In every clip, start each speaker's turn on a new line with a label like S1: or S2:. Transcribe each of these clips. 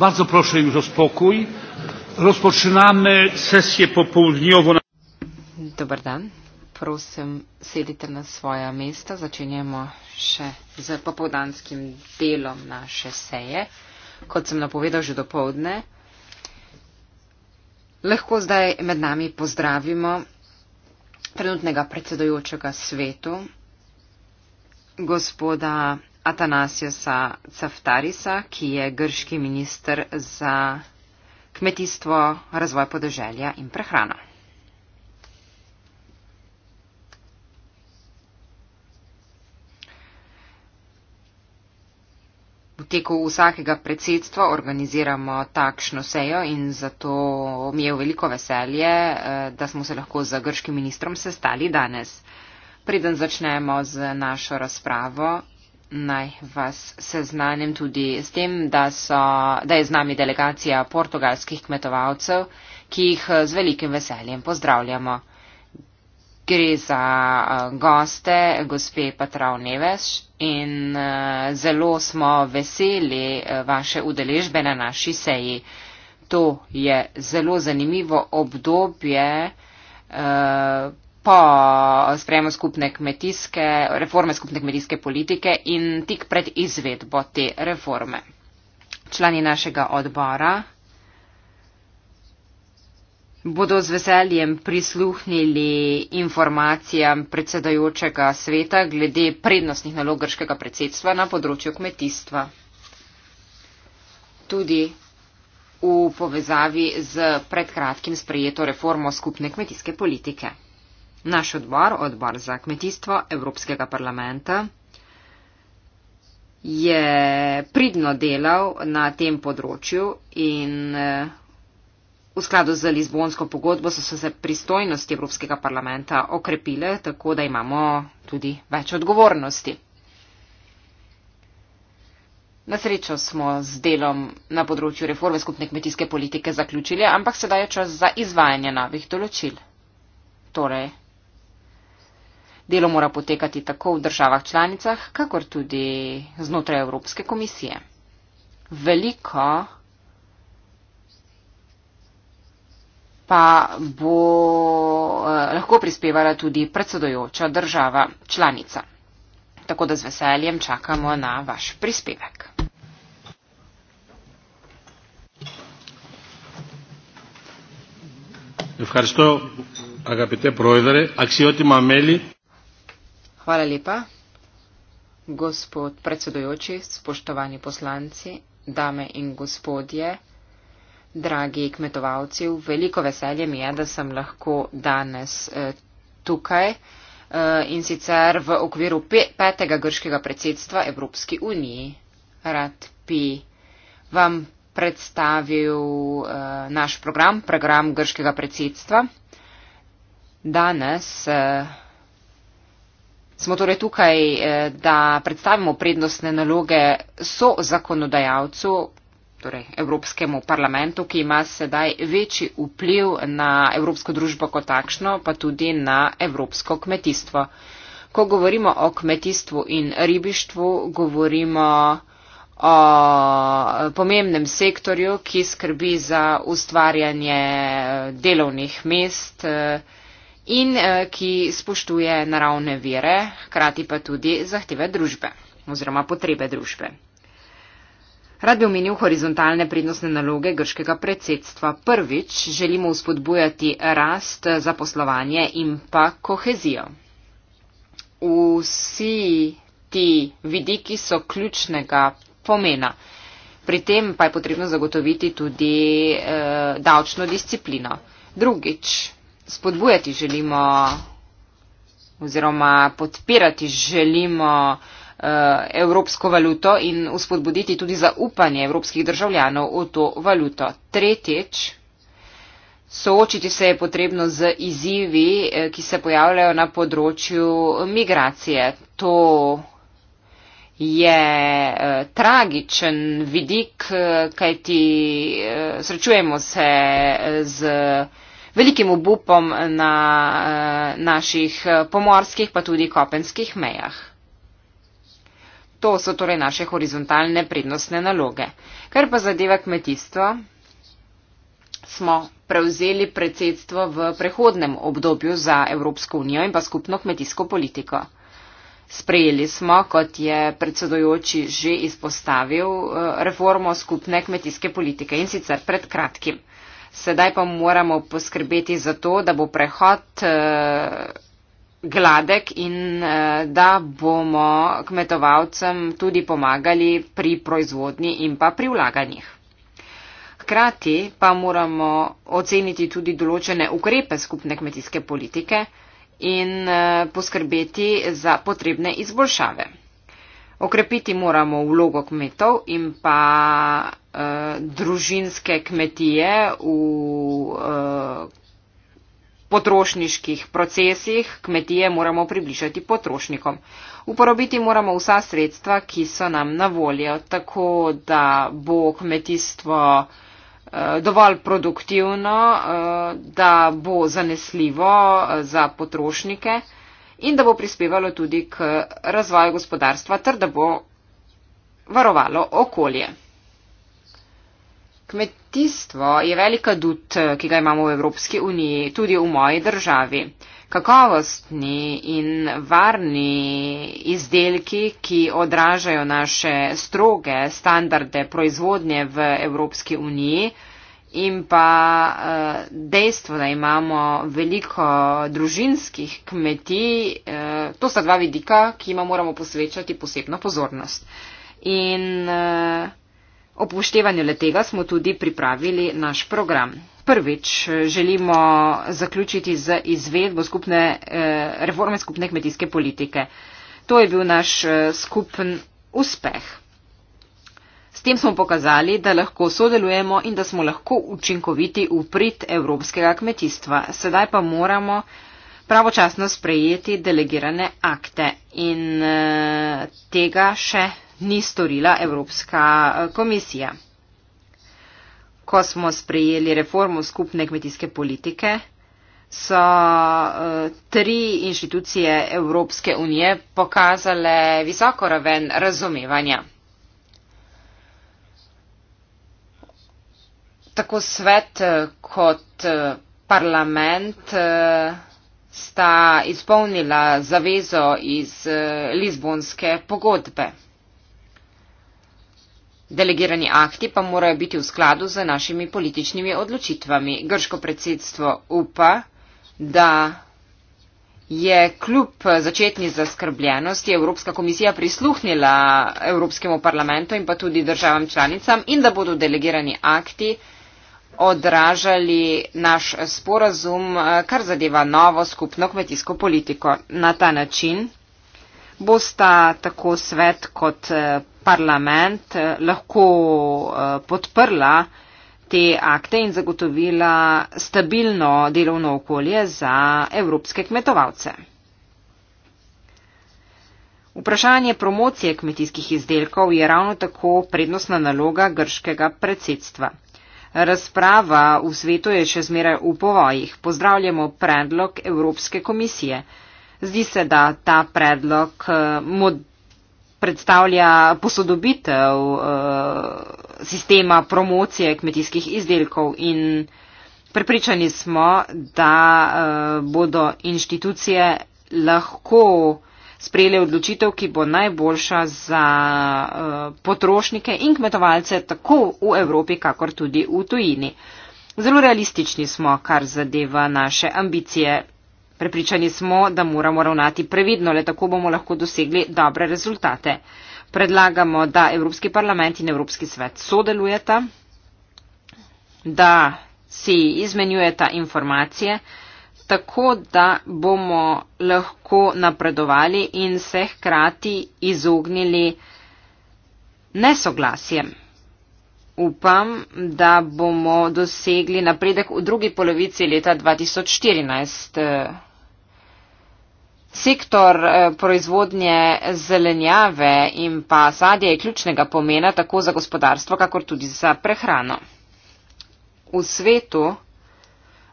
S1: bardzo proszę już o spokój. Rozpoczynamy sesję popołudniową. Dobry dan.
S2: Proszę, siedzite na swoje miejsca. Zaczynamy jeszcze z popołudanskim dzielom nasze seje. Kot sem napovedal že do povdne, lahko zdaj med nami pozdravimo trenutnega predsedojočega svetu, gospoda Atanasijosa Caftarisa, ki je grški minister za kmetijstvo, razvoj podeželja in prehrano. V teku vsakega predsedstva organiziramo takšno sejo in zato mi je v veliko veselje, eh, da smo se lahko z grškim ministrom sestali danes. Preden začnemo z našo razpravo, Naj vas seznanim tudi s tem, da, so, da je z nami delegacija portugalskih kmetovalcev, ki jih eh, z velikim veseljem pozdravljamo. Gre za eh, goste, gospe Patrav Neves in eh, zelo smo veseli vaše udeležbe na naši seji. To je zelo zanimivo obdobje. Uh, po sprejemu skupne kmetijske, reforme skupne kmetijske politike in tik pred izvedbo te reforme. Člani našega odbora bodo z veseljem prisluhnili informacijam predsedajočega sveta glede prednostnih nalogrškega predsedstva na področju kmetijstva. Tudi v povezavi z predkratkim sprejeto reformo skupne kmetijske politike. Naš odbor, odbor za kmetijstvo Evropskega parlamenta, je pridno delal na tem področju in eh, v skladu z Lizbonsko pogodbo so se pristojnosti Evropskega parlamenta okrepile, tako da imamo tudi več odgovornosti. Na srečo smo z delom na področju reforme skupne kmetijske politike zaključili, ampak sedaj je čas za izvajanje novih določil. Torej, Delo mora potekati tako v državah članicah, kakor tudi znotraj Evropske komisije. Veliko pa bo eh, lahko prispevala tudi predsedojoča država članica. Tako da z veseljem čakamo na vaš prispevek.
S1: Hvala, agapite projdere, aksiotima meli.
S2: Hvala lepa. Gospod predsedujoči, spoštovani poslanci, dame in gospodje, dragi kmetovalci, veliko veselje mi je, da sem lahko danes eh, tukaj eh, in sicer v okviru petega grškega predsedstva Evropski uniji. Rad bi vam predstavil eh, naš program, program grškega predsedstva. Danes Smo torej tukaj, eh, da predstavimo prednostne naloge so zakonodajalcu, torej Evropskemu parlamentu, ki ima sedaj večji vpliv na evropsko družbo kot takšno, pa tudi na evropsko kmetijstvo. Ko govorimo o kmetijstvu in ribištvu, govorimo o pomembnem sektorju, ki skrbi za ustvarjanje delovnih mest, eh, in eh, ki spoštuje naravne vire, hkrati pa tudi zahteve družbe oziroma potrebe družbe. Rad bi omenil horizontalne prednostne naloge grškega predsedstva. Prvič želimo uspodbujati rast, zaposlovanje in pa kohezijo. Vsi ti vidiki so ključnega pomena. Pri tem pa je potrebno zagotoviti tudi e, davčno disciplino. Drugič, spodbujati želimo oziroma podpirati želimo uh, evropsko valuto in uspodbuditi tudi zaupanje evropskih državljanov v to valuto. Tretjič, soočiti se je potrebno z izzivi, eh, ki se pojavljajo na področju migracije. To je uh, tragičen vidik, kajti uh, srečujemo se z. Uh, velikim obupom na uh, naših eh, pomorskih pa tudi kopenskih mejah. To so torej naše horizontalne prednostne naloge. Ker pa zadeva kmetijstvo, smo prevzeli predsedstvo v prehodnem obdobju za Evropsko unijo in pa skupno kmetijsko politiko. Sprejeli smo, kot je predsedojoči že izpostavil, eh, reformo skupne kmetijske politike in sicer pred kratkim. Sedaj pa moramo poskrbeti za to, da bo prehod uh, gladek in uh, da bomo kmetovalcem tudi pomagali pri proizvodni in pa pri vlaganjih. Hkrati pa moramo oceniti tudi določene ukrepe skupne kmetijske politike in uh, poskrbeti za potrebne izboljšave. Okrepiti moramo vlogo kmetov in pa Eh, družinske kmetije v eh, potrošniških procesih kmetije moramo približati potrošnikom. Uporabiti moramo vsa sredstva, ki so nam na voljo, tako da bo kmetijstvo eh, dovolj produktivno, da bo zanesljivo za potrošnike in da bo prispevalo tudi k razvoju gospodarstva ter da bo varovalo okolje. Kmetijstvo je velika dud, eh, ki ga imamo v Evropski uniji, tudi v moji državi. Kakovostni in varni izdelki, ki odražajo naše stroge standarde proizvodnje v Evropski uniji in pa eh, dejstvo, da imamo veliko družinskih kmetij, eh, to sta dva vidika, ki jima moramo posvečati posebno pozornost. In Ob upoštevanju letega smo tudi pripravili naš program. Prvič želimo zaključiti z izvedbo skupne, eh, reforme skupne kmetijske politike. To je bil naš eh, skupen uspeh. S tem smo pokazali, da lahko sodelujemo in da smo lahko učinkoviti v prid evropskega kmetijstva. Sedaj pa moramo pravočasno sprejeti delegirane akte in eh, tega še ni storila Evropska eh, komisija. Ko smo sprejeli reformo skupne kmetijske politike, so eh, tri inštitucije Evropske unije pokazale visoko raven razumevanja. Tako svet eh, kot parlament sta izpolnila zavezo iz Lizbonske pogodbe. Delegirani akti pa morajo biti v skladu z našimi političnimi odločitvami. Grško predsedstvo upa, da je kljub začetni zaskrbljenosti Evropska komisija prisluhnila Evropskemu parlamentu in pa tudi državam članicam in da bodo delegirani akti odražali naš sporazum, kar zadeva novo skupno kmetijsko politiko. Na ta način bosta tako svet kot eh, parlament eh, lahko eh, podprla te akte in zagotovila stabilno delovno okolje za evropske kmetovalce. Vprašanje promocije kmetijskih izdelkov je ravno tako prednostna naloga grškega predsedstva. Razprava v svetu je še zmeraj v povojih. Pozdravljamo predlog Evropske komisije. Zdi se, da ta predlog eh, predstavlja posodobitev eh, sistema promocije kmetijskih izdelkov in prepričani smo, da eh, bodo inštitucije lahko sprejeli odločitev, ki bo najboljša za potrošnike in kmetovalce tako v Evropi, kakor tudi v tujini. Zelo realistični smo, kar zadeva naše ambicije. Prepričani smo, da moramo ravnati previdno, le tako bomo lahko dosegli dobre rezultate. Predlagamo, da Evropski parlament in Evropski svet sodelujeta, da si izmenjujeta informacije, tako da bomo lahko napredovali in se hkrati izognili nesoglasjem. Upam, da bomo dosegli napredek v drugi polovici leta 2014. Sektor eh, proizvodnje zelenjave in pa sadje je ključnega pomena tako za gospodarstvo, kakor tudi za prehrano. V svetu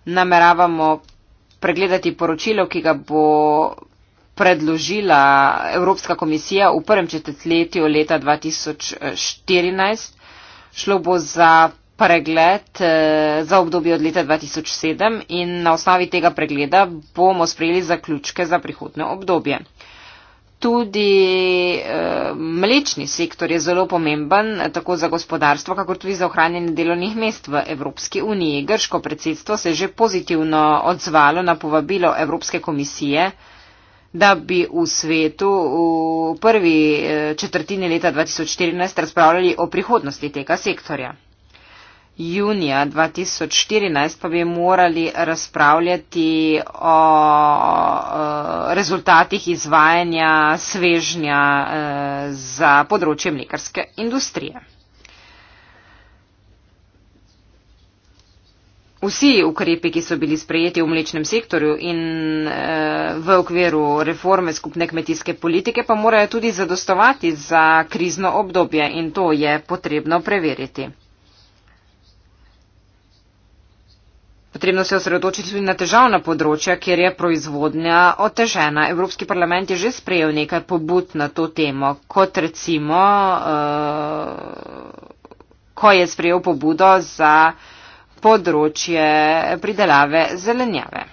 S2: nameravamo pregledati poročilo, ki ga bo predložila Evropska komisija v prvem četrtletju leta 2014. Šlo bo za pregled eh, za obdobje od leta 2007 in na osnovi tega pregleda bomo sprejeli zaključke za prihodne obdobje. Tudi e, mlečni sektor je zelo pomemben tako za gospodarstvo, kakor tudi za ohranjanje delovnih mest v Evropski uniji. Grško predsedstvo se je že pozitivno odzvalo na povabilo Evropske komisije, da bi v svetu v prvi eh, četrtini leta 2014 razpravljali o prihodnosti tega sektorja junija 2014 pa bi morali razpravljati o e, rezultatih izvajanja svežnja e, za področje mlekarske industrije. Vsi ukrepi, ki so bili sprejeti v mlečnem sektorju in e, v okviru reforme skupne kmetijske politike, pa morajo tudi zadostovati za krizno obdobje in to je potrebno preveriti. Potrebno se osredotočiti tudi na težavna področja, kjer je proizvodnja otežena. Evropski parlament je že sprejel nekaj pobud na to temo, kot recimo, uh, ko je sprejel pobudo za področje pridelave zelenjave.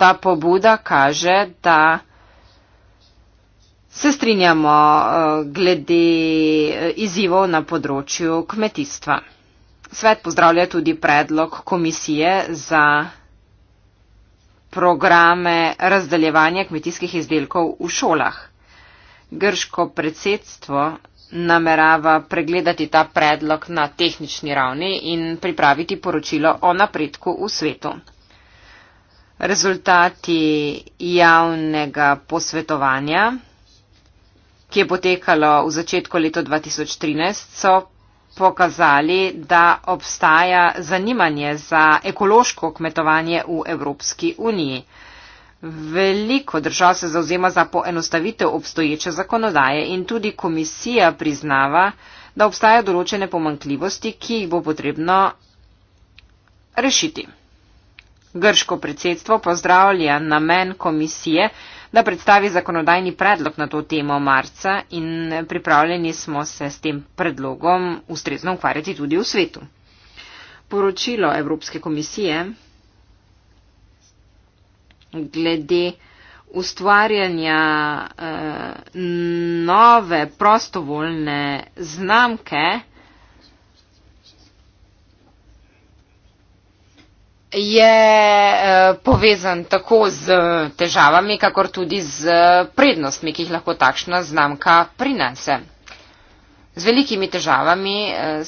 S2: Ta pobuda kaže, da se strinjamo uh, glede eh, izzivov na področju kmetijstva. Svet pozdravlja tudi predlog komisije za programe razdaljevanja kmetijskih izdelkov v šolah. Grško predsedstvo namerava pregledati ta predlog na tehnični ravni in pripraviti poročilo o napredku v svetu. Rezultati javnega posvetovanja, ki je potekalo v začetku leta 2013, so pokazali, da obstaja zanimanje za ekološko kmetovanje v Evropski uniji. Veliko držav se zauzema za poenostavitev obstoječe zakonodaje in tudi komisija priznava, da obstaja določene pomankljivosti, ki jih bo potrebno rešiti. Grško predsedstvo pozdravlja namen komisije, da predstavi zakonodajni predlog na to temo marca in pripravljeni smo se s tem predlogom ustrezno ukvarjati tudi v svetu. Poročilo Evropske komisije glede ustvarjanja eh, nove prostovoljne znamke, je eh, povezan tako z eh, težavami, kakor tudi z eh, prednostmi, ki jih lahko takšna znamka prinese. Z velikimi težavami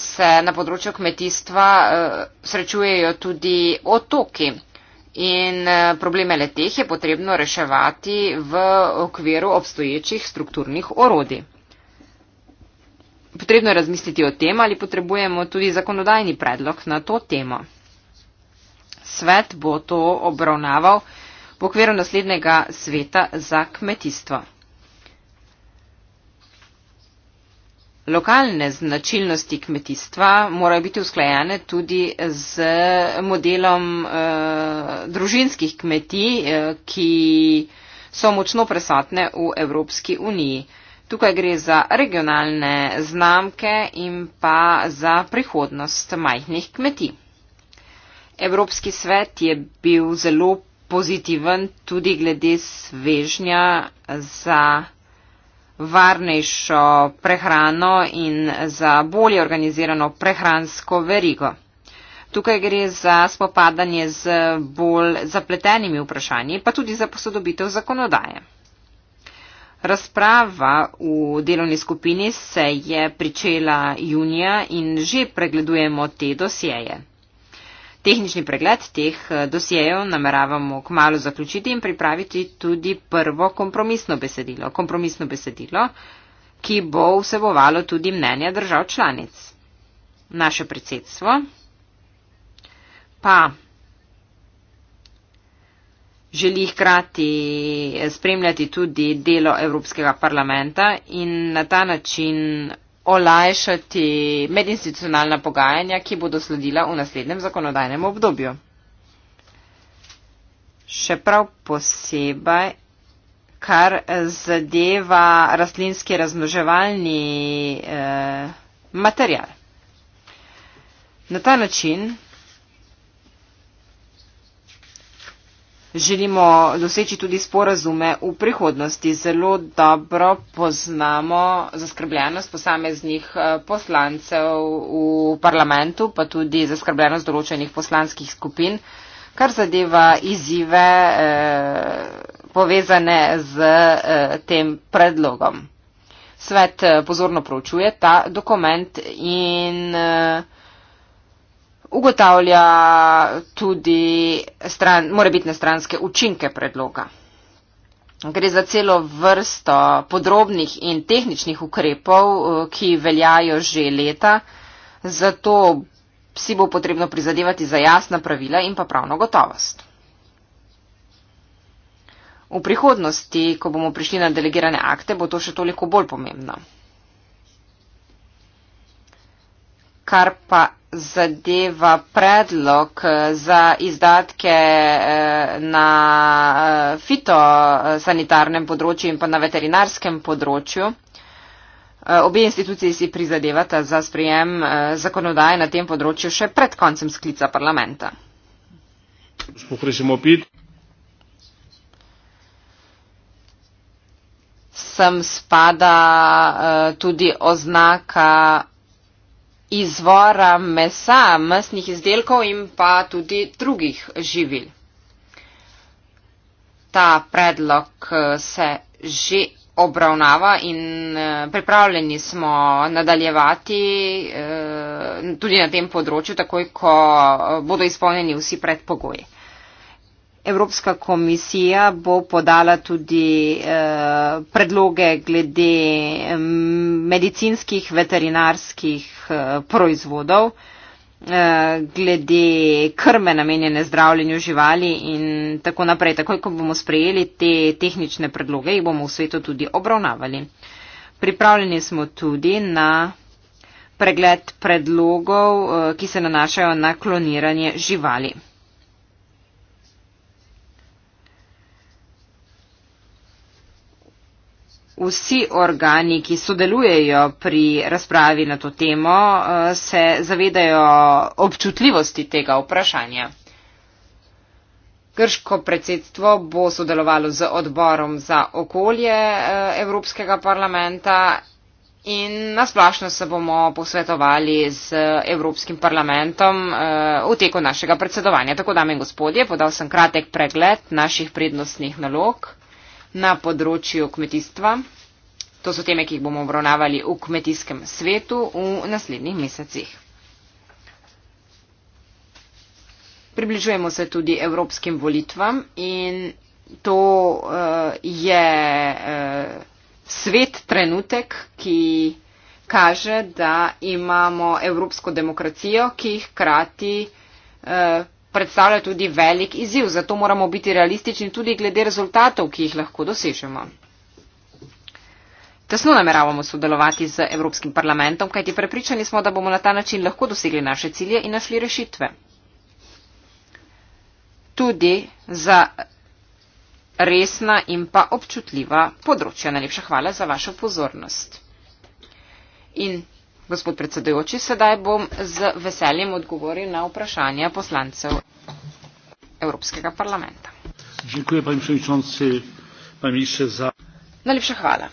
S2: se na področju kmetijstva srečujejo tudi otoki in probleme leteh je potrebno reševati v okviru obstoječih strukturnih orodij. Potrebno je razmisliti o tem, ali potrebujemo tudi zakonodajni predlog na to temo. Svet bo to obravnaval v okviru naslednjega sveta za kmetijstvo. Lokalne značilnosti kmetijstva morajo biti usklajene tudi z modelom eh, družinskih kmetij, eh, ki so močno prisotne v Evropski uniji. Tukaj gre za regionalne znamke in pa za prihodnost majhnih kmetij. Evropski svet je bil zelo pozitiven tudi glede svežnja za varnejšo prehrano in za bolje organizirano prehransko verigo. Tukaj gre za spopadanje z bolj zapletenimi vprašanji, pa tudi za posodobitev zakonodaje. Razprava v delovni skupini se je pričela junija in že pregledujemo te dosjeje. Tehnični pregled teh eh, dosjejev nameravamo k malu zaključiti in pripraviti tudi prvo kompromisno besedilo. Kompromisno besedilo, ki bo vsebovalo tudi mnenja držav članic. Naše predsedstvo pa želi hkrati eh, spremljati tudi delo Evropskega parlamenta in na ta način olajšati medinstitucionalna pogajanja, ki bodo sledila v naslednjem zakonodajnem obdobju. Še prav posebej, kar zadeva rastlinski razmnoževalni eh, material. Na ta način želimo doseči tudi sporazume v prihodnosti. Zelo dobro poznamo zaskrbljenost posameznih eh, poslancev v parlamentu, pa tudi zaskrbljenost določenih poslanskih skupin, kar zadeva izzive eh, povezane z eh, tem predlogom. Svet pozorno proučuje ta dokument in uh, ugotavlja tudi stran, morebitne stranske učinke predloga. Gre za celo vrsto podrobnih in tehničnih ukrepov, eh, ki veljajo že leta, zato si bo potrebno prizadevati za jasna pravila in pa pravno gotovost. V prihodnosti, ko bomo prišli na delegirane akte, bo to še toliko bolj pomembno. Kar pa zadeva predlog eh, za izdatke eh, na eh, fitosanitarnem področju in pa na veterinarskem področju. Obe instituciji si prizadevata za sprejem zakonodaje na tem področju še pred koncem sklica parlamenta. Sem spada tudi oznaka izvora mesa, mesnih izdelkov in pa tudi drugih živil. Ta predlog eh, se že obravnava in eh, pripravljeni smo nadaljevati eh, tudi na tem področju, takoj ko bodo izpolnjeni vsi predpogoji. Evropska komisija bo podala tudi eh, predloge glede mm, medicinskih veterinarskih eh, proizvodov, eh, glede krme namenjene zdravljenju živali in tako naprej. Takoj, ko bomo sprejeli te tehnične predloge, jih bomo v svetu tudi obravnavali. Pripravljeni smo tudi na pregled predlogov, eh, ki se nanašajo na kloniranje živali. vsi organi, ki sodelujejo pri razpravi na to temo, eh, se zavedajo občutljivosti tega vprašanja. Grško predsedstvo bo sodelovalo z odborom za okolje eh, Evropskega parlamenta in nasplašno se bomo posvetovali z Evropskim parlamentom eh, v teku našega predsedovanja. Tako, dame in gospodje, podal sem kratek pregled naših prednostnih nalog na področju kmetijstva. To so teme, ki jih bomo obravnavali v kmetijskem svetu v naslednjih mesecih. Približujemo se tudi evropskim volitvam in to uh, je uh, svet trenutek, ki kaže, da imamo evropsko demokracijo, ki hkrati uh, predstavlja tudi velik izziv, zato moramo biti realistični tudi glede rezultatov, ki jih lahko dosežemo. Tesno nameravamo sodelovati z Evropskim parlamentom, kajti prepričani smo, da bomo na ta način lahko dosegli naše cilje in našli rešitve. Tudi za resna in pa občutljiva področja. Najlepša hvala za vašo pozornost. In Gospod predsedujoči, sedaj bom z veseljem odgovoril na vprašanja poslancev Evropskega parlamenta. Najlepša hvala.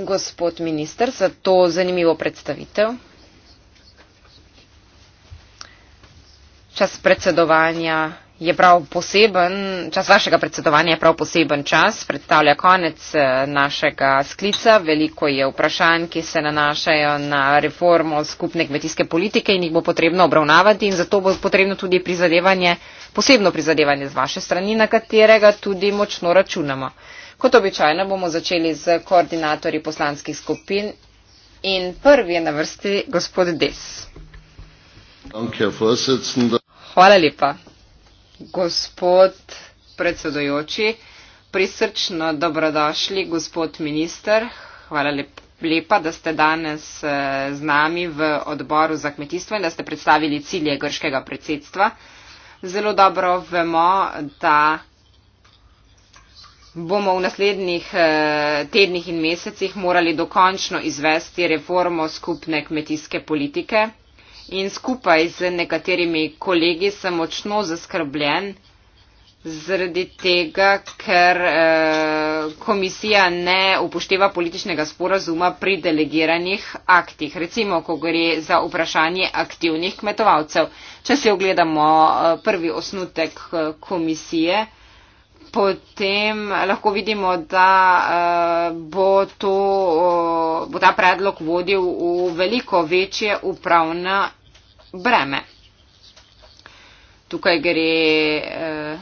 S2: Gospod minister, za to zanimivo predstavitev. Čas predsedovanja je prav poseben, čas vašega predsedovanja je prav poseben čas, predstavlja konec eh, našega sklica. Veliko je vprašanj, ki se nanašajo na reformo skupne kmetijske politike in jih bo potrebno obravnavati in zato bo potrebno tudi prizadevanje, posebno prizadevanje z vaše strani, na katerega tudi močno računamo. Kot običajno bomo začeli z koordinatorji poslanskih skupin in prvi je na vrsti gospod Des. Hvala lepa. Gospod predsedojoči, prisrčno dobrodošli, gospod minister. Hvala lepa, da ste danes eh, z nami v odboru za kmetijstvo in da ste predstavili cilje grškega predsedstva. Zelo dobro vemo, da bomo v naslednjih eh, tednih in mesecih morali dokončno izvesti reformo skupne kmetijske politike in skupaj z nekaterimi kolegi sem močno zaskrbljen zaradi tega, ker eh, komisija ne upošteva političnega sporazuma pri delegiranih aktih. Recimo, ko gre za vprašanje aktivnih kmetovalcev. Če si ogledamo eh, prvi osnutek eh, komisije, potem lahko vidimo, da bo, to, bo ta predlog vodil v veliko večje upravna breme. Tukaj gre eh,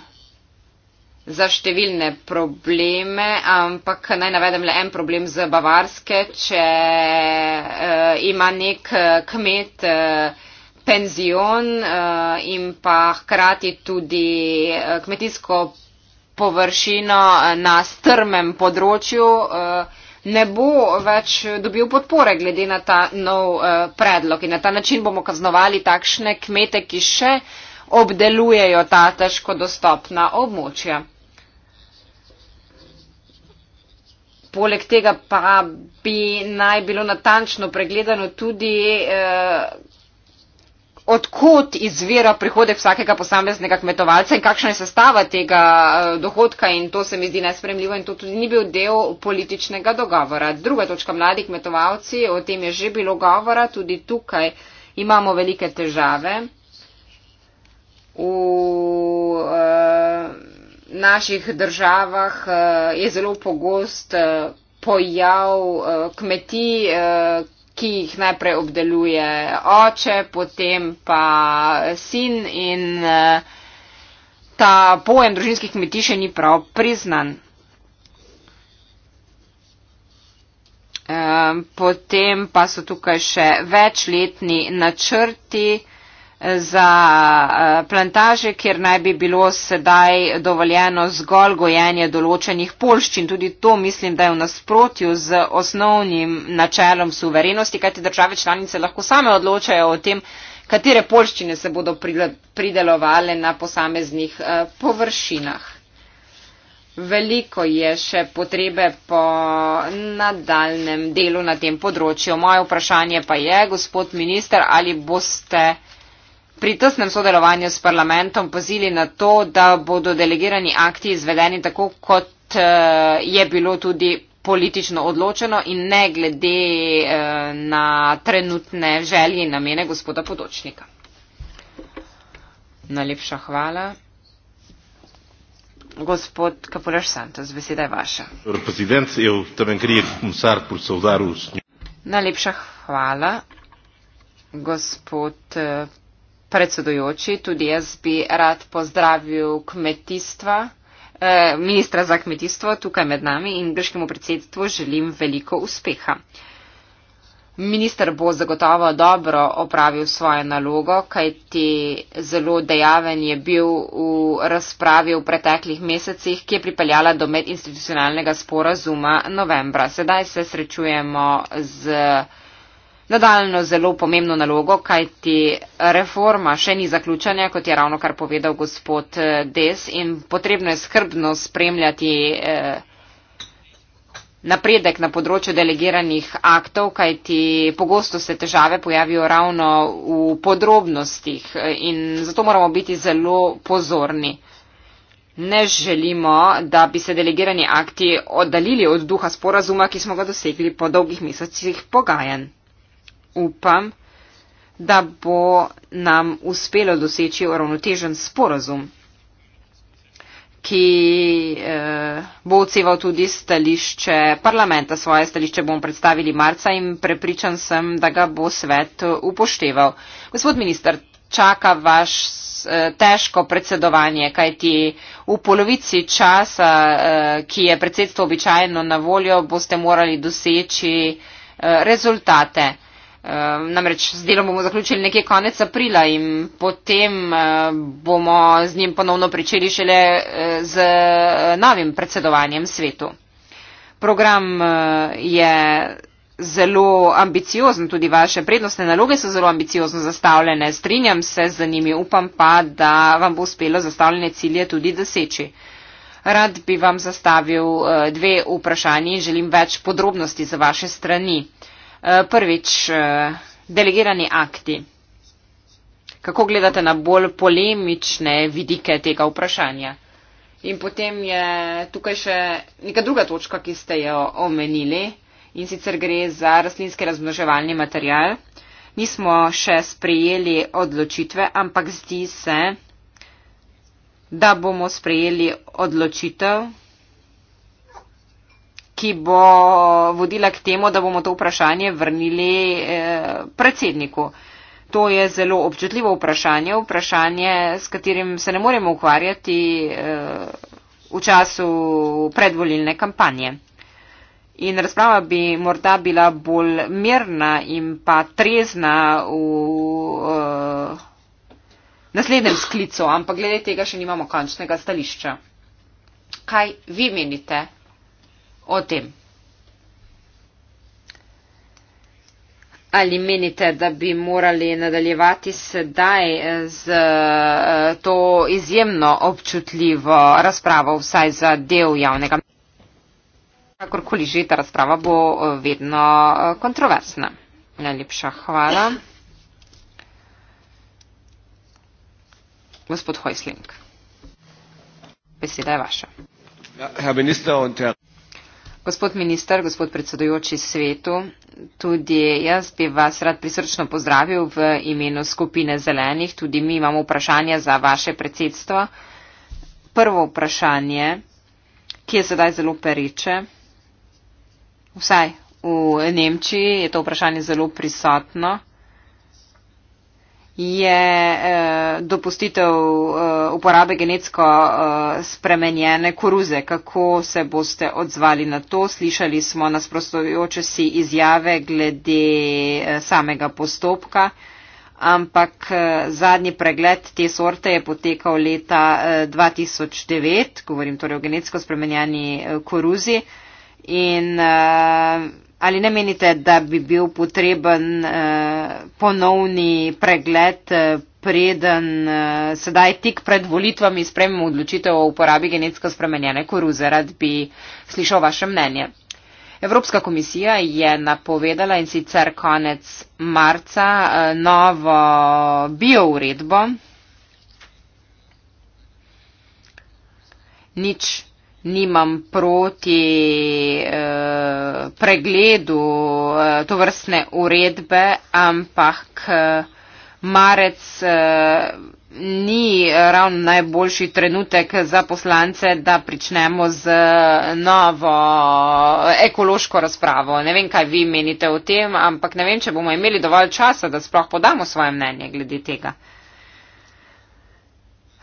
S2: za številne probleme, ampak naj navedem le en problem z Bavarske, če eh, ima nek eh, kmet eh, penzion eh, in pa hkrati tudi eh, kmetijsko površino eh, na strmem področju. Eh, ne bo več dobil podpore glede na ta nov uh, predlog. In na ta način bomo kaznovali takšne kmete, ki še obdelujejo ta težko dostopna območja. Poleg tega pa bi naj bilo natančno pregledano tudi. Uh, odkot izvira prihodek vsakega posameznega kmetovalca in kakšna je sestava tega eh, dohodka in to se mi zdi nespremljivo in to tudi ni bil del političnega dogovora. Druga točka mladi kmetovalci, o tem je že bilo govora, tudi tukaj imamo velike težave. V uh, naših državah uh, je zelo pogost uh, pojav uh, kmetij, uh, ki jih najprej obdeluje oče, potem pa sin in eh, ta pojem družinskih kmetij še ni prav priznan. Eh, potem pa so tukaj še večletni načrti, za eh, plantaže, kjer naj bi bilo sedaj dovoljeno zgolj gojenje določenih polščin. Tudi to mislim, da je v nasprotju z osnovnim načelom suverenosti, kajti države članice lahko same odločajo o tem, katere polščine se bodo pridelovale na posameznih eh, površinah. Veliko je še potrebe po nadaljem delu na tem področju. Moje vprašanje pa je, gospod minister, ali boste pri tesnem sodelovanju s parlamentom pozili na to, da bodo delegirani akti izvedeni tako, kot eh, je bilo tudi politično odločeno in ne glede eh, na trenutne želje in namene gospoda Podočnika. Najlepša hvala. Gospod Kapuraš Santos, beseda je vaša. Najlepša hvala. Gospod eh, predsedujoči, tudi jaz bi rad pozdravil kmetijstva, eh, ministra za kmetijstvo tukaj med nami in grškemu predsedstvu želim veliko uspeha. Minister bo zagotovo dobro opravil svojo nalogo, kajti zelo dejaven je bil v razpravi v preteklih mesecih, ki je pripeljala do medinstitucionalnega sporazuma novembra. Sedaj se srečujemo z nadaljno zelo pomembno nalogo, kajti reforma še ni zaključena, kot je ravno kar povedal gospod eh, Des, in potrebno je skrbno spremljati eh, napredek na področju delegiranih aktov, kajti pogosto se težave pojavijo ravno v podrobnostih eh, in zato moramo biti zelo pozorni. Ne želimo, da bi se delegirani akti oddalili od duha sporazuma, ki smo ga dosegli po dolgih mesecih pogajanj upam, da bo nam uspelo doseči uravnotežen sporazum, ki eh, bo odseval tudi stališče parlamenta. Svoje stališče bomo predstavili marca in prepričan sem, da ga bo svet eh, upošteval. Gospod minister, čaka vaš eh, težko predsedovanje, kajti v polovici časa, eh, ki je predsedstvo običajno na voljo, boste morali doseči eh, rezultate. Ehm, namreč z delom bomo zaključili nekje konec aprila in potem eh, bomo z njim ponovno pričeli šele eh, z eh, novim predsedovanjem svetu. Program je zelo ambiciozen, tudi vaše prednostne naloge so zelo ambiciozno zastavljene. Strinjam se z njimi, upam pa, da vam bo uspelo zastavljene cilje tudi doseči. Rad bi vam zastavil dve vprašanje in želim več podrobnosti za vaše strani. Eh, prvič, eh, delegirani akti. Kako gledate na bolj polemične vidike tega vprašanja? In potem je tukaj še neka druga točka, ki ste jo omenili in sicer gre za rastlinski razmnoževalni material. Nismo še sprejeli odločitve, ampak zdi se, da bomo sprejeli odločitev, ki bo vodila k temu, da bomo to vprašanje vrnili eh, predsedniku. To je zelo občutljivo vprašanje, vprašanje, s katerim se ne moremo ukvarjati eh, v času predvolilne kampanje. In razprava bi morda bila bolj mirna in pa trezna v uh, naslednjem sklicu, ampak glede tega še nimamo končnega stališča. Kaj vi menite? o tem. Ali menite, da bi morali nadaljevati sedaj z eh, to izjemno občutljivo razpravo vsaj za del javnega mnenja? Kakorkoli že, ta razprava bo eh, vedno eh, kontroversna. Najlepša hvala. Gospod Hojsling, beseda je vaša. Ja, Gospod minister, gospod predsedujoči svetu, tudi jaz bi vas rad prisrčno pozdravil v imenu skupine zelenih. Tudi mi imamo vprašanje za vaše predsedstvo. Prvo vprašanje, ki je sedaj zelo periče, vsaj v Nemčiji je to vprašanje zelo prisotno je eh, dopustitev eh, uporabe genetsko eh, spremenjene koruze. Kako se boste odzvali na to? Slišali smo nasprostojoče si izjave glede eh, samega postopka, ampak eh, zadnji pregled te sorte je potekal leta eh, 2009, govorim torej o genetsko spremenjeni eh, koruzi. In, eh, Ali ne menite, da bi bil potreben eh, ponovni pregled, eh, preden eh, sedaj tik pred volitvami sprememo odločitev o uporabi genetsko spremenjene koruze? Rad bi slišal vaše mnenje. Evropska komisija je napovedala in sicer konec marca novo biouredbo. Nič nimam proti eh, pregledu eh, to vrstne uredbe, ampak eh, marec ni ravno najboljši trenutek za poslance, da pričnemo z novo ekološko razpravo. Ne vem, kaj vi menite o tem, ampak ne vem, če bomo imeli dovolj časa, da sploh podamo svoje mnenje glede tega.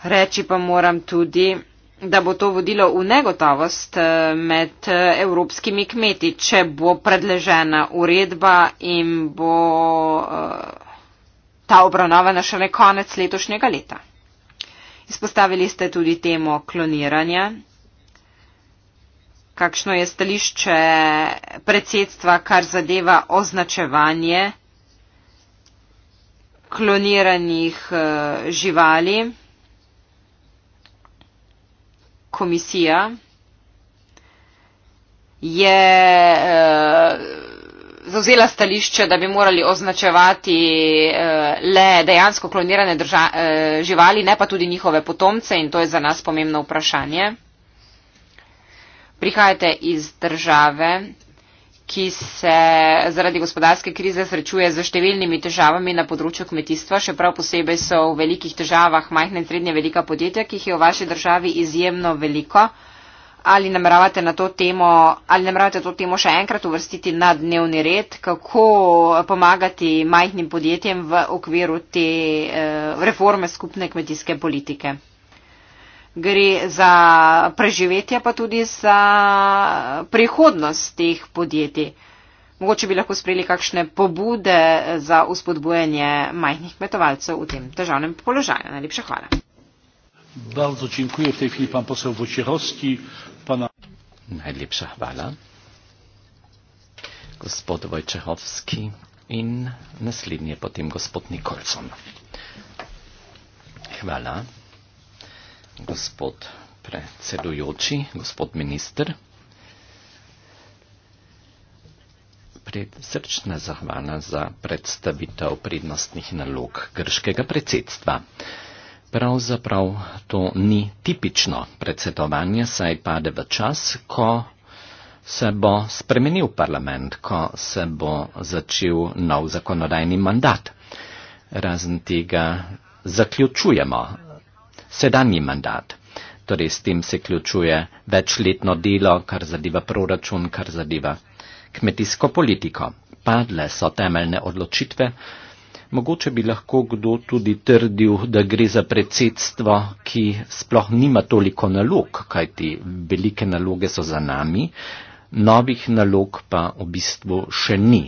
S2: Reči pa moram tudi, da bo to vodilo v negotovost eh, med eh, evropskimi kmeti, če bo predležena uredba in bo eh, ta obravnavana šele konec letošnjega leta. Izpostavili ste tudi temo kloniranja. Kakšno je stališče predsedstva, kar zadeva označevanje kloniranih živali? komisija je uh, eh, zauzela stališče, da bi morali označevati uh, le dejansko klonirane drža, uh, živali, ne pa tudi njihove potomce in to je za nas pomembno vprašanje. Prihajate iz države, ki se zaradi gospodarske krize srečuje z številnimi težavami na področju kmetijstva, še prav posebej so v velikih težavah majhne in srednje velika podjetja, ki jih je v vaši državi izjemno veliko. Ali nameravate, na to temo, ali nameravate to temo še enkrat uvrstiti na dnevni red, kako pomagati majhnim podjetjem v okviru te eh, reforme skupne kmetijske politike? gre za preživetje, pa tudi za prihodnost teh podjetij. Mogoče bi lahko sprejeli kakšne pobude za uspodbujanje majhnih kmetovalcev v tem težavnem položaju. Najlepša
S1: hvala. Najlepša hvala.
S3: Gospod Vojčehovski in naslednji je potem gospod Nikolson. Hvala gospod predsedujoči, gospod minister. Predsrčna zahvala za predstavitev prednostnih nalog grškega predsedstva. Pravzaprav to ni tipično predsedovanje, saj pade v čas, ko se bo spremenil parlament, ko se bo začel nov zakonodajni mandat. Razen tega zaključujemo sedanji mandat. Torej, s tem se ključuje večletno delo, kar zadeva proračun, kar zadeva kmetijsko politiko. Padle so temeljne odločitve. Mogoče bi lahko kdo tudi trdil, da gre za predsedstvo, ki sploh nima toliko nalog, kajti velike naloge so za nami, novih nalog pa v bistvu še ni.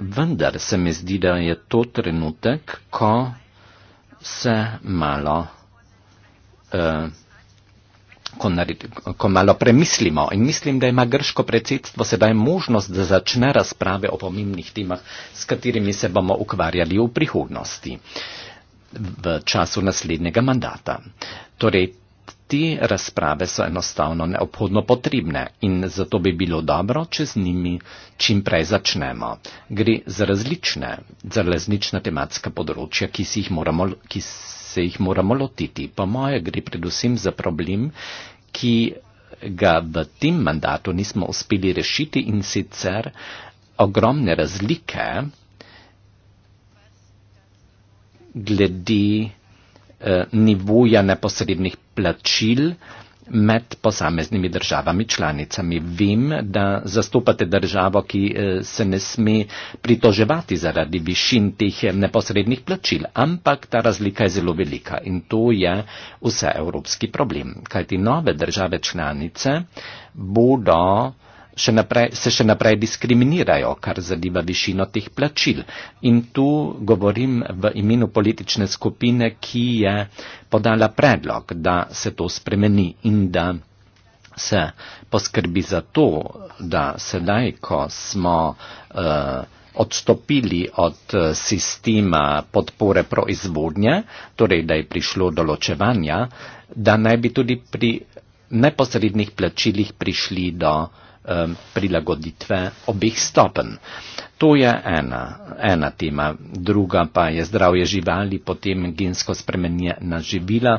S3: Vendar se mi zdi, da je to trenutek, ko se malo, eh, ko, naredi, ko malo premislimo. In mislim, da ima grško predsedstvo sedaj možnost, da začne razprave o pomembnih temah, s katerimi se bomo ukvarjali v prihodnosti, v času naslednjega mandata. Torej, te razprave so enostavno neobhodno potrebne in zato bi bilo dobro, če z njimi čim prej začnemo. Gre za različne, za različna tematska področja, ki, jih moramo, ki se jih moramo lotiti. Po moje gre predvsem za problem, ki ga v tem mandatu nismo uspeli rešiti in sicer ogromne razlike glede Eh, nivoja neposrednih plačil med posameznimi državami članicami. Vem, da zastopate državo, ki eh, se ne sme pritoževati zaradi višin teh eh, neposrednih plačil, ampak ta razlika je zelo velika in to je vse evropski problem. Kajti nove države članice bodo še naprej, se še naprej diskriminirajo, kar zadeva višino teh plačil. In tu govorim v imenu politične skupine, ki je podala predlog, da se to spremeni in da se poskrbi za to, da sedaj, ko smo uh, odstopili od eh, sistema podpore proizvodnje, torej da je prišlo do ločevanja, da naj bi tudi pri neposrednih plačilih prišli do uh, Um, prilagoditve obih stopen. To je ena, ena tema, druga pa je zdravje živali, potem gensko spremenjena živila.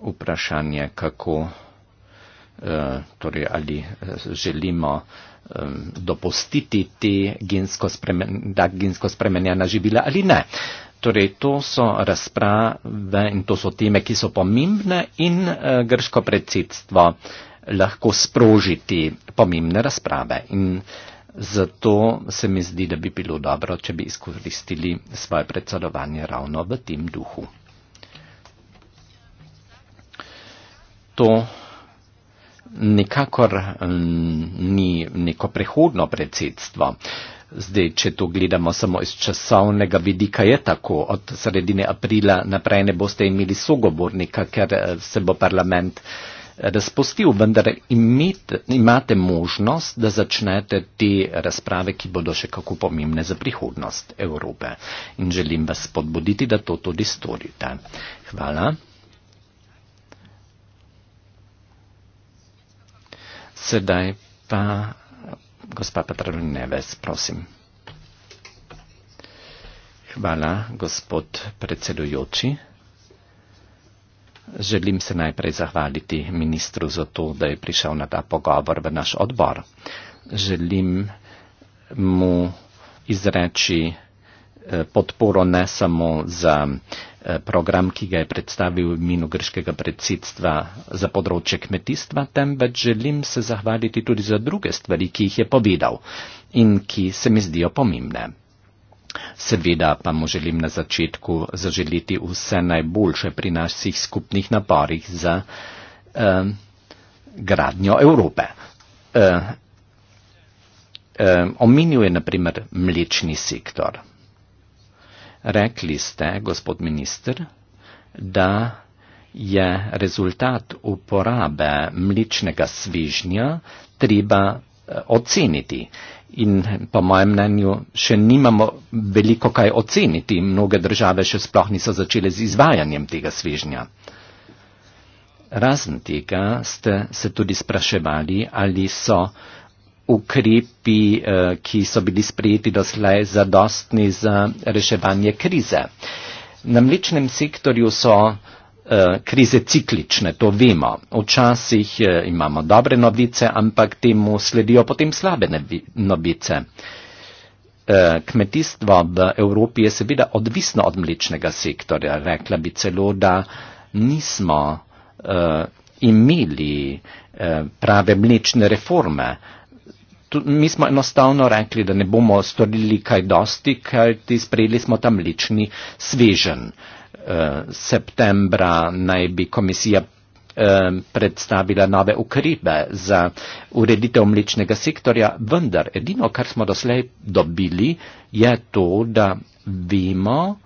S3: Vprašanje, kako, uh, torej ali uh, želimo um, dopustiti te gensko spremenjena živila ali ne. Torej, to so razprave in to so teme, ki so pomembne in uh, grško predsedstvo lahko sprožiti pomembne razprave. In zato se mi zdi, da bi bilo dobro, če bi izkoristili svoje predsedovanje ravno v tem duhu. To nikakor m, mm, ni neko prehodno predsedstvo. Uh, Zdaj, če to gledamo samo iz časovnega vidika, je tako. Od sredine aprila naprej ne boste imeli sogovornika, ker eh, se bo parlament eh, razpustil, vendar imet, imate možnost, da začnete te razprave, ki bodo še kako pomembne za prihodnost Evrope. In želim vas spodbuditi, da to tudi storite. Hvala. Sedaj pa. Gospa Petra Neves, prosim. Hvala, gospod predsedujoči. Želim se najprej zahvaliti ministru za to, da je prišel na ta pogovor v naš odbor. Želim mu izreči eh, podporo ne samo za Eh, program, ki ga je predstavil minu grškega predsedstva za področje kmetijstva, temveč želim se zahvaliti tudi za druge stvari, ki jih je povedal in ki se mi zdijo pomembne. Seveda pa mu želim na začetku zaželiti vse najboljše pri naših skupnih naporih za eh, gradnjo Evrope. Eh, eh, Omenil je naprimer mlečni sektor. Rekli ste, gospod minister, da je rezultat uporabe mličnega svižnja treba eh, oceniti. In po mojem mnenju še nimamo veliko kaj oceniti. Mnoge države še sploh niso začele z izvajanjem tega svižnja. Razen tega ste se tudi spraševali, ali so uh, ukrepi, eh, ki so bili sprejeti doslej zadostni za reševanje krize. Na mlečnem sektorju so eh, krize ciklične, to vemo. Včasih eh, imamo dobre novice, ampak temu sledijo potem slabe novice. Kmetijstvo v Evropi je seveda odvisno od mlečnega sektorja. Rekla bi celo, da nismo imeli prave mlečne reforme, mi smo enostavno rekli, da ne bomo storili kaj dosti, ker ti sprejeli smo tam lični svežen. Eh, septembra naj bi komisija eh, predstavila nove ukrepe za ureditev mlečnega sektorja, vendar edino, kar smo doslej dobili, je to, da vemo,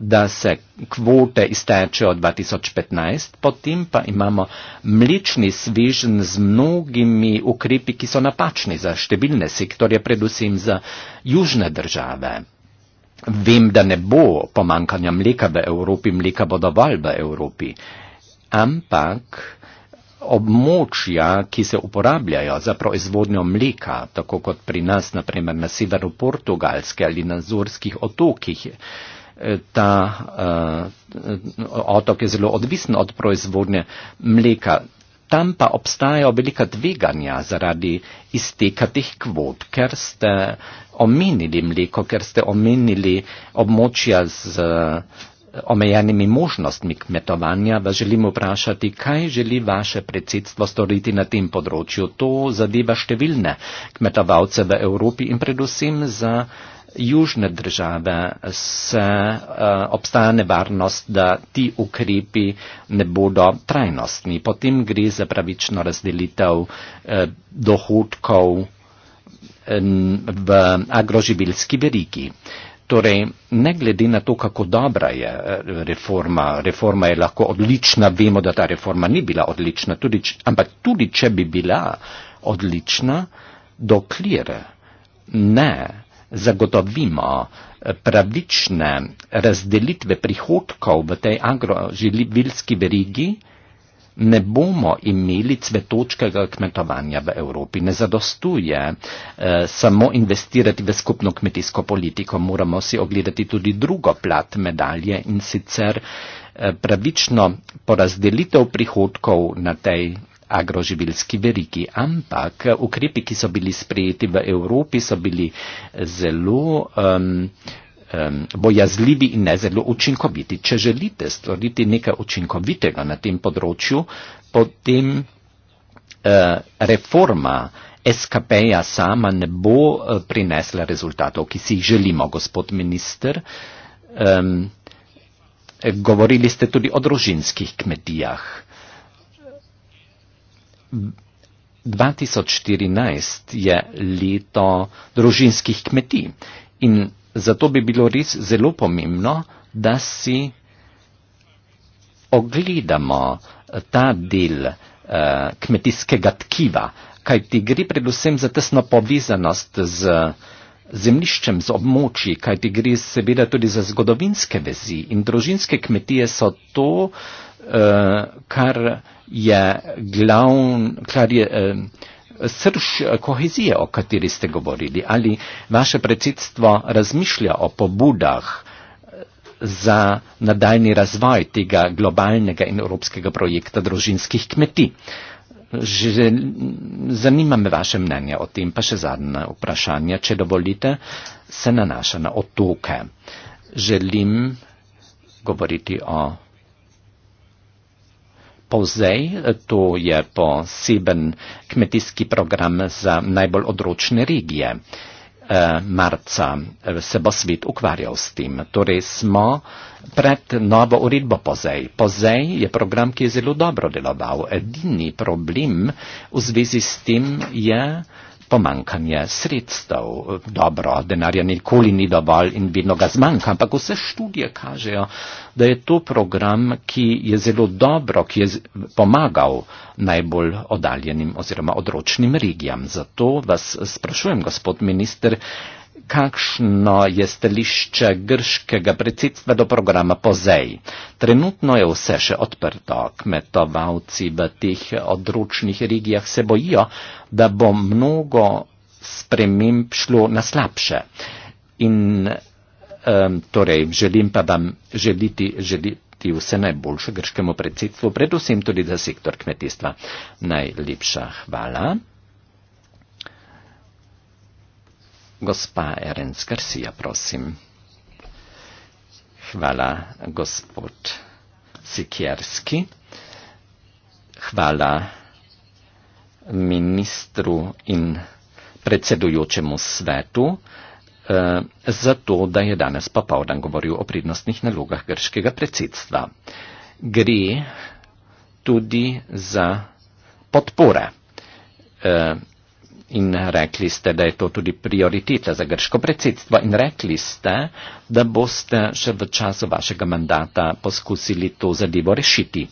S3: da se kvote izteče od 2015, potem pa imamo mlečni svižen z mnogimi ukrepi, ki so napačni za številne sektorje, predvsem za južne države. Vem, da ne bo pomankanja mleka v Evropi, mleka bo dovolj v Evropi, ampak območja, ki se uporabljajo za proizvodnjo mleka, tako kot pri nas, naprimer na severu Portugalske ali na Zorskih otokih, ta uh, otok je zelo odvisen od proizvodnje mleka. Tam pa obstajajo velika tveganja zaradi izteka teh kvot, ker ste omenili mleko, ker ste omenili območja z eh, omejenimi možnostmi kmetovanja, vas želim vprašati, kaj želi vaše predsedstvo storiti na tem področju. To zadeva številne kmetovalce v Evropi in predvsem za južne države se eh, obstaja nevarnost, da ti ukrepi ne bodo trajnostni. Potem gre za pravično razdelitev eh, dohodkov eh, v agroživilski verigi. Torej, ne glede na to, kako dobra je reforma, reforma je lahko odlična, vemo, da ta reforma ni bila odlična, tudi, ampak tudi če bi bila odlična, dokler ne zagotovimo pravične razdelitve prihodkov v tej agroživilski verigi, ne bomo imeli cvetočkega kmetovanja v Evropi. Ne zadostuje eh, samo investirati v skupno kmetijsko politiko, moramo si ogledati tudi drugo plat medalje in sicer eh, pravično porazdelitev prihodkov na tej agroživilski verigi. Ampak ukrepi, ki so bili sprejeti v Evropi, so bili zelo. Um, um bojazljivi in ne zelo učinkoviti. Če želite stvoriti nekaj učinkovitega na tem področju, potem eh, reforma SKP-ja sama ne bo eh, prinesla rezultatov, ki si jih želimo, gospod minister. Eh, govorili ste tudi o družinskih kmetijah. 2014 je leto družinskih kmetij in zato bi bilo res zelo pomembno, da si ogledamo ta del eh, kmetijskega tkiva, kaj ti gre predvsem za tesno povezanost z zemliščem, z območji, kaj ti gre seveda tudi za zgodovinske vezi in družinske kmetije so to, eh, Eh, kar je glavn, kar je eh, srž eh, kohezije, o kateri ste govorili. Ali vaše predsedstvo razmišlja o pobudah za nadaljni razvoj tega globalnega in evropskega projekta družinskih kmetij? Že zanima me vaše mnenje o tem, pa še zadnje vprašanje, če dovolite, se nanaša na otoke. Želim govoriti o POZEJ, eh, to je poseben kmetijski program za najbolj odročne regije. Eh, marca eh, se bo svet ukvarjal s tem. Torej smo pred novo uredbo POZEJ. POZEJ je program, ki je zelo dobro deloval. Edini problem v zvezi s tem je, pomankanje sredstev. Dobro, denarja nikoli ni dovolj in vedno ga zmanjka, ampak vse študije kažejo, da je to program, ki je zelo dobro, ki je pomagal najbolj oddaljenim oziroma odročnim regijam. Zato vas sprašujem, gospod minister, kakšno je stališče grškega predsedstva do programa POZEJ. Trenutno je vse še odprto. Kmetovalci v teh odročnih regijah se bojijo, da bo mnogo sprememb šlo na slabše. In um, torej želim pa vam želiti, želiti vse najboljše grškemu predsedstvu, predvsem tudi za sektor kmetijstva. Najlepša hvala. Gospa Erenc Garcia, prosim. Hvala, gospod Sikjerski. Hvala ministru in predsedujočemu svetu eh, za to, da je danes popovdan govoril o prednostnih nalogah grškega predsedstva. Gre tudi za podpore. Eh, in rekli ste, da je to tudi prioriteta za grško predsedstvo in rekli ste, da boste še v času vašega mandata poskusili to zadevo rešiti.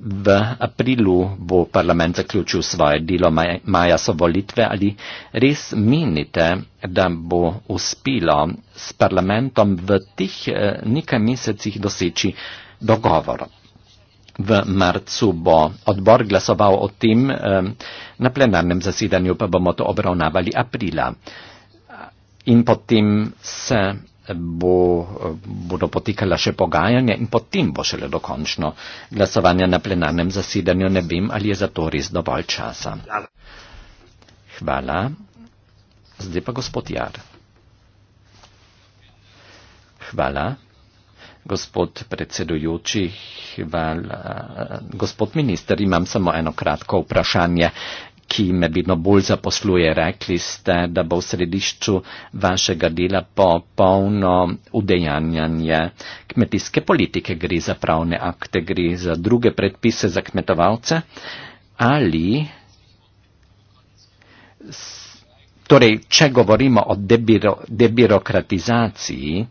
S3: V aprilu bo parlament zaključil svoje delo, maja so volitve, ali res menite, da bo uspelo s parlamentom v tih eh, nekaj mesecih doseči dogovor? v marcu bo odbor glasoval o tem, na plenarnem zasedanju pa bomo to obravnavali aprila. In potem se bo, bodo potekala še pogajanja in potem bo šele dokončno glasovanje na plenarnem zasedanju. Ne vem, ali je za to res dovolj časa. Hvala. Zdaj pa gospod Jar. Hvala. Gospod predsedujoči, hval, eh, gospod minister, imam samo eno kratko vprašanje, ki me vedno bolj zaposluje. Rekli ste, da bo v središču vašega dela popolno udejanjanje kmetijske politike, gre za pravne akte, gre za druge predpise za kmetovalce. Ali. Torej, če govorimo o debiro, debirokratizaciji,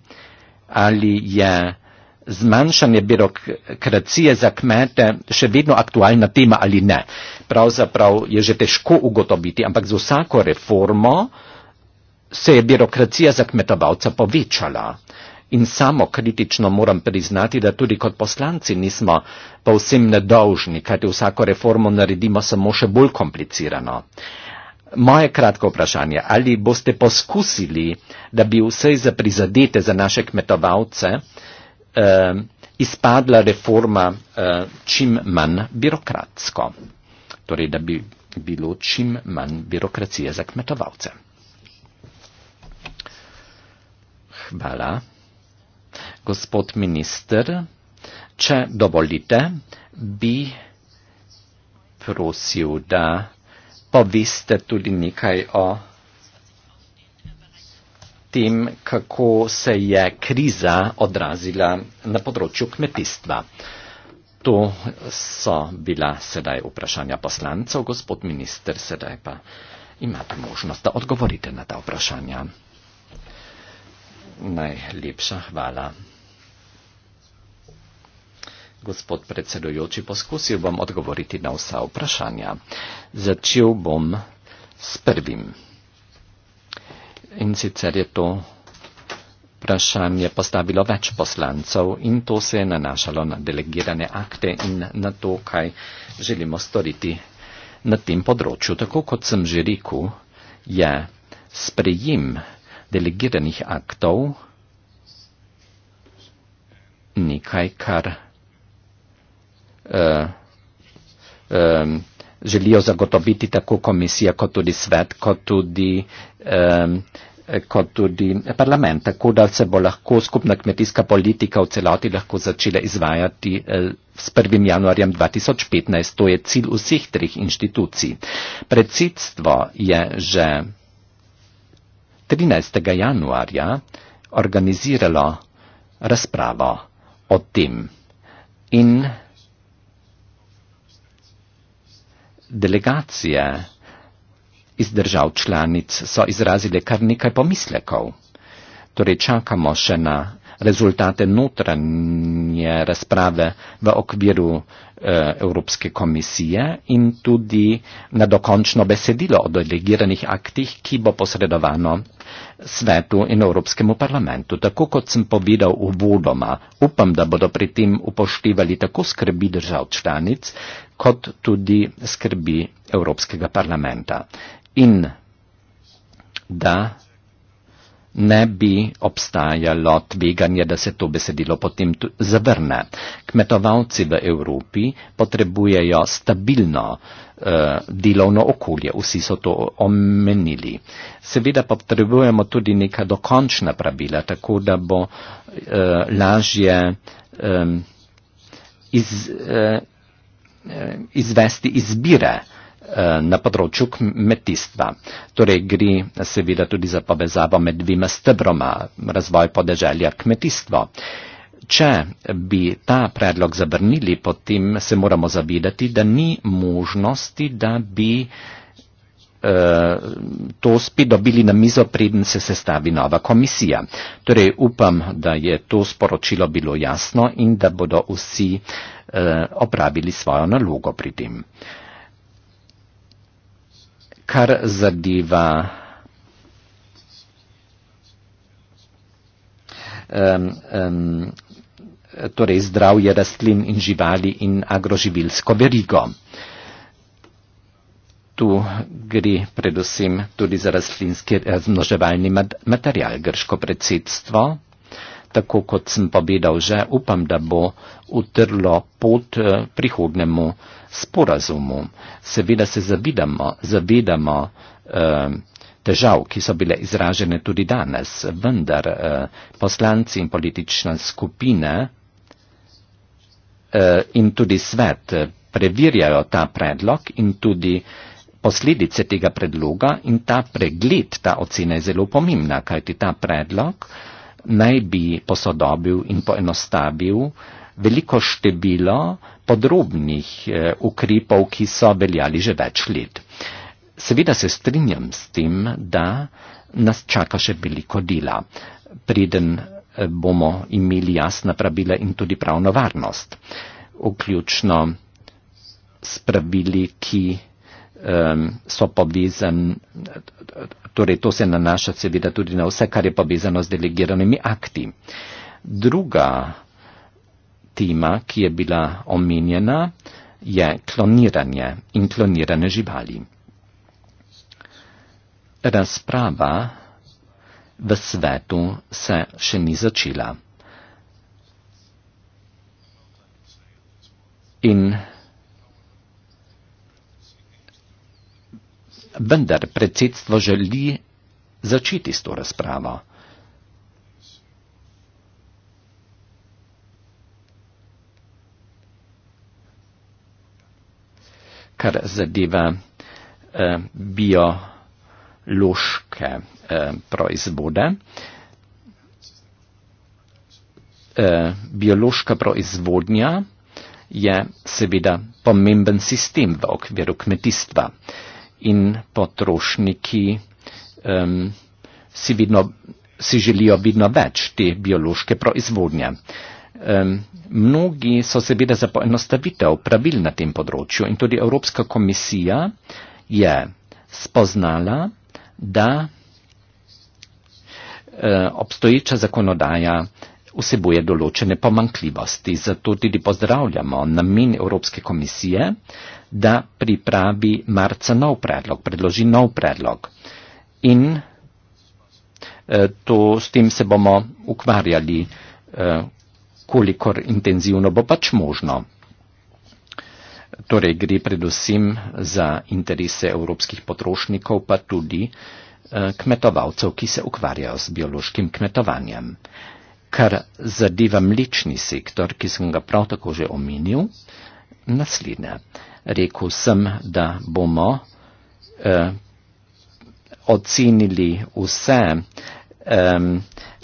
S3: ali je zmanjšanje birokracije za kmete še vedno aktualna tema ali ne. Pravzaprav je že težko ugotoviti, ampak z vsako reformo se je birokracija za kmetovalca povečala. In samo kritično moram priznati, da tudi kot poslanci nismo povsem nedolžni, kajti vsako reformo naredimo samo še bolj komplicirano. Moje kratko vprašanje, ali boste poskusili, da bi vse za prizadete, za naše kmetovalce, eh, izpadla reforma eh, čim manj birokratsko? Torej, da bi bilo čim manj birokracije za kmetovalce. Hvala. Gospod minister, če dovolite, bi prosil, da poveste tudi nekaj o tem, kako se je kriza odrazila na področju kmetijstva. To so bila sedaj vprašanja poslancev, gospod minister, sedaj pa imate možnost, da odgovorite na ta vprašanja. Najlepša hvala. Gospod predsedujoči, poskusil bom odgovoriti na vsa vprašanja. Začel bom s prvim. In sicer je to vprašanje postavilo več poslancev in to se je nanašalo na delegirane akte in na to, kaj želimo storiti na tem področju. Tako kot sem že rekel, je sprejem delegiranih aktov nekaj, kar uh, um, želijo zagotoviti tako komisija, kot tudi svet, kot tudi, um, kot tudi parlament, tako da se bo lahko skupna kmetijska politika v celoti lahko začela izvajati uh, s 1. januarjem 2015. To je cilj vseh treh inštitucij. Predsedstvo je že 13. januarja organiziralo razpravo o tem in delegacije iz držav članic so izrazile kar nekaj pomislekov. Torej čakamo še na rezultaty notranje razprave v okviru eh, Evropske komisije in tudi na dokončno besedilo o delegiranih aktih, ki bo posredovano svetu in Evropskemu parlamentu. Tako kot sem povedal v vodoma, upam, da bodo pri tem upoštevali tako skrbi držav članic, kot tudi skrbi Evropskega parlamenta. In da ne bi obstajalo tveganje, da se to besedilo potem zavrne. Kmetovalci v Evropi potrebujejo stabilno uh, delovno okolje, vsi so to omenili. Seveda pa potrebujemo tudi neka dokončna pravila, tako da bo uh, lažje um, iz, uh, izvesti izbire. Eh, na področju kmetijstva. Torej gre seveda tudi za povezavo med dvima stebroma razvoj podeželja kmetijstvo. Če bi ta predlog zavrnili, potem se moramo zavedati, da ni možnosti, da bi eh, to spet dobili na mizo, preden se sestavi nova komisija. Torej upam, da je to sporočilo bilo jasno in da bodo vsi eh, opravili svojo nalogo pri tem kar zadeva um, um, torej zdravje rastlin in živali in agroživilsko verigo. Tu gre predvsem tudi za rastlinski razmnoževalni material. Grško predsedstvo, tako kot sem povedal že, upam, da bo utrlo pot eh, prihodnemu uh, sporazumu. Seveda se zavidamo, zavidamo eh, težav, ki so bile izražene tudi danes, vendar eh, poslanci in politična skupina eh, in tudi svet preverjajo ta predlog in tudi posledice tega predloga in ta pregled, ta ocena je zelo pomembna, kajti ta predlog naj bi posodobil in poenostavil veliko število podrobnih eh, ukrepov, ki so veljali že več let. Seveda se strinjam s tem, da nas čaka še veliko dela, preden eh, bomo imeli jasna pravila in tudi pravno varnost, vključno s pravili, ki so povezani, torej to se nanaša seveda tudi na vse, kar je povezano z delegiranimi akti. Druga tema, ki je bila omenjena, je kloniranje in klonirane živali. Razprava v svetu se še ni začela. In vendar predsedstvo želi začeti s to razpravo. kar zadeva eh, biološke eh, proizvode. Eh, biološka proizvodnja je seveda pomemben sistem v okviru kmetijstva in potrošniki eh, si, vidno, si želijo vedno več te biološke proizvodnje. Eh, mnogi so seveda za poenostavitev pravil na tem področju in tudi Evropska komisija je spoznala, da e, obstoječa zakonodaja vsebuje določene pomankljivosti. Zato tudi pozdravljamo namen Evropske komisije, da pripravi marca nov predlog, predloži nov predlog. In e, to s tem se bomo ukvarjali e, kolikor intenzivno bo pač možno. Torej gre predvsem za interese evropskih potrošnikov, pa tudi eh, kmetovalcev, ki se ukvarjajo s biološkim kmetovanjem. Kar zadeva mlečni sektor, ki sem ga prav tako že omenil, naslednje. Rekl sem, da bomo eh, ocenili vse eh,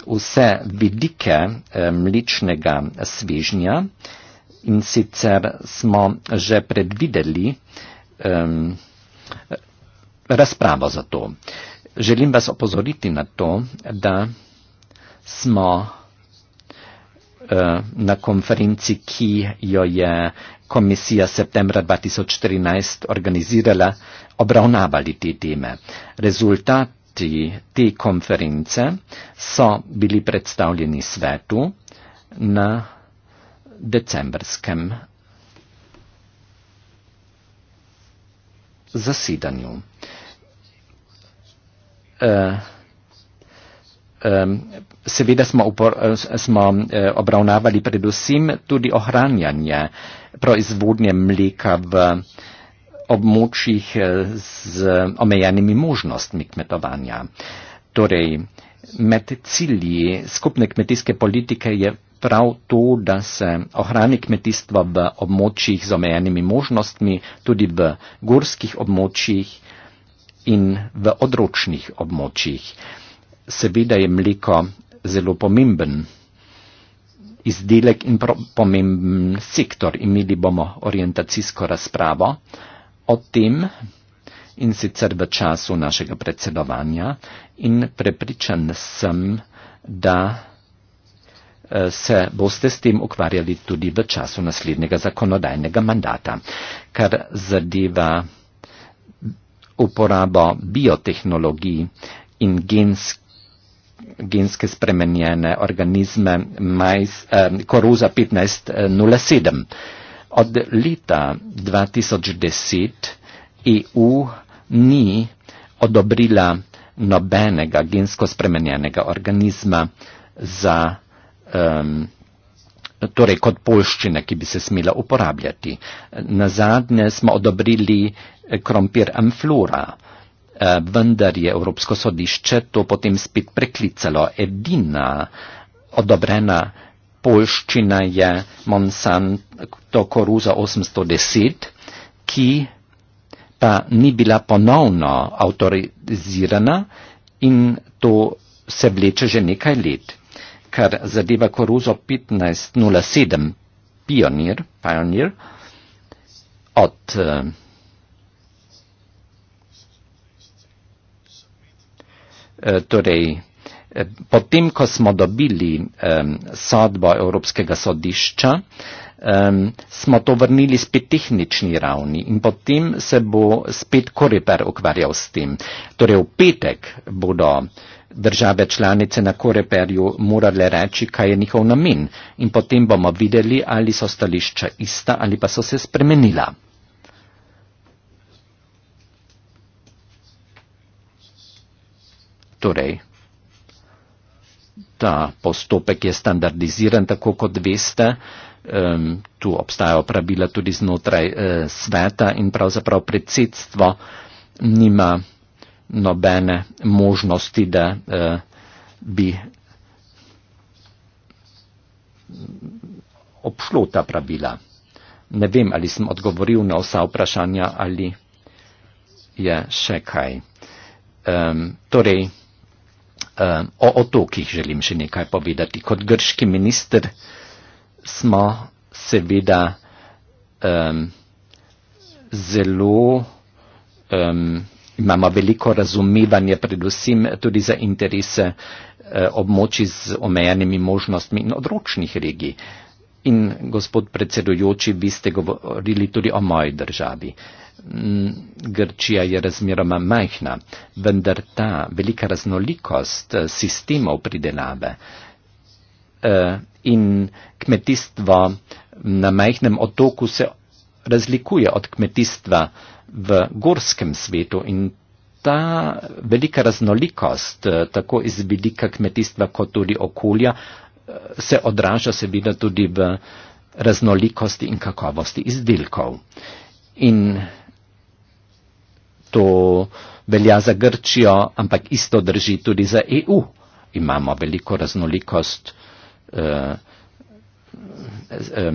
S3: vse vidike eh, mličnega svežnja in sicer smo že predvideli um, razpravo za to. Želim vas opozoriti na to, da smo eh, na konferenci, ki jo je komisija septembra 2014 organizirala, obravnavali te teme. Rezultat rezultati te konference so bili predstavljeni svetu na decembrskem zasedanju. Eh, eh, seveda smo, upor, eh, smo obravnavali predvsem tudi ohranjanje proizvodnje mleka v območjih eh, z omejenimi možnostmi kmetovanja. Torej, med cilji skupne kmetijske politike je prav to, da se ohrani kmetijstvo v območjih z omejenimi možnostmi, tudi v gorskih območjih in v odročnih območjih. Seveda je mleko zelo pomemben izdelek in pomemben sektor. Imeli bomo orientacijsko razpravo o tem in sicer v času našega predsedovanja in prepričan sem, da eh, se boste s tem ukvarjali tudi v času naslednjega zakonodajnega mandata, kar zadeva uporabo biotehnologij in genskih genske spremenjene organizme majs, eh, koruza 1507. Od leta 2010 EU ni odobrila nobenega gensko spremenjenega organizma za, um, torej kot polščine, ki bi se smela uporabljati. Na zadnje smo odobrili eh, krompir amflora, eh, vendar je Evropsko sodišče to potem spet preklicalo. Edina odobrena polščina je Monsanto koruza 810, ki pa ni bila ponovno avtorizirana in to se vleče že nekaj let. Kar zadeva koruzo 1507, pionir, pionir od eh, eh, torej Potem, ko smo dobili um, sodbo Evropskega sodišča, um, smo to vrnili spet tehnični ravni in potem se bo spet Koreper ukvarjal s tem. Torej, v petek bodo države članice na Koreperju morale reči, kaj je njihov namen in potem bomo videli, ali so stališča ista ali pa so se spremenila. Torej ta postopek je standardiziran, tako kot veste. Tu obstajajo pravila tudi znotraj eh, sveta in pravzaprav predsedstvo nima nobene možnosti, da eh, bi obšlo ta pravila. Ne vem, ali sem odgovoril na vsa vprašanja ali je še kaj. Um, torej, Ehm, o otokih želim še nekaj povedati. Kot grški minister smo seveda um, zelo, um, imamo veliko razumevanje predvsem tudi za interese uh, eh, območji z omejenimi možnostmi in odročnih regij. In gospod predsedujoči, vi ste govorili tudi o moji državi. Uh, Mm, Grčija je razmeroma majhna, vendar ta velika raznolikost eh, sistemov pridelave eh, in kmetijstvo na majhnem otoku se razlikuje od kmetijstva v gorskem svetu in ta velika raznolikost, eh, tako iz velika kmetijstva kot tudi okolja, se odraža seveda tudi v raznolikosti in kakovosti izdelkov. In to velja za Grčijo, ampak isto drži tudi za EU. Imamo veliko raznolikost eh, eh,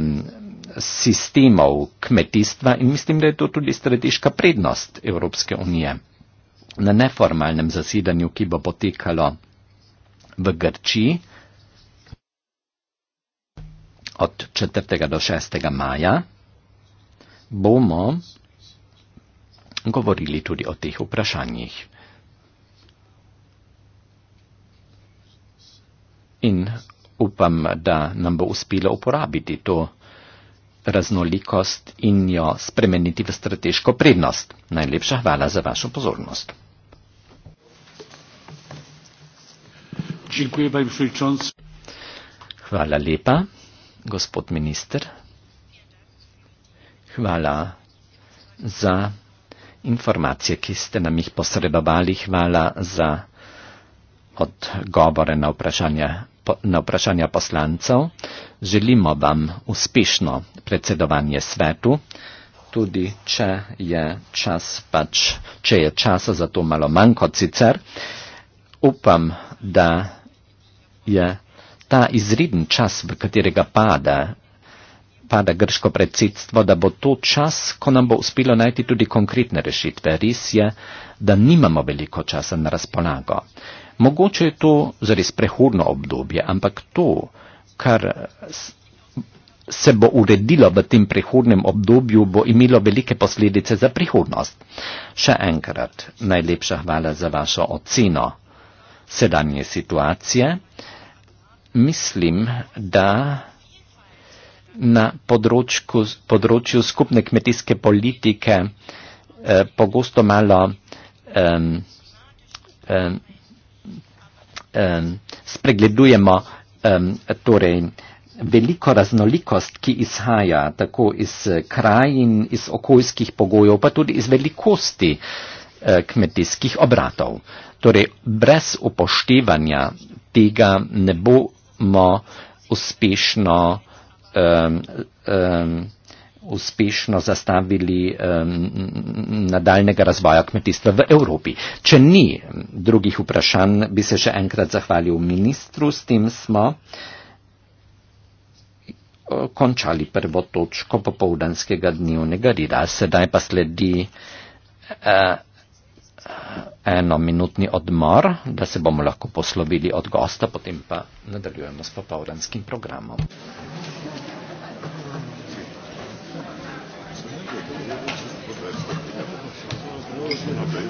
S3: sistemov kmetijstva in mislim, da je to tudi strateška prednost Evropske unije. Na neformalnem zasedanju, ki bo potekalo v Grčiji od 4. do 6. maja, bomo govorili tudi o teh vprašanjih. In upam, da nam bo uspelo uporabiti to raznolikost in jo spremeniti v strateško prednost. Najlepša hvala za vašo pozornost. Hvala lepa, gospod minister. Hvala za informacije, ki ste nam jih posredovali. Hvala za odgovore na vprašanja, na vprašanja poslancev. Želimo vam uspešno predsedovanje svetu, tudi če je čas pač, če je časa za to malo manj kot sicer. Upam, da je ta izreden čas, v katerega pada pada grško predsedstvo, da bo to čas, ko nam bo uspelo najti tudi konkretne rešitve. Res je, da nimamo veliko časa na razpolago. Mogoče je to zares prehodno obdobje, ampak to, kar se bo uredilo v tem prehodnem obdobju, bo imelo velike posledice za prihodnost. Še enkrat najlepša hvala za vašo oceno sedanje situacije. Mislim, da na področku, področju skupne kmetijske politike eh, pogosto malo eh, eh, eh, spregledujemo eh, torej, veliko raznolikost, ki izhaja tako iz eh, krajin, iz okoljskih pogojev, pa tudi iz velikosti eh, kmetijskih obratov. Torej, brez upoštevanja tega ne bomo uspešno eh, um, um, uspešno zastavili um, nadaljnega razvoja kmetijstva v Evropi. Če ni drugih vprašanj, bi se še enkrat zahvalil ministru, s tem smo končali prvo točko popovdanskega dnevnega reda. Sedaj pa sledi eh, enominutni odmor, da se bomo lahko poslovili od gosta, potem pa nadaljujemo s popovdanskim programom.
S1: se nadaljuje.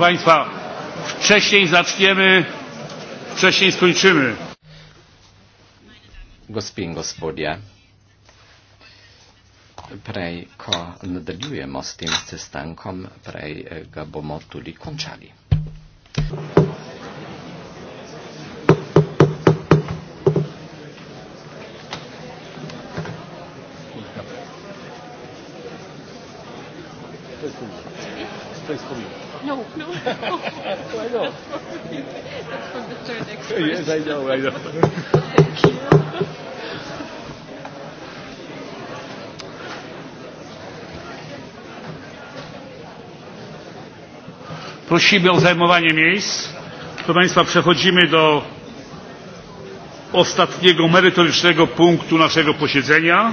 S1: państwa wcześniej zaczniemy wcześniej skończymy
S3: Gospin gospodje prej ko nadaljujemo s tem sestankom prej eh, ga bomo tudi končali
S1: Thanks for me. No, no. I know. That's from the third expert. Yes, I know, I know. Thank you. Prosimy o zajmowanie miejsc. Proszę Państwa, przechodzimy do ostatniego merytorycznego punktu naszego posiedzenia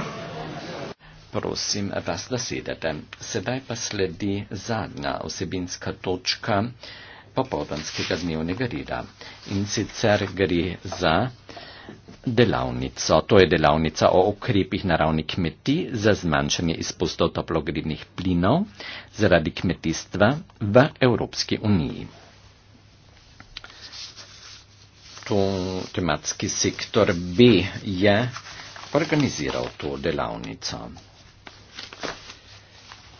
S3: prosim, vas zasedete. Sedaj pa sledi zadnja osebinska točka popovdanskega dnevnega reda. In sicer gre za delavnico. To je delavnica o ukrepih na ravni kmetij za zmanjšanje izpustov toplogrednih plinov zaradi kmetijstva v Evropski uniji. To tematski sektor B je organiziral to delavnico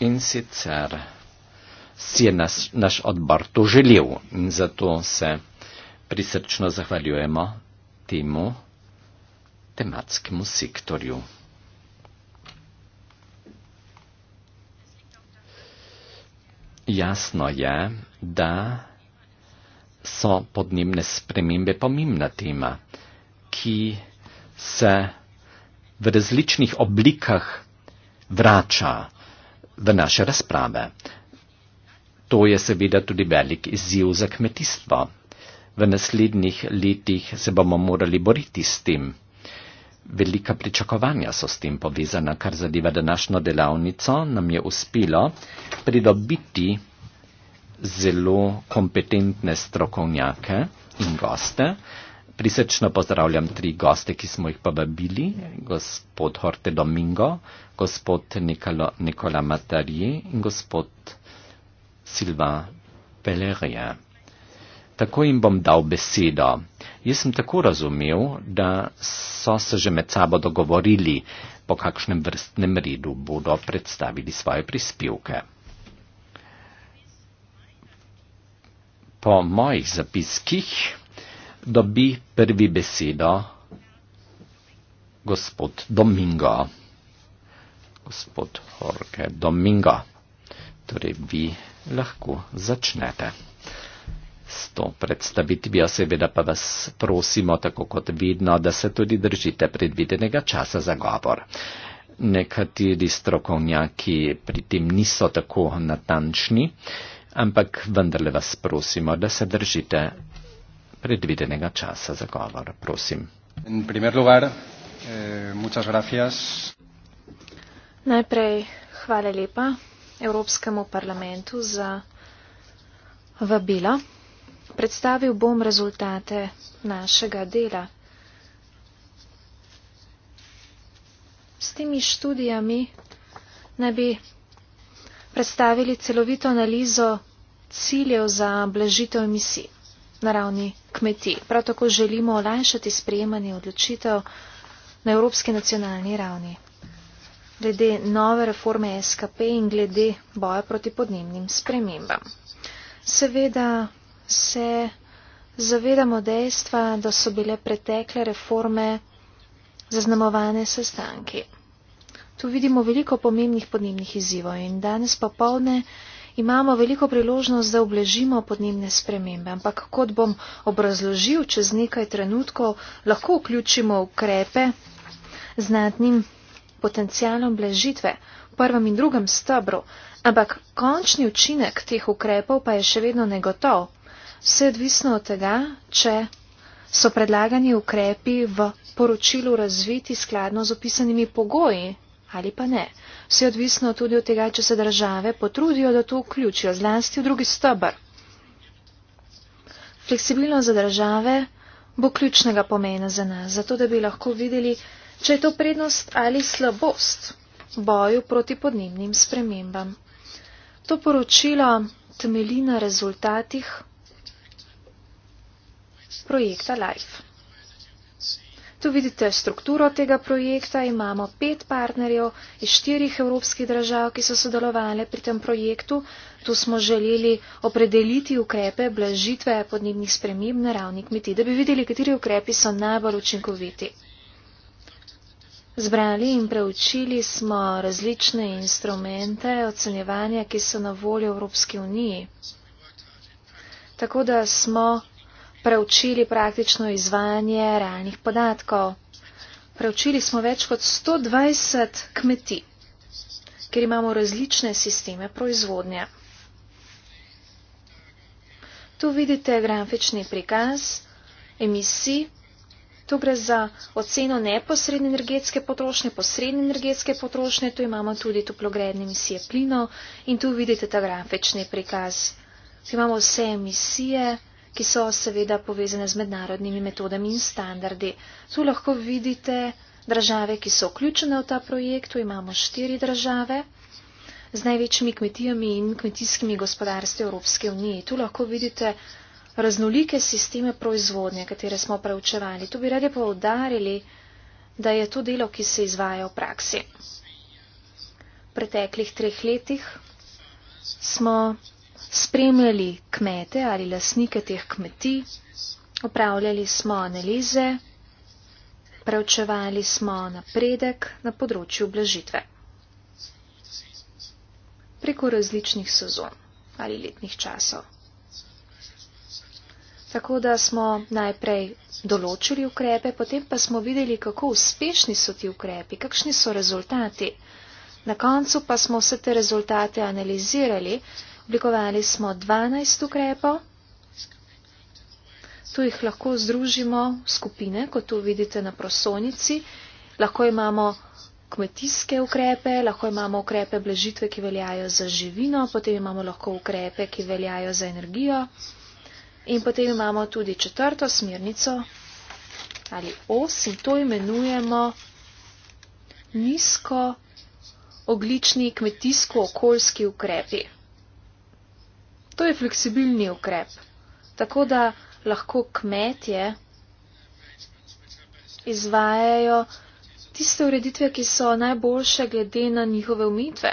S3: in sicer si je naš, naš odbor to želel in zato se prisrčno zahvaljujemo temu tematskemu sektorju. Jasno je, da so podnebne spremembe pomembna tema, ki se v različnih oblikah vrača v naše razprave. To je seveda tudi velik izziv za kmetijstvo. V naslednjih letih se bomo morali boriti s tem. Velika pričakovanja so s tem povezana, kar zadeva današnjo delavnico. Nam je uspelo pridobiti zelo kompetentne strokovnjake in goste, prisrčno pozdravljam tri goste, ki smo jih pobabili, gospod Horte Domingo, gospod Nikolo, Nikola Matarije in gospod Silva Pelerje. Tako jim bom dal besedo. Jaz sem tako razumel, da so se že med sabo dogovorili, po kakšnem vrstnem redu bodo predstavili svoje prispevke. Po mojih zapiskih dobi prvi besedo gospod Domingo. Gospod Jorge Domingo, torej vi lahko začnete. S to predstavitvijo seveda pa vas prosimo, tako kot vidno, da se tudi držite predvidenega časa za govor. Nekateri strokovnjaki pri tem niso tako natančni, ampak vendarle vas prosimo, da se držite predvidenega časa za govor. Prosim. Lugar, eh,
S4: Najprej hvala lepa Evropskemu parlamentu za vabila. Predstavil bom rezultate našega dela. S temi študijami naj bi predstavili celovito analizo ciljev za blažitev emisij na ravni kmetij. Prav tako želimo olajšati sprejemanje odločitev na evropski nacionalni ravni glede nove reforme SKP in glede boja proti podnebnim spremembam. Seveda se zavedamo dejstva, da so bile pretekle reforme zaznamovane sestanki. Tu vidimo veliko pomembnih podnebnih izzivov in danes popovdne. Pa imamo veliko priložnost, da obležimo podnebne spremembe, ampak kot bom obrazložil, čez nekaj trenutkov lahko vključimo ukrepe znatnim potencijalom bležitve v prvem in drugem stebru, ampak končni učinek teh ukrepov pa je še vedno negotov. Vse je odvisno od tega, če so predlagani ukrepi v poročilu razviti skladno z opisanimi pogoji ali pa ne. Vse odvisno tudi od tega, če se države potrudijo, da to vključijo zlasti v drugi stebr. Fleksibilnost za države bo ključnega pomena za nas, zato da bi lahko videli, če je to prednost ali slabost v boju proti podnebnim spremembam. To poročilo temelji na rezultatih projekta LIFE. Tu vidite strukturo tega projekta. Imamo pet partnerjev iz štirih evropskih držav, ki so sodelovali pri tem projektu. Tu smo želeli opredeliti ukrepe blažitve podnebnih sprememb na ravni kmetij, da bi videli, kateri ukrepi so najbolj učinkoviti. Zbrali in preučili smo različne instrumente ocenjevanja, ki so na voljo Evropske unije. Tako da smo preučili praktično izvajanje realnih podatkov. Preučili smo več kot 120 kmetij, ker imamo različne sisteme proizvodnje. Tu vidite grafični prikaz emisij. Tu gre za oceno neposredne energetske potrošnje, posredne energetske potrošnje, tu imamo tudi toplogredne emisije plinov in tu vidite ta grafični prikaz. Tu imamo vse emisije ki so seveda povezane z mednarodnimi metodami in standardi. Tu lahko vidite države, ki so vključene v ta projekt, tu imamo štiri države z največjimi kmetijami in kmetijskimi gospodarstvi Evropske unije. Tu lahko vidite raznolike sisteme proizvodnje, katere smo preučevali. Tu bi radi poudarili, da je to delo, ki se izvaja v praksi. V preteklih treh letih smo spremljali kmete ali lasnike teh kmetij, upravljali smo analize, preučevali smo napredek na področju blažitve preko različnih sezon ali letnih časov. Tako da smo najprej določili ukrepe, potem pa smo videli, kako uspešni so ti ukrepi, kakšni so rezultati. Na koncu pa smo vse te rezultate analizirali Oblikovali smo 12 ukrepov. Tu jih lahko združimo v skupine, kot tu vidite na prosonici. Lahko imamo kmetijske ukrepe, lahko imamo ukrepe blažitve, ki veljajo za živino, potem imamo lahko ukrepe, ki veljajo za energijo. In potem imamo tudi četrto smernico ali os in to imenujemo nizko oglični kmetijsko-okoljski ukrepi. To je fleksibilni ukrep. Tako da lahko kmetje izvajajo tiste ureditve, ki so najboljše glede na njihove umitve.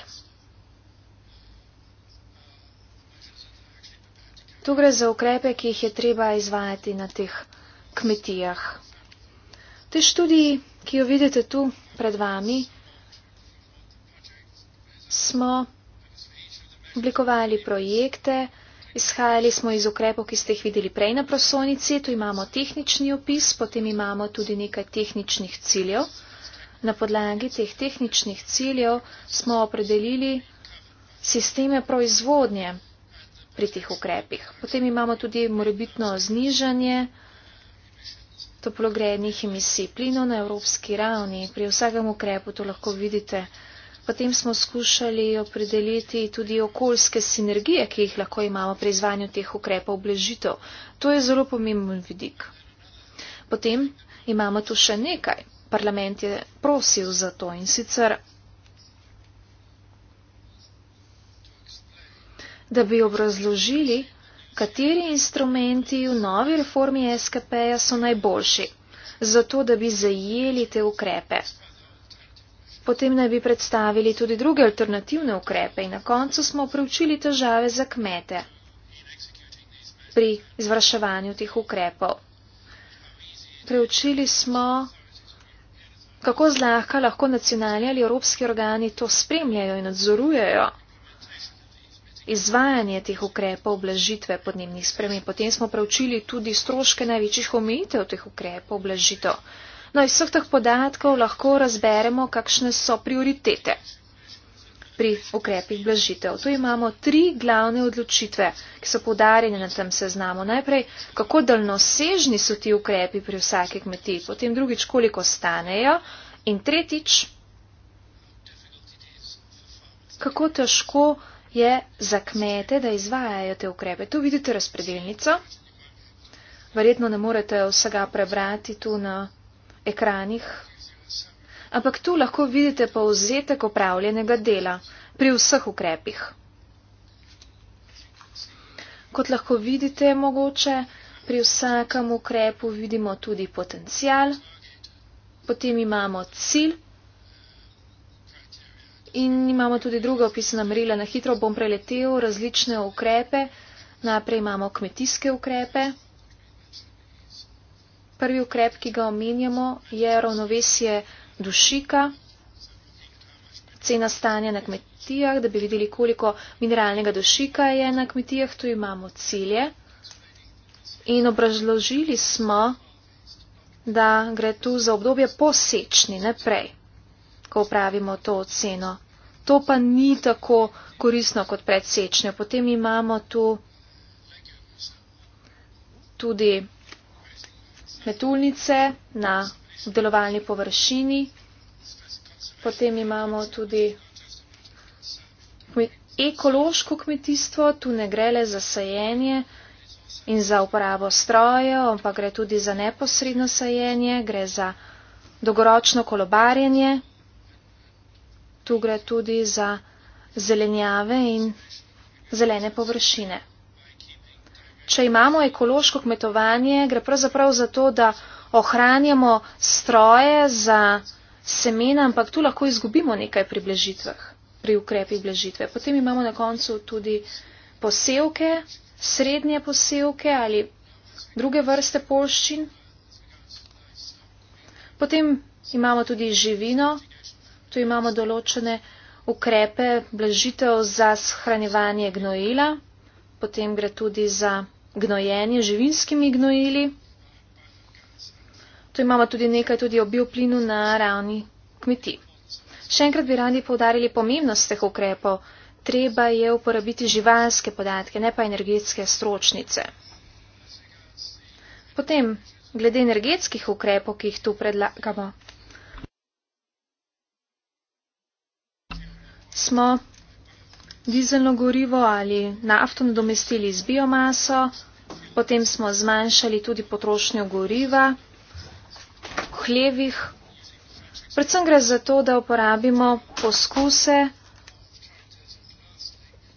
S4: Tu gre za ukrepe, ki jih je treba izvajati na teh kmetijah. Te študiji, ki jo vidite tu pred vami, smo oblikovali projekte, izhajali smo iz ukrepov, ki ste jih videli prej na prosonici. Tu imamo tehnični opis, potem imamo tudi nekaj tehničnih ciljev. Na podlagi teh tehničnih ciljev smo opredelili sisteme proizvodnje pri teh ukrepih. Potem imamo tudi morebitno znižanje toplogrednih emisij plinov na evropski ravni. Pri vsakem ukrepu to lahko vidite. Potem smo skušali opredeliti tudi okoljske sinergije, ki jih lahko imamo pri izvanju teh ukrepov obležitev. To je zelo pomemben vidik. Potem imamo tu še nekaj. Parlament je prosil za to in sicer, da bi obrazložili, kateri instrumenti v novi reformi SKP-ja so najboljši, zato da bi zajeli te ukrepe. Potem naj bi predstavili tudi druge alternativne ukrepe in na koncu smo preučili težave za kmete pri izvrševanju teh ukrepov. Preučili smo, kako zlahka lahko nacionalni ali evropski organi to spremljajo in nadzorujejo izvajanje teh ukrepov blažitve podnebnih sprememb. Potem smo preučili tudi stroške največjih omejitev teh ukrepov blažitev. No, iz vseh teh podatkov lahko razberemo, kakšne so prioritete pri ukrepih blažitev. Tu imamo tri glavne odločitve, ki so podarjene na tem seznamu. Najprej, kako daljnosežni so ti ukrepi pri vsaki kmetiji, potem drugič, koliko stanejo in tretjič, kako težko je za kmete, da izvajajo te ukrepe. Tu vidite razpredelnico. Verjetno ne morete vsega prebrati tu na ekranih. Ampak tu lahko vidite povzetek opravljenega dela pri vseh ukrepih. Kot lahko vidite, mogoče pri vsakem ukrepu vidimo tudi potencial, potem imamo cilj in imamo tudi druga opisana merila. Na hitro bom preletel različne ukrepe. Najprej imamo kmetijske ukrepe. Prvi ukrep, ki ga omenjamo, je ravnovesje dušika, cena stanja na kmetijah, da bi videli, koliko mineralnega dušika je na kmetijah, tu imamo cilje. In obrazložili smo, da gre tu za obdobje posečni, ne prej, ko upravimo to oceno. To pa ni tako korisno kot predsečne. Potem imamo tu tudi metulnice na obdelovalni površini. Potem imamo tudi ekološko kmetijstvo, tu ne gre le za sajenje in za uporabo strojev, ampak gre tudi za neposredno sajenje, gre za dolgoročno kolobarjenje, tu gre tudi za zelenjave in zelene površine če imamo ekološko kmetovanje, gre pravzaprav za to, da ohranjamo stroje za semena, ampak tu lahko izgubimo nekaj pri blažitvah, pri ukrepih blažitve. Potem imamo na koncu tudi posevke, srednje posevke ali druge vrste polščin. Potem imamo tudi živino, tu imamo določene ukrepe, blažitev za shranjevanje gnojila, potem gre tudi za gnojenje živinskimi gnojili. Tu imamo tudi nekaj tudi o bioplinu na ravni kmetij. Še enkrat bi radi povdarili pomembnost teh ukrepov. Treba je uporabiti živalske podatke, ne pa energetske stročnice. Potem, glede energetskih ukrepov, ki jih tu predlagamo, smo dizelno gorivo ali nafto nadomestili z biomaso, potem smo zmanjšali tudi potrošnjo goriva v hlevih. Predvsem gre za to, da uporabimo poskuse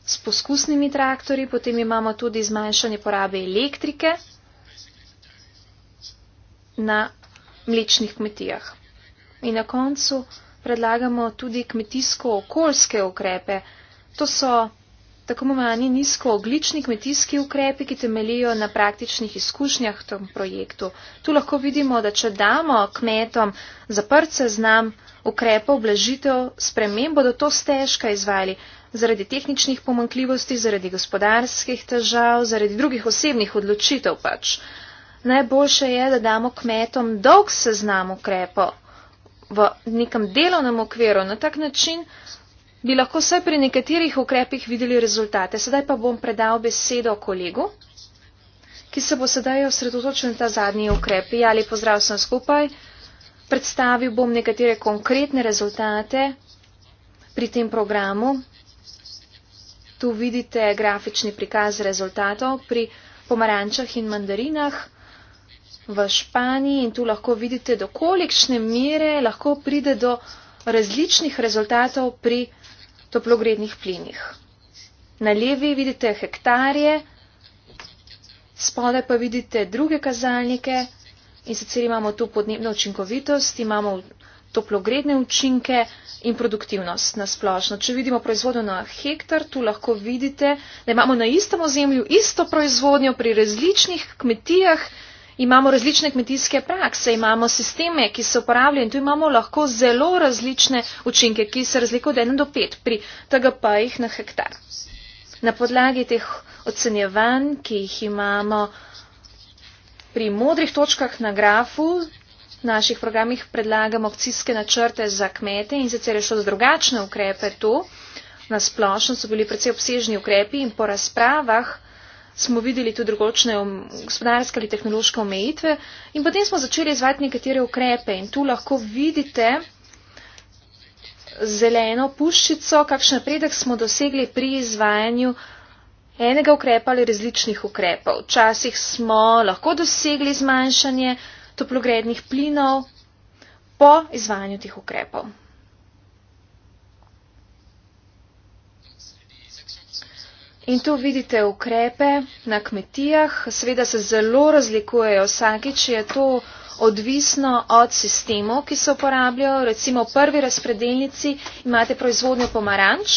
S4: s poskusnimi traktori, potem imamo tudi zmanjšanje porabe elektrike na mlečnih kmetijah. In na koncu predlagamo tudi kmetijsko-okoljske ukrepe. To so tako imenovani nizkooglični kmetijski ukrepi, ki temelijo na praktičnih izkušnjah v tem projektu. Tu lahko vidimo, da če damo kmetom zaprt seznam ukrepov, blažitev, sprememb, bodo to stežka izvali zaradi tehničnih pomankljivosti, zaradi gospodarskih težav, zaradi drugih osebnih odločitev pač. Najboljše je, da damo kmetom dolg seznam ukrepov v nekem delovnem okviru, na tak način bi lahko vsaj pri nekaterih ukrepih videli rezultate. Sedaj pa bom predal besedo kolegu, ki se bo sedaj osredotočil na ta zadnji ukrep. Jali, pozdrav sem skupaj. Predstavil bom nekatere konkretne rezultate pri tem programu. Tu vidite grafični prikaz rezultatov pri pomarančah in mandarinah v Španiji in tu lahko vidite, do kolikšne mere lahko pride do različnih rezultatov pri pomarančah toplogrednih plinih. Na levi vidite hektarje, spode pa vidite druge kazalnike in sicer imamo tu podnebno učinkovitost, imamo toplogredne učinke in produktivnost na splošno. Če vidimo proizvodnjo na hektar, tu lahko vidite, da imamo na istem ozemlju isto proizvodnjo pri različnih kmetijah, imamo različne kmetijske prakse, imamo sisteme, ki se uporabljajo in tu imamo lahko zelo različne učinke, ki se razlikujejo od 1 do 5 pri TGP-jih na hektar. Na podlagi teh ocenjevanj, ki jih imamo pri modrih točkah na grafu, v naših programih predlagamo akcijske načrte za kmete in sicer je šlo za drugačne ukrepe tu. Na splošno so bili precej obsežni ukrepi in po razpravah smo videli tudi drugačne um, gospodarske ali tehnološke omejitve in potem smo začeli izvajati nekatere ukrepe in tu lahko vidite zeleno puščico, kakšen napredek smo dosegli pri izvajanju enega ukrepa ali različnih ukrepov. Včasih smo lahko dosegli zmanjšanje toplogrednih plinov po izvajanju tih ukrepov. In tu vidite ukrepe na kmetijah. Sveda se zelo razlikujejo vsakič, je to odvisno od sistemov, ki se uporabljajo. Recimo v prvi razpredeljnici imate proizvodnjo pomaranč.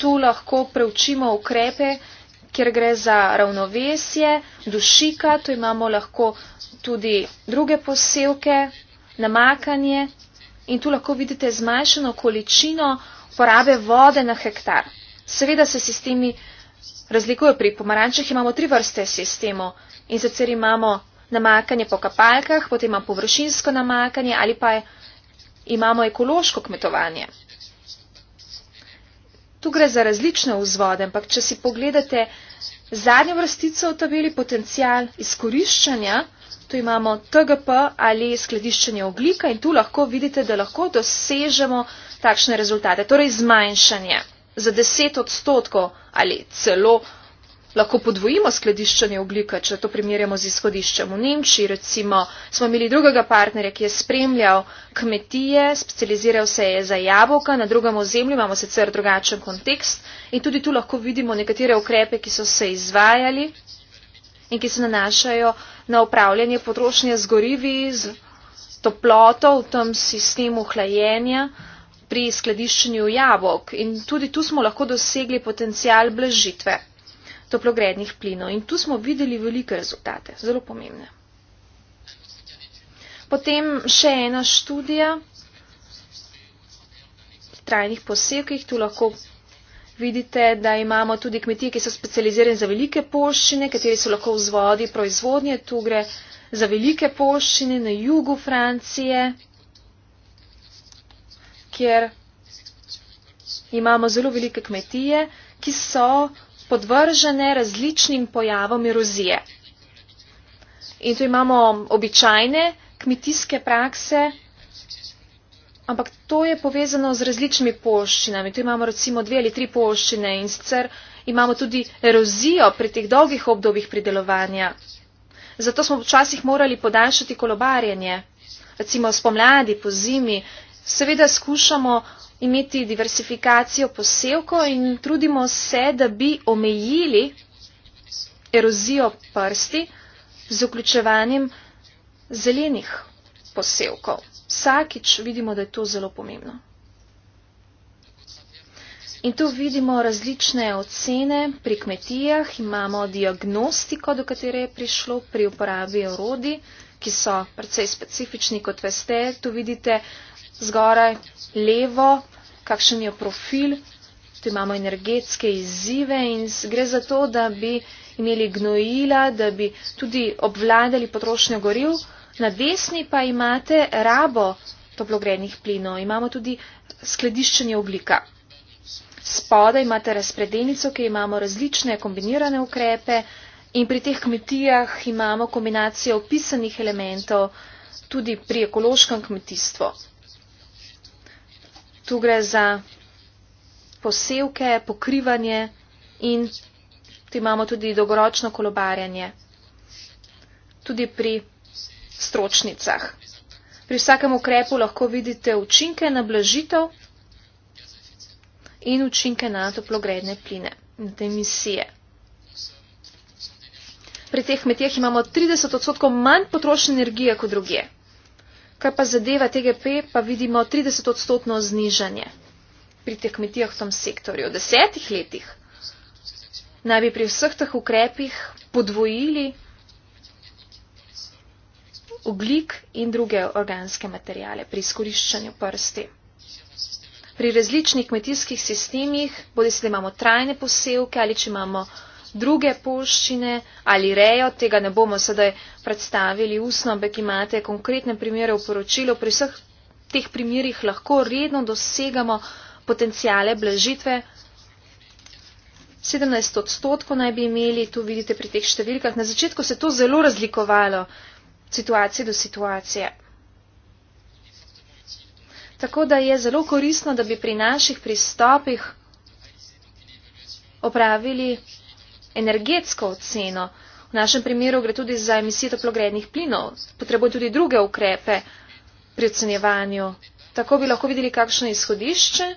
S4: Tu lahko preučimo ukrepe, kjer gre za ravnovesje, dušika, tu imamo lahko tudi druge posevke, namakanje. In tu lahko vidite zmanjšeno količino porabe vode na hektar. Seveda se sistemi razlikujejo. Pri pomarančah imamo tri vrste sistemov in sicer imamo namakanje po kapalkah, potem imamo površinsko namakanje ali pa imamo ekološko kmetovanje. Tu gre za različne vzvode, ampak če si pogledate zadnjo vrstico v tabeli potencial izkoriščanja, tu imamo TGP ali skladiščenje oglika in tu lahko vidite, da lahko dosežemo takšne rezultate, torej zmanjšanje za deset odstotkov ali celo lahko podvojimo skladiščenje oglika, če to primerjamo z izhodiščem v Nemčiji. Recimo smo imeli drugega partnerja, ki je spremljal kmetije, specializiral se je za jabolka, na drugem ozemlju imamo sicer drugačen kontekst in tudi tu lahko vidimo nekatere ukrepe, ki so se izvajali in ki se nanašajo na upravljanje potrošnje z gorivi, z toploto v tem sistemu hlajenja, pri skladiščenju jabolk in tudi tu smo lahko dosegli potencijal blažitve toplogrednih plinov in tu smo videli velike rezultate, zelo pomembne. Potem še ena študija trajnih posevkih, tu lahko vidite, da imamo tudi kmetije, ki so specializirane za velike poščine, kateri so lahko vzvodi proizvodnje, tu gre za velike poščine na jugu Francije kjer imamo zelo velike kmetije, ki so podvržene različnim pojavom erozije. In tu imamo običajne kmetijske prakse, ampak to je povezano z različnimi polščinami. Tu imamo recimo dve ali tri polščine in sicer imamo tudi erozijo pri teh dolgih obdobjih pridelovanja. Zato smo včasih morali podaljšati kolobarjenje, recimo spomladi, po zimi seveda skušamo imeti diversifikacijo posevkov in trudimo se, da bi omejili erozijo prsti z vključevanjem zelenih posevkov. Vsakič vidimo, da je to zelo pomembno. In tu vidimo različne ocene pri kmetijah, imamo diagnostiko, do katere je prišlo pri uporabi orodi, ki so precej specifični, kot veste. Tu vidite zgoraj, levo, kakšen je profil. Tu imamo energetske izzive in gre za to, da bi imeli gnojila, da bi tudi obvladali potrošnjo goril. Na desni pa imate rabo toplogrednih plinov, imamo tudi skladiščenje oglika. Spodaj imate razpredenico, ki imamo različne kombinirane ukrepe in pri teh kmetijah imamo kombinacijo opisanih elementov tudi pri ekološkem kmetijstvu tu gre za posevke, pokrivanje in tu imamo tudi dolgoročno kolobarjanje. Tudi pri stročnicah. Pri vsakem ukrepu lahko vidite učinke na blažitev in učinke na toplogredne pline, na emisije. Pri teh kmetijah imamo 30 odstotkov manj potrošene energije kot drugje. Kaj pa zadeva TGP, pa vidimo 30 odstotno znižanje pri teh kmetijah v tem sektorju. V desetih letih naj bi pri vseh teh ukrepih podvojili oglik in druge organske materijale pri izkoriščanju prsti. Pri različnih kmetijskih sistemih, bodi se, da imamo trajne posevke ali če imamo druge poščine ali rejo, tega ne bomo sedaj predstavili usno, ampak imate konkretne primere v poročilu. Pri vseh teh primerjih lahko redno dosegamo potencijale blažitve. 17 odstotkov naj bi imeli, tu vidite pri teh številkah. Na začetku se to zelo razlikovalo, situacije do situacije. Tako da je zelo koristno, da bi pri naših pristopih opravili energetsko ceno. V našem primeru gre tudi za emisijo toplogrednih plinov. Potrebuje tudi druge ukrepe pri ocenjevanju. Tako bi lahko videli, kakšno je izhodišče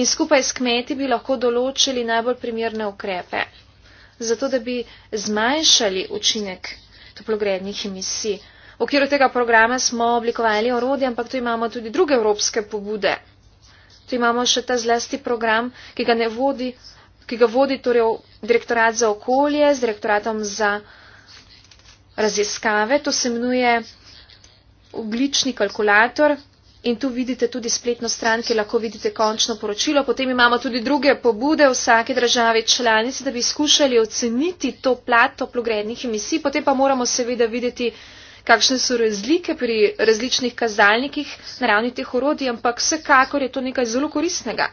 S4: in skupaj s kmeti bi lahko določili najbolj primerne ukrepe, zato da bi zmanjšali učinek toplogrednih emisij. V okviru tega programa smo oblikovali orodje, ampak tu imamo tudi druge evropske pobude. Tu imamo še ta zlasti program, ki ga ne vodi ki ga vodi torej direktorat za okolje z direktoratom za raziskave. To se imenuje oblični kalkulator in tu vidite tudi spletno stran, kjer lahko vidite končno poročilo. Potem imamo tudi druge pobude vsake države članice, da bi skušali oceniti to plat toplogrednih emisij. Potem pa moramo seveda videti, kakšne so razlike pri različnih kazalnikih na ravni teh orodij, ampak vsekakor je to nekaj zelo koristnega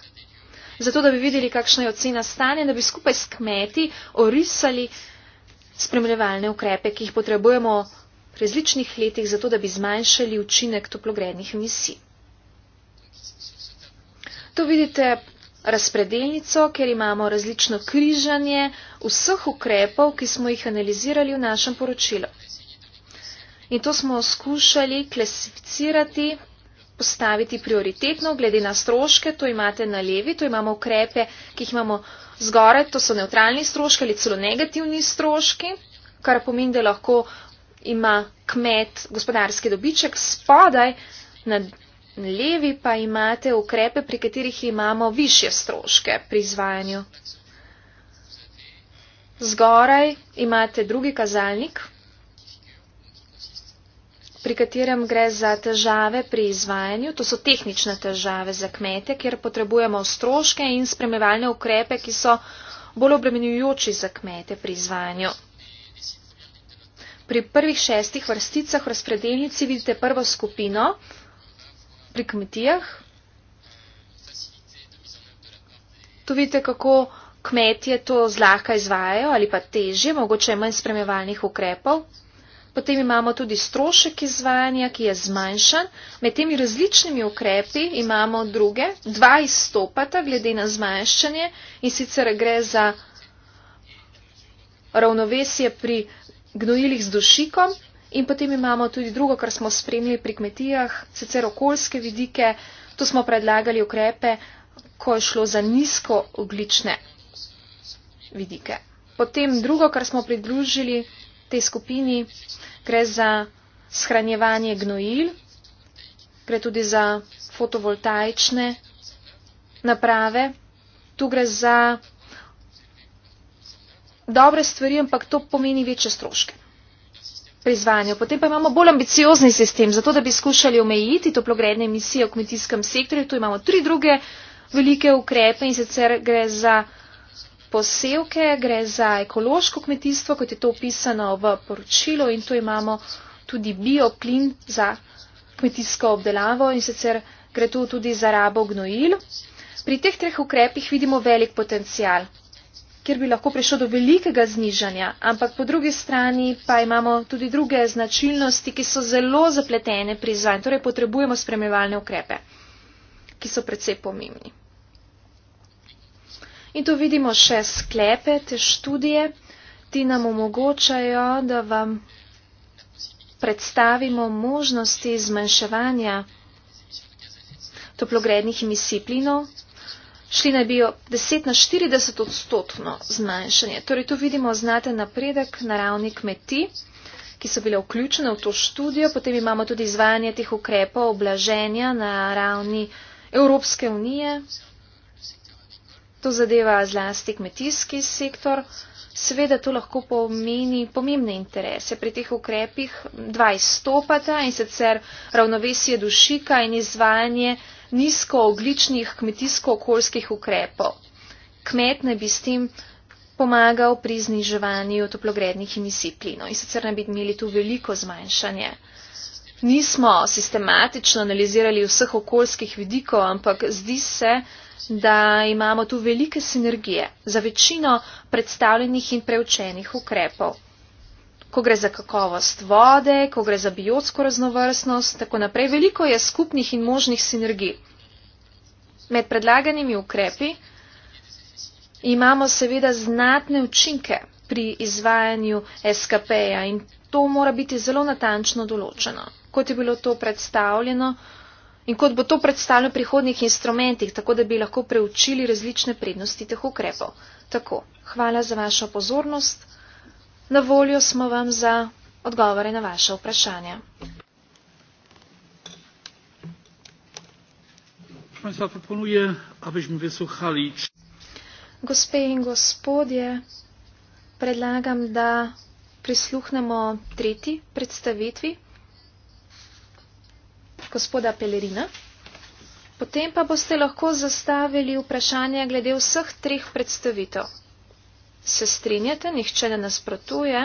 S4: zato da bi videli, kakšna je ocena stanja, da bi skupaj s kmeti orisali spremljevalne ukrepe, ki jih potrebujemo v različnih letih, zato da bi zmanjšali učinek toplogrednih emisij. To vidite razpredeljnico, ker imamo različno križanje vseh ukrepov, ki smo jih analizirali v našem poročilu. In to smo skušali klasificirati postaviti prioritetno, glede na stroške, to imate na levi, to imamo ukrepe, ki jih imamo zgoraj, to so neutralni stroški ali celo negativni stroški, kar pomeni, da lahko ima kmet gospodarski dobiček spodaj, na levi pa imate ukrepe, pri katerih imamo više stroške pri izvajanju. Zgoraj imate drugi kazalnik pri katerem gre za težave pri izvajanju. To so tehnične težave za kmete, kjer potrebujemo stroške in spremljevalne ukrepe, ki so bolj obremenjujoči za kmete pri izvajanju. Pri prvih šestih vrsticah v razpredeljnici vidite prvo skupino pri kmetijah. Tu vidite, kako kmetje to zlahka izvajajo ali pa težje, mogoče manj spremljevalnih ukrepov. Potem imamo tudi strošek izvajanja, ki je zmanjšan. Med temi različnimi ukrepi imamo druge, dva izstopata glede na zmanjšanje in sicer gre za ravnovesje pri gnojilih z dušikom in potem imamo tudi drugo, kar smo spremljali pri kmetijah, sicer okoljske vidike, tu smo predlagali ukrepe, ko je šlo za nizkooglične vidike. Potem drugo, kar smo pridružili tej skupini gre za shranjevanje gnojil, gre tudi za fotovoltaične naprave, tu gre za dobre stvari, ampak to pomeni večje stroške pri izvanju. Potem pa imamo bolj ambiciozni sistem, zato da bi skušali omejiti toplogredne emisije v kmetijskem sektorju. Tu imamo tri druge velike ukrepe in sicer gre za posevke, gre za ekološko kmetijstvo, kot je to opisano v poročilu in tu imamo tudi bioplin za kmetijsko obdelavo in sicer gre tu tudi za rabo gnojil. Pri teh treh ukrepih vidimo velik potencial, kjer bi lahko prišlo do velikega znižanja, ampak po drugi strani pa imamo tudi druge značilnosti, ki so zelo zapletene pri zanj, torej potrebujemo spremljevalne ukrepe, ki so predvsej pomembni. In tu vidimo še sklepe, te študije, ti nam omogočajo, da vam predstavimo možnosti zmanjševanja toplogrednih emisij plinov. Šli naj bi jo 10 na 40 odstotno zmanjšanje. Torej tu vidimo znaten napredek na ravni kmetij, ki so bile vključene v to študijo. Potem imamo tudi izvajanje teh ukrepov oblaženja na ravni Evropske unije. To zadeva zlasti kmetijski sektor. Seveda to lahko pomeni pomembne interese. Pri teh ukrepih dva izstopata in sicer ravnovesje dušika in izvajanje nizkoogličnih kmetijsko-okoljskih ukrepov. Kmet naj bi s tem pomagal pri zniževanju toplogrednih emisij plinov in sicer naj bi imeli tu veliko zmanjšanje. Nismo sistematično analizirali vseh okoljskih vidikov, ampak zdi se, da imamo tu velike sinergije za večino predstavljenih in preučenih ukrepov. Ko gre za kakovost vode, ko gre za biotsko raznovrstnost, tako naprej, veliko je skupnih in možnih sinergij. Med predlaganimi ukrepi imamo seveda znatne učinke pri izvajanju SKP-ja in to mora biti zelo natančno določeno. Kot je bilo to predstavljeno, in kot bo to predstavljeno v prihodnih instrumentih, tako da bi lahko preučili različne prednosti teh ukrepov. Tako, hvala za vašo pozornost. Na voljo smo vam za odgovore na vaše vprašanja. Gospe in gospodje, predlagam, da prisluhnemo tretji predstavitvi gospoda Pelerina. Potem pa boste lahko zastavili vprašanje glede vseh treh predstavitev. Se strinjate, nihče ne nasprotuje.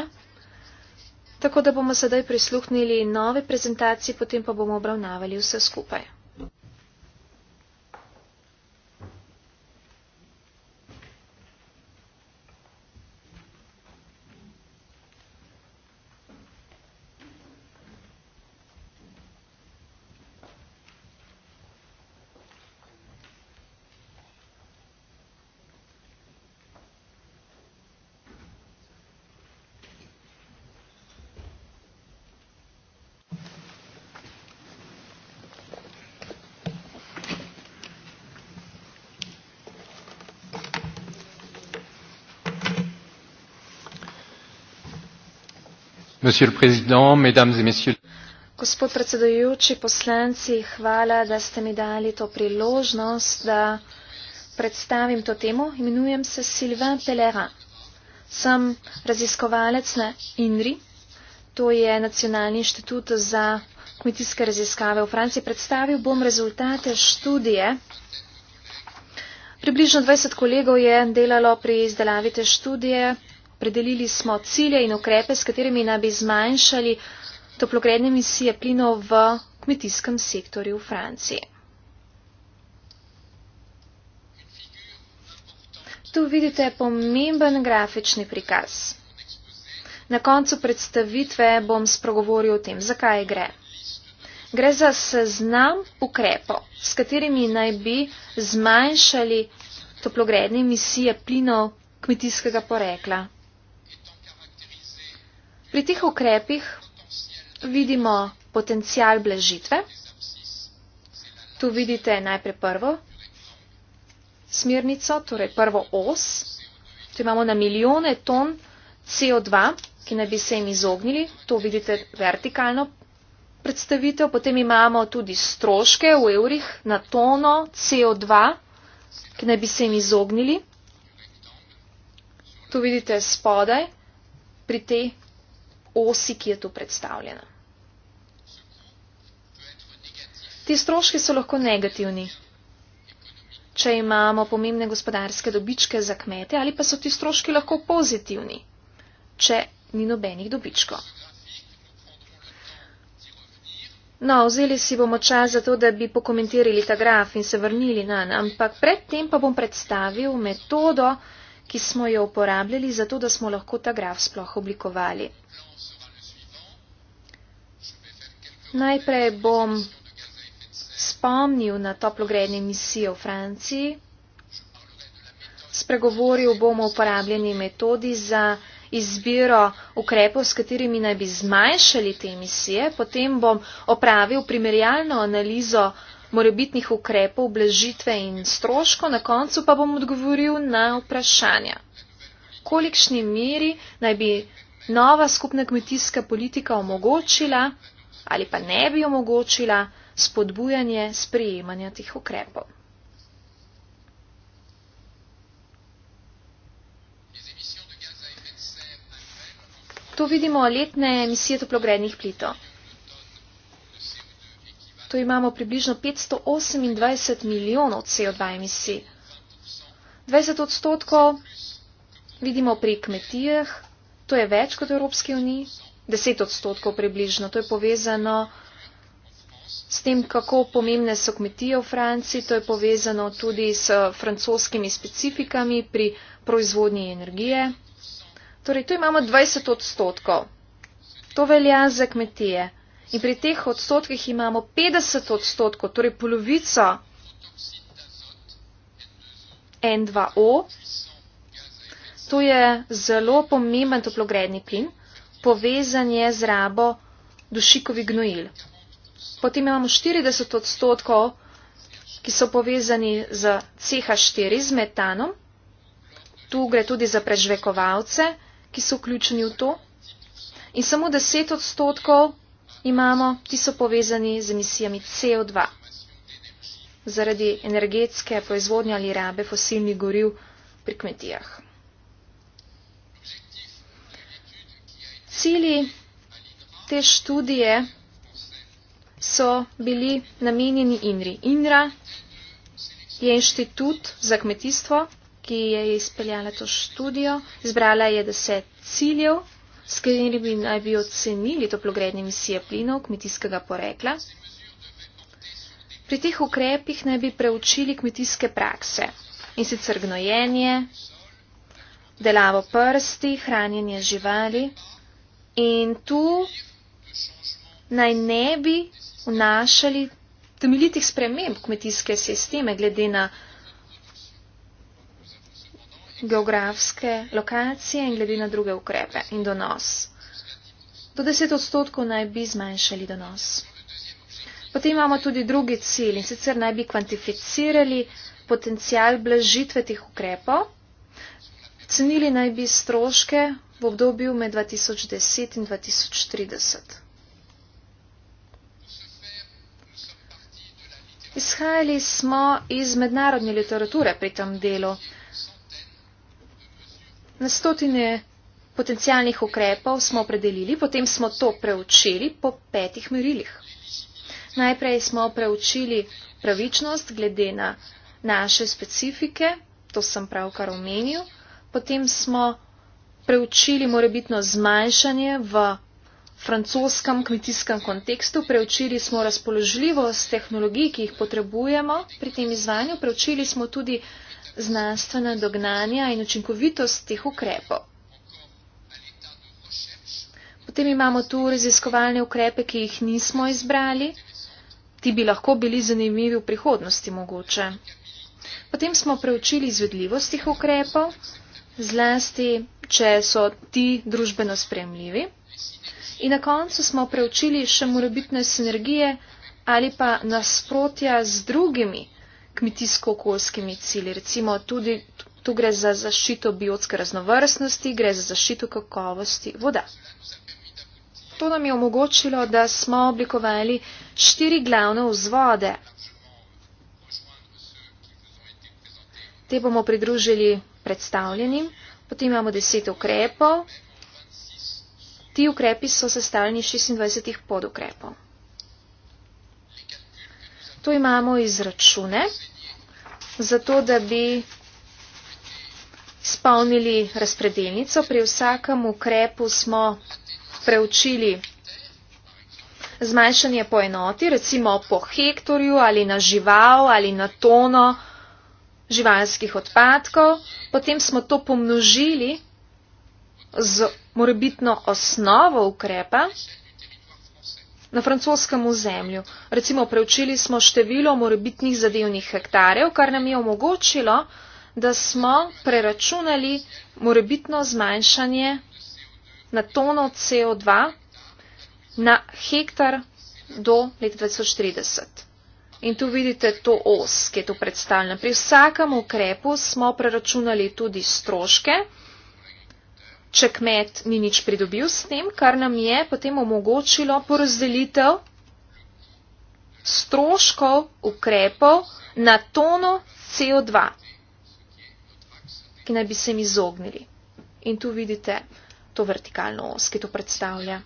S4: Tako da bomo sedaj prisluhnili nove prezentacije, potem pa bomo obravnavali vse skupaj. Gospod predsedujoči, poslanci, hvala, da ste mi dali to priložnost, da predstavim to temo. Imenujem se Sylvain Pellerin. Sem raziskovalec na INRI, to je Nacionalni inštitut za kmetijske raziskave v Franciji. Predstavil bom rezultate študije. Približno 20 kolegov je delalo pri izdelavi te študije, opredelili smo cilje in ukrepe, s katerimi naj bi zmanjšali toplogredne emisije plinov v kmetijskem sektorju v Franciji. Tu vidite pomemben grafični prikaz. Na koncu predstavitve bom spregovoril o tem, zakaj gre. Gre za seznam ukrepov, s katerimi naj bi zmanjšali toplogredne emisije plinov kmetijskega porekla Pri teh ukrepih vidimo potencijal blažitve. Tu vidite najprej prvo smernico, torej prvo os. Tu imamo na milijone ton CO2, ki naj bi se jim izognili. To vidite vertikalno predstavitev. Potem imamo tudi stroške v evrih na tono CO2, ki naj bi se jim izognili. Tu vidite spodaj pri tej osi, ki je tu predstavljena. Ti stroški so lahko negativni. Če imamo pomembne gospodarske dobičke za kmete, ali pa so ti stroški lahko pozitivni, če ni nobenih dobičkov. No, vzeli si bomo čas za to, da bi pokomentirali ta graf in se vrnili na nam, ampak predtem pa bom predstavil metodo, ki smo jo uporabljali zato, da smo lahko ta graf sploh oblikovali. Najprej bom spomnil na toplogredne misije v Franciji. Spregovoril bomo o uporabljeni metodi za izbiro ukrepov, s katerimi naj bi zmanjšali te emisije. Potem bom opravil primerjalno analizo morebitnih ukrepov, blažitve in stroško, na koncu pa bom odgovoril na vprašanja. Kolikšni meri naj bi nova skupna kmetijska politika omogočila ali pa ne bi omogočila spodbujanje sprejemanja teh ukrepov? To vidimo letne emisije toplogrednih plitov to imamo približno 528 milijonov CO2 emisij. 20 odstotkov vidimo pri kmetijah, to je več kot v Evropski uniji, 10 odstotkov približno, to je povezano s tem, kako pomembne so kmetije v Franciji, to je povezano tudi s francoskimi specifikami pri proizvodnji energije. Torej, tu imamo 20 odstotkov. To velja za kmetije. In pri teh odstotkih imamo 50 odstotkov, torej polovica N2O. To je zelo pomemben toplogredni plin, povezan je z rabo dušikovi gnojil. Potem imamo 40 odstotkov, ki so povezani z CH4, z metanom. Tu gre tudi za prežvekovalce, ki so vključeni v to. In samo 10 odstotkov imamo, ki so povezani z emisijami CO2. Zaradi energetske proizvodnje ali rabe fosilnih goriv pri kmetijah. Cilji te študije so bili namenjeni INRI. INRA je inštitut za kmetijstvo, ki je izpeljala to študijo. Izbrala je deset ciljev s katerimi naj bi ocenili toplogredne emisije plinov kmetijskega porekla. Pri teh ukrepih naj bi preučili kmetijske prakse in sicer gnojenje, delavo prsti, hranjenje živali in tu naj ne bi vnašali temeljitih sprememb kmetijske sisteme glede na geografske lokacije in glede na druge ukrepe in donos. Do 10 odstotkov naj bi zmanjšali donos. Potem imamo tudi drugi cilj in sicer naj bi kvantificirali potencial blažitve teh ukrepov. Cenili naj bi stroške v obdobju med 2010 in 2030. Izhajali smo iz mednarodne literature pri tem delu na stotine potencijalnih ukrepov smo opredelili, potem smo to preučili po petih merilih. Najprej smo preučili pravičnost glede na naše specifike, to sem pravkar omenil, potem smo preučili morebitno zmanjšanje v francoskem kmetijskem kontekstu, preučili smo razpoložljivost tehnologij, ki jih potrebujemo pri tem izvanju, preučili smo tudi znanstvena dognanja in učinkovitost teh ukrepov. Potem imamo tu raziskovalne ukrepe, ki jih nismo izbrali. Ti bi lahko bili zanimivi v prihodnosti mogoče. Potem smo preučili izvedljivost teh ukrepov, zlasti, če so ti družbeno spremljivi. In na koncu smo preučili še morebitne sinergije ali pa nasprotja z drugimi kmetijsko-okoljskimi cilji. Recimo tudi tu gre za zaščito biotske raznovrstnosti, gre za zaščito kakovosti voda. To nam je omogočilo, da smo oblikovali štiri glavne vzvode. Te bomo pridružili predstavljenim, potem imamo deset ukrepov. Ti ukrepi so sestavljeni iz 26 podukrepov. Tu imamo izračune, zato da bi spolnili razpredelnico. Pri vsakem ukrepu smo preučili zmanjšanje po enoti, recimo po hektorju ali na žival ali na tono živalskih odpadkov. Potem smo to pomnožili z morebitno osnovo ukrepa na francoskem ozemlju. Recimo preučili smo število morebitnih zadevnih hektarjev, kar nam je omogočilo, da smo preračunali morebitno zmanjšanje na tono CO2 na hektar do leta 2030. In tu vidite to os, ki je tu predstavljena. Pri vsakem ukrepu smo preračunali tudi stroške če kmet ni nič pridobil s tem, kar nam je potem omogočilo porazdelitev stroškov ukrepov na tono CO2, ki naj bi se jim izognili. In tu vidite to vertikalno os, ki to predstavlja.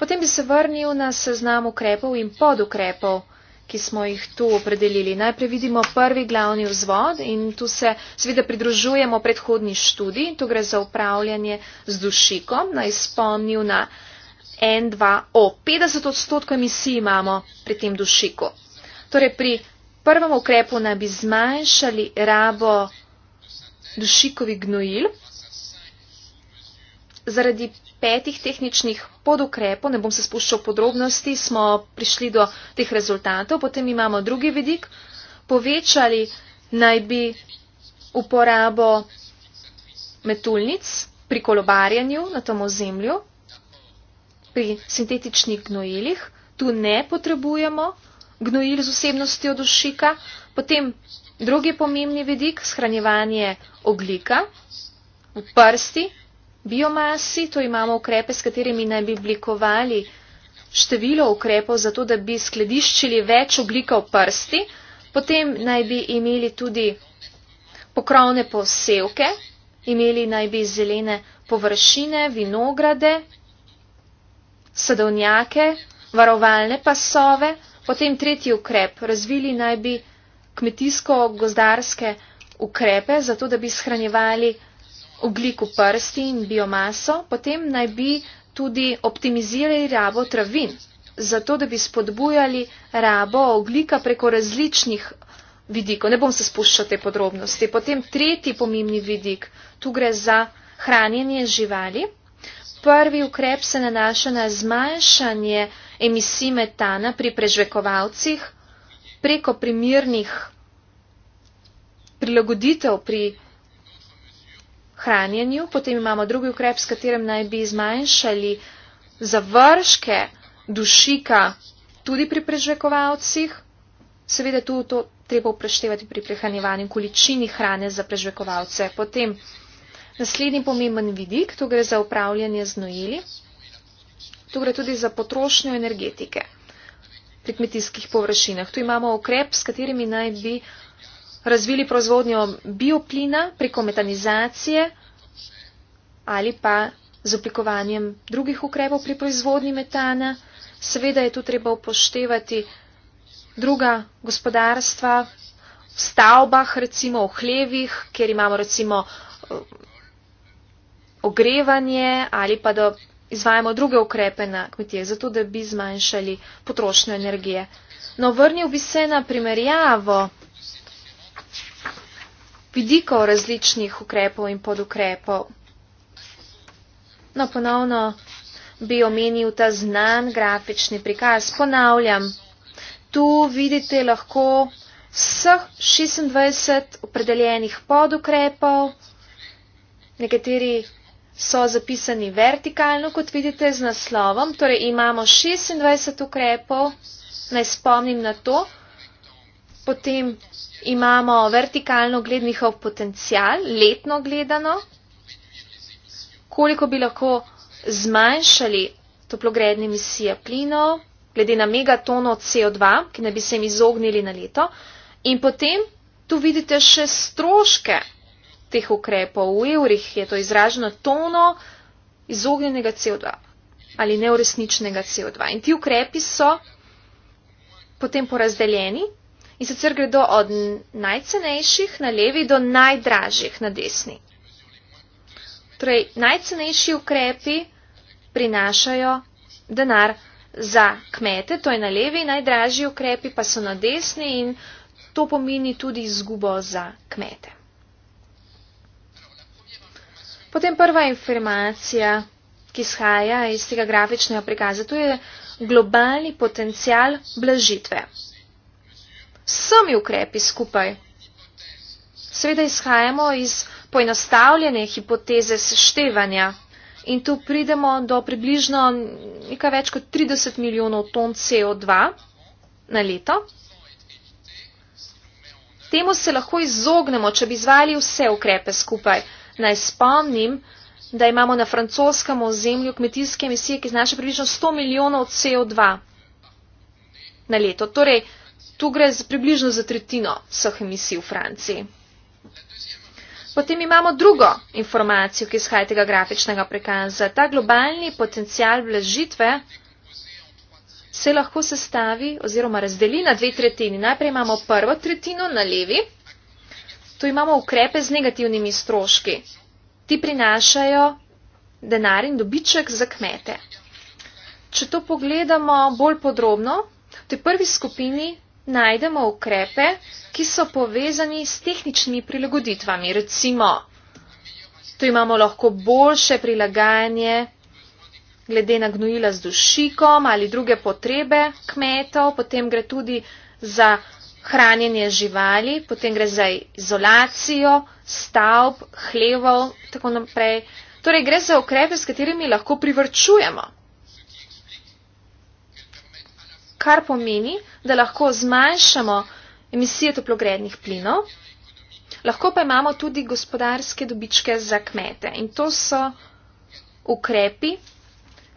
S4: Potem bi se vrnil na seznam ukrepov in podukrepov ki smo jih tu opredelili. Najprej vidimo prvi glavni vzvod in tu se seveda pridružujemo predhodni študiji. Tu gre za upravljanje z dušikom. Naj spomnil na N2O. 50 odstotkov emisij imamo pri tem dušiku. Torej pri prvem ukrepu naj bi zmanjšali rabo dušikovih gnojil, zaradi petih tehničnih podukrepov, ne bom se spuščal v podrobnosti, smo prišli do teh rezultatov. Potem imamo drugi vidik. Povečali naj bi uporabo metulnic pri kolobarjanju na tom ozemlju, pri sintetičnih gnojilih. Tu ne potrebujemo gnojil z vsebnostjo dušika. Potem drugi pomembni vidik, shranjevanje oglika v prsti, biomasi, to imamo ukrepe, s katerimi naj bi oblikovali število ukrepov, zato da bi skladiščili več oblika v prsti, potem naj bi imeli tudi pokrovne posevke, imeli naj bi zelene površine, vinograde, sadovnjake, varovalne pasove, potem tretji ukrep, razvili naj bi kmetijsko-gozdarske ukrepe, zato da bi shranjevali ogljik v prsti in biomaso, potem naj bi tudi optimizirali rabo travin, zato da bi spodbujali rabo ogljika preko različnih vidikov. Ne bom se spuščal te podrobnosti. Potem tretji pomembni vidik, tu gre za hranjenje živali. Prvi ukrep se nanaša na zmanjšanje emisij metana pri prežvekovalcih preko primirnih prilagoditev pri hranjenju. Potem imamo drugi ukrep, s katerim naj bi zmanjšali završke dušika tudi pri prežvekovalcih. Seveda tu to treba upreštevati pri prehranjevanju količini hrane za prežvekovalce. Potem naslednji pomemben vidik, to gre za upravljanje znojili. Tu gre tudi za potrošnjo energetike pri kmetijskih površinah. Tu imamo ukrep, s katerimi naj bi razvili proizvodnjo bioplina preko metanizacije ali pa z oblikovanjem drugih ukrepov pri proizvodnji metana. Seveda je tu treba upoštevati druga gospodarstva v stavbah, recimo v hlevih, kjer imamo recimo eh, ogrevanje ali pa da izvajamo druge ukrepe na kmetije, zato da bi zmanjšali potrošnjo energije. No, vrnil bi se na primerjavo vidikov različnih ukrepov in podukrepov. No, ponovno bi omenil ta znan grafični prikaz. Ponavljam, tu vidite lahko vseh 26 opredeljenih podukrepov. Nekateri so zapisani vertikalno, kot vidite, z naslovom. Torej imamo 26 ukrepov, naj spomnim na to. Potem imamo vertikalno gled njihov potencial, letno gledano, koliko bi lahko zmanjšali toplogredne emisije plinov, glede na megatono CO2, ki ne bi se jim izognili na leto. In potem tu vidite še stroške teh ukrepov. V evrih je to izraženo tono izognjenega CO2 ali neuresničnega CO2. In ti ukrepi so potem porazdeljeni in sicer gredo od najcenejših na levi do najdražjih na desni. Torej, najcenejši ukrepi prinašajo denar za kmete, to je na levi, najdražji ukrepi pa so na desni in to pomeni tudi izgubo za kmete. Potem prva informacija, ki izhaja iz tega grafičnega prikaza, to je globalni potencial blažitve vsemi ukrepi skupaj. Sveda izhajamo iz poenostavljene hipoteze seštevanja in tu pridemo do približno nekaj več kot 30 milijonov ton CO2 na leto. Temu se lahko izognemo, če bi izvali vse ukrepe skupaj. Naj spomnim, da imamo na francoskem ozemlju kmetijske emisije, ki znaša približno 100 milijonov CO2 na leto. Torej, Tu gre za približno za tretjino vseh emisij v Franciji. Potem imamo drugo informacijo, ki izhaja tega grafičnega prikaza. Ta globalni potencial blažitve se lahko sestavi oziroma razdeli na dve tretjini. Najprej imamo prvo tretjino na levi. Tu imamo ukrepe z negativnimi stroški. Ti prinašajo denar in dobiček za kmete. Če to pogledamo bolj podrobno, v tej prvi skupini najdemo ukrepe, ki so povezani s tehničnimi prilagoditvami. Recimo, tu imamo lahko boljše prilagajanje glede na gnojila z dušikom ali druge potrebe kmetov, potem gre tudi za hranjenje živali, potem gre za izolacijo, stavb, hlevov in tako naprej. Torej gre za ukrepe, s katerimi lahko privrčujemo kar pomeni, da lahko zmanjšamo emisije toplogrednih plinov, lahko pa imamo tudi gospodarske dobičke za kmete. In to so ukrepi,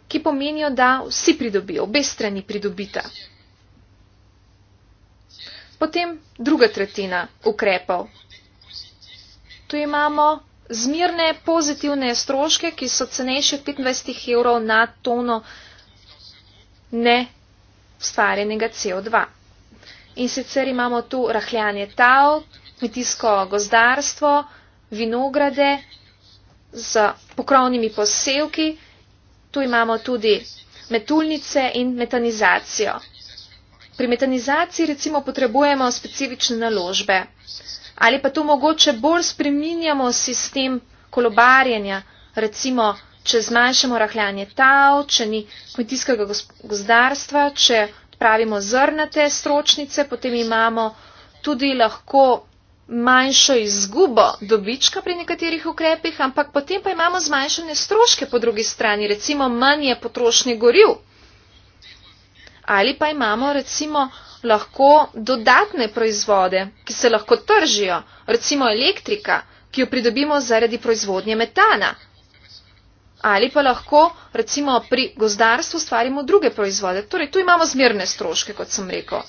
S4: ki pomenijo, da vsi pridobijo, obe strani pridobita. Potem druga tretjina ukrepov. Tu imamo zmirne pozitivne stroške, ki so cenejše 25 evrov na tono ne ustvarjenega CO2. In sicer imamo tu rahljanje tal, kmetijsko gozdarstvo, vinograde z pokrovnimi posevki, tu imamo tudi metulnice in metanizacijo. Pri metanizaciji recimo potrebujemo specifične naložbe ali pa tu mogoče bolj spreminjamo sistem kolobarjenja, recimo če zmanjšamo rahljanje tal, če ni kmetijskega gozdarstva, če pravimo zrnate stročnice, potem imamo tudi lahko manjšo izgubo dobička pri nekaterih ukrepih, ampak potem pa imamo zmanjšane stroške po drugi strani, recimo manje potrošnje goril. Ali pa imamo recimo lahko dodatne proizvode, ki se lahko tržijo, recimo elektrika, ki jo pridobimo zaradi proizvodnje metana, Ali pa lahko recimo pri gozdarstvu stvarimo druge proizvode. Torej, tu imamo zmerne stroške, kot sem rekel.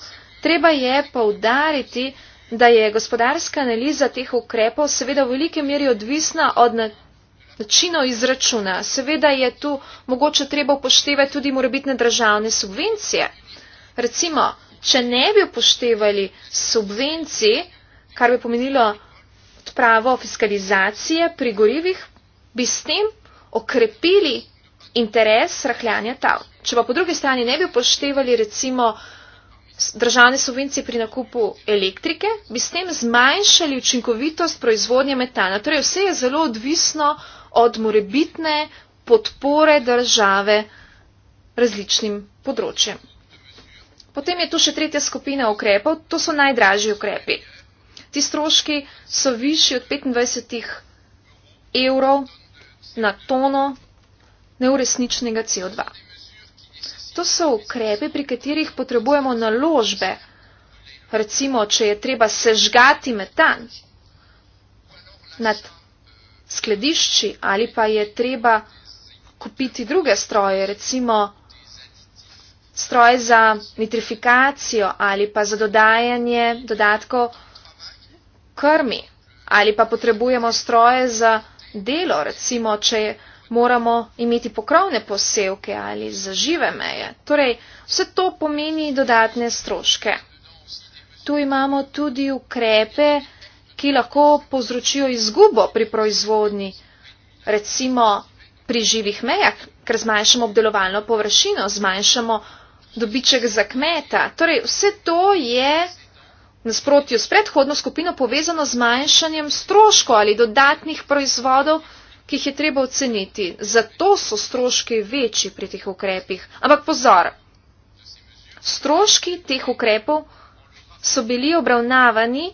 S4: Treba je poudariti, da je gospodarska analiza teh ukrepov seveda v velike meri odvisna od načinov izračuna. Seveda je tu mogoče treba upoštevati tudi morebitne državne subvencije. Recimo, če ne bi upoštevali subvencij, kar bi pomenilo odpravo fiskalizacije pri gorivih, bi s tem okrepili interes rahljanja tal. Če pa po drugi strani ne bi upoštevali recimo državne subvencije pri nakupu elektrike, bi s tem zmanjšali učinkovitost proizvodnje metana. Torej vse je zelo odvisno od morebitne podpore države različnim področjem. Potem je tu še tretja skupina ukrepov, to so najdražji ukrepi. Ti stroški so višji od 25 evrov na tono neuresničnega CO2. To so ukrepe, pri katerih potrebujemo naložbe, recimo, če je treba sežgati metan nad skladišči ali pa je treba kupiti druge stroje, recimo stroje za nitrifikacijo ali pa za dodajanje dodatkov krmi ali pa potrebujemo stroje za delo, recimo, če moramo imeti pokrovne posevke ali zažive meje. Torej, vse to pomeni dodatne stroške. Tu imamo tudi ukrepe, ki lahko povzročijo izgubo pri proizvodni, recimo pri živih mejah, ker zmanjšamo obdelovalno površino, zmanjšamo dobiček za kmeta. Torej, vse to je nasprotju s predhodno skupino povezano z manjšanjem stroškov ali dodatnih proizvodov, ki jih je treba oceniti. Zato so stroški večji pri teh ukrepih. Ampak pozor, stroški teh ukrepov so bili obravnavani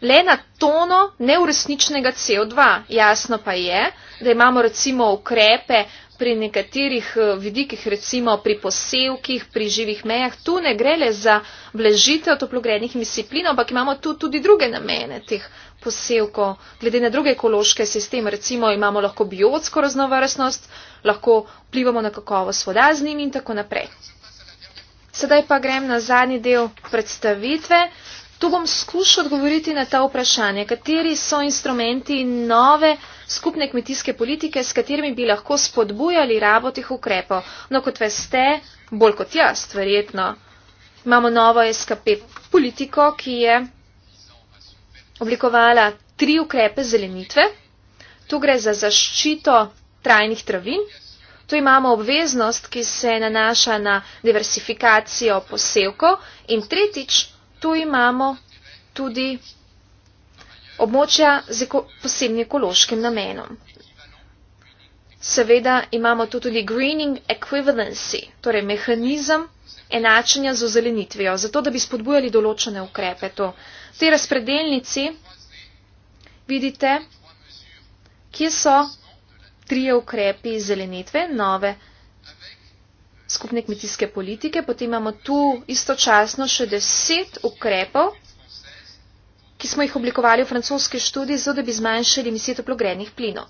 S4: le na tono neuresničnega CO2. Jasno pa je, da imamo recimo ukrepe pri nekaterih eh, vidikih, recimo pri posevkih, pri živih mejah, tu ne gre le za blažitev toplogrednih disciplin, ampak imamo tu tudi druge namene teh posevkov. Glede na druge ekološke sisteme, recimo imamo lahko biotsko raznovrstnost, lahko vplivamo na kakovost voda z njimi in tako naprej. Sedaj pa grem na zadnji del predstavitve. Tu bom skušal odgovoriti na ta vprašanje, kateri so instrumenti nove skupne kmetijske politike, s katerimi bi lahko spodbujali rabo teh ukrepov. No, kot veste, bolj kot jaz, verjetno, imamo novo SKP politiko, ki je oblikovala tri ukrepe zelenitve. Tu gre za zaščito trajnih travin. Tu imamo obveznost, ki se nanaša na diversifikacijo posevkov in tretjič tu imamo tudi območja z posebnim ekološkim namenom. Seveda imamo tu tudi greening equivalency, torej mehanizem enačenja z ozelenitvijo, zato da bi spodbujali določene ukrepe. To. V tej razpredelnici vidite, kje so trije ukrepi zelenitve, nove skupne kmetijske politike. Potem imamo tu istočasno še deset ukrepov, ki smo jih oblikovali v francoski študiji, zato da bi zmanjšali emisije toplogrednih plinov.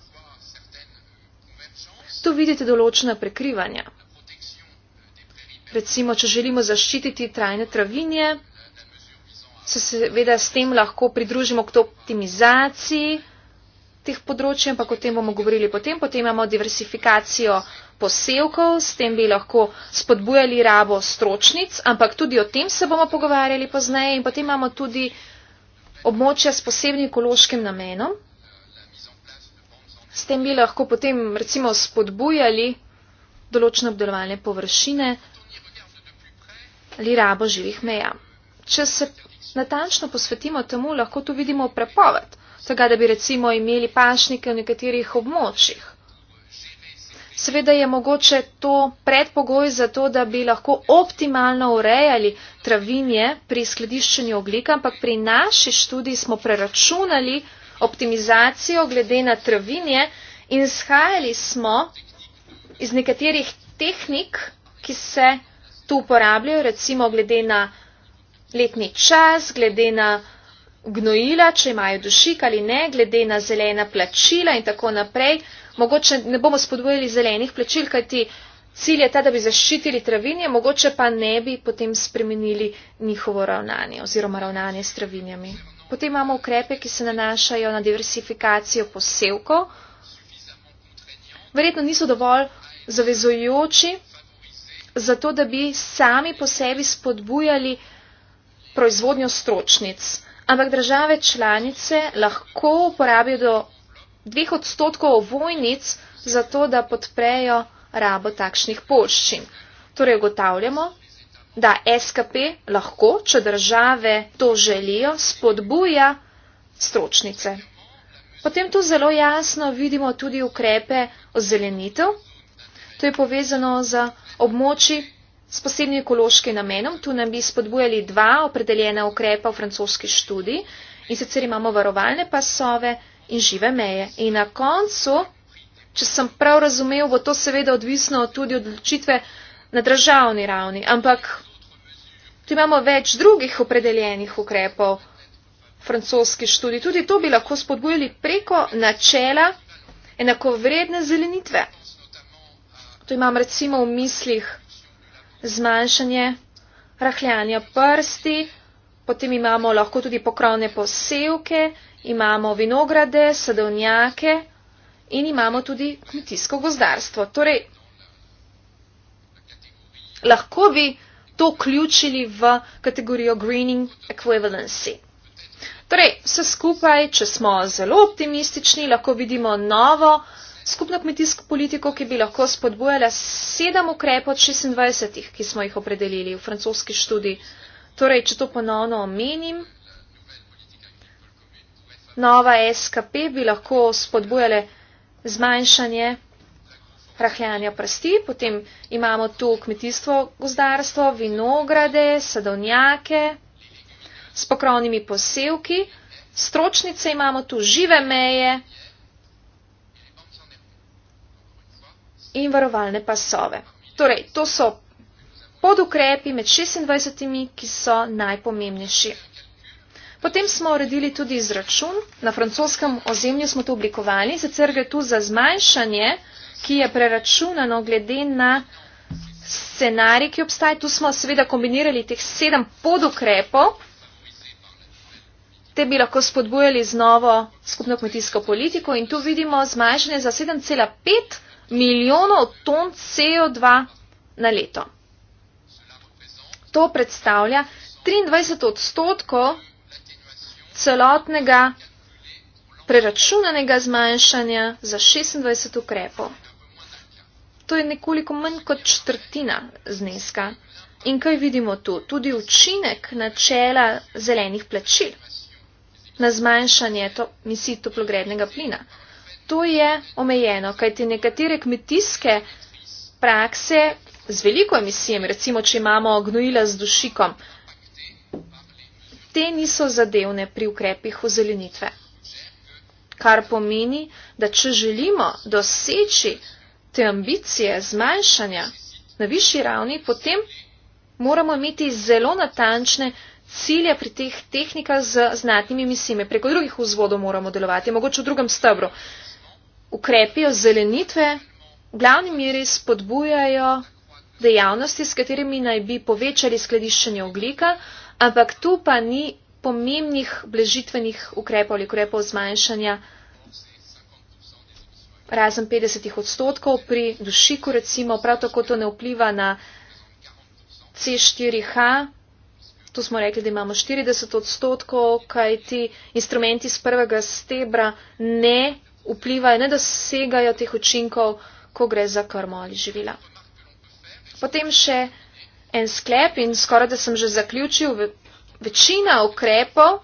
S4: Tu vidite določena prekrivanja. Recimo, če želimo zaščititi trajne travinje, se seveda s tem lahko pridružimo k optimizaciji teh področji, ampak o tem bomo govorili potem. Potem imamo diversifikacijo posevkov, s tem bi lahko spodbujali rabo stročnic, ampak tudi o tem se bomo pogovarjali pozneje. In potem imamo tudi območja s posebnim ekološkim namenom. S tem bi lahko potem recimo spodbujali določene obdelovalne površine ali rabo živih meja. Če se natančno posvetimo temu, lahko tu vidimo prepoved tega, da bi recimo imeli pašnike v nekaterih območjih. Seveda je mogoče to predpogoj za to, da bi lahko optimalno urejali travinje pri skladiščenju oglika, ampak pri naši študiji smo preračunali optimizacijo glede na travinje in izhajali smo iz nekaterih tehnik, ki se tu uporabljajo, recimo glede na letni čas, glede na gnojila, če imajo dušik ali ne, glede na zelena plačila in tako naprej. Mogoče ne bomo spodbojili zelenih plačil, kajti cilj je ta, da bi zaščitili travinje, mogoče pa ne bi potem spremenili njihovo ravnanje oziroma ravnanje s travinjami. Potem imamo ukrepe, ki se nanašajo na diversifikacijo posevkov. Verjetno niso dovolj zavezojoči, zato da bi sami po sebi spodbujali proizvodnjo stročnic ampak države članice lahko uporabijo do dveh odstotkov ovojnic za to, da podprejo rabo takšnih poščin. Torej ugotavljamo, da SKP lahko, če države to želijo, spodbuja stročnice. Potem tu zelo jasno vidimo tudi ukrepe ozelenitev. To je povezano z območji s posebnim ekološkim namenom. Tu nam bi spodbujali dva opredeljena ukrepa v francoski študiji in sicer imamo varovalne pasove in žive meje. In na koncu, če sem prav razumel, bo to seveda odvisno tudi od odločitve na državni ravni, ampak tu imamo več drugih opredeljenih ukrepov francoski študiji. Tudi to bi lahko spodbujali preko načela enakovredne zelenitve. To imam recimo v mislih zmanjšanje rahljanja prsti, potem imamo lahko tudi pokrovne posevke, imamo vinograde, sadovnjake in imamo tudi kmetijsko gozdarstvo. Torej, lahko bi to vključili v kategorijo greening equivalency. Torej, vse skupaj, če smo zelo optimistični, lahko vidimo novo skupno kmetijsko politiko, ki bi lahko spodbujala sedem ukrepov od 26, ki smo jih opredelili v francoski študiji. Torej, če to ponovno omenim, nova SKP bi lahko spodbujala zmanjšanje rahljanja prsti, potem imamo tu kmetijstvo, gozdarstvo, vinograde, sadovnjake s pokrovnimi posevki, stročnice imamo tu žive meje, in varovalne pasove. Torej, to so podukrepi med 26, ki so najpomembnejši. Potem smo uredili tudi izračun, na francoskem ozemlju smo to oblikovali, sicer gre tu za zmanjšanje, ki je preračunano glede na scenarij, ki obstaja. Tu smo seveda kombinirali teh sedem podukrepov, te bi lahko spodbujali z novo skupno kmetijsko politiko in tu vidimo zmanjšanje za 7,5 milijonov ton CO2 na leto. To predstavlja 23 odstotkov celotnega preračunanega zmanjšanja za 26 ukrepov. To je nekoliko manj kot četrtina zneska. In kaj vidimo tu? Tudi učinek načela zelenih plačil na zmanjšanje to, misij toplogrednega plina to je omejeno, kajti nekatere kmetijske prakse z veliko emisijami, recimo, če imamo gnojila z dušikom, te niso zadevne pri ukrepih ozelenitve. Kar pomeni, da če želimo doseči te ambicije zmanjšanja na višji ravni, potem moramo imeti zelo natančne cilje pri teh tehnikah z znatnimi misijami. Preko drugih vzvodov moramo delovati, mogoče v drugem stebru ukrepi ozelenitve v glavni meri spodbujajo dejavnosti, s katerimi naj bi povečali skladiščenje oglika, ampak tu pa ni pomembnih blažitvenih ukrepov ali ukrepov zmanjšanja razen 50 odstotkov pri dušiku, recimo prav tako to ne vpliva na C4H, tu smo rekli, da imamo 40 odstotkov, kajti instrumenti z prvega stebra ne vplivajo, ne da segajo teh učinkov, ko gre za krmo ali živila. Potem še en sklep in skoraj da sem že zaključil, večina ukrepov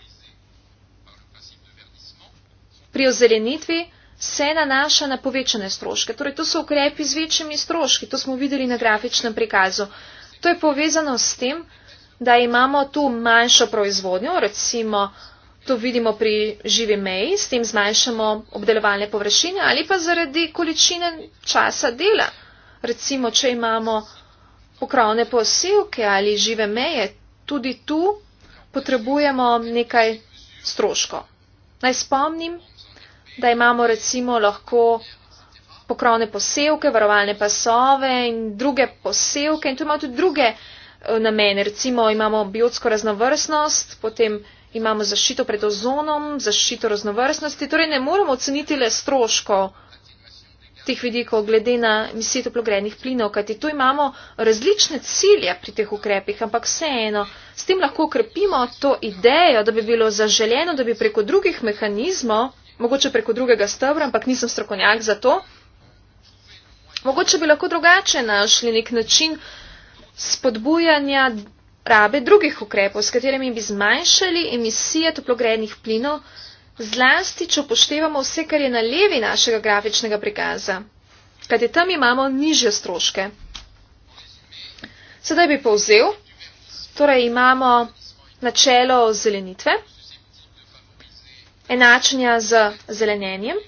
S4: pri ozelenitvi se nanaša na povečane stroške. Torej, to so ukrepi z večjimi stroški, to smo videli na grafičnem prikazu. To je povezano s tem, da imamo tu manjšo proizvodnjo, recimo To vidimo pri živi meji, s tem zmanjšamo obdelovalne površine ali pa zaradi količine časa dela. Recimo, če imamo pokrovne posevke ali žive meje, tudi tu potrebujemo nekaj stroško. Naj spomnim, da imamo recimo lahko pokrovne posevke, varovalne pasove in druge posevke in tu imamo tudi druge eh, namene. Recimo imamo biotsko raznovrstnost, potem imamo zaščito pred ozonom, zaščito raznovrstnosti, torej ne moremo oceniti le stroško teh vidikov glede na emisije toplogrednih plinov, kajti tu imamo različne cilje pri teh ukrepih, ampak vseeno s tem lahko krepimo to idejo, da bi bilo zaželjeno, da bi preko drugih mehanizmov, mogoče preko drugega stebra, ampak nisem strokonjak za to, mogoče bi lahko drugače našli nek način spodbujanja rabe drugih ukrepov, s katerimi bi zmanjšali emisije toplogrednih plinov, zlasti, če upoštevamo vse, kar je na levi našega grafičnega prikaza, kajti tam imamo nižje stroške. Sedaj bi povzel, torej imamo načelo zelenitve, enačenja z zelenjenjem,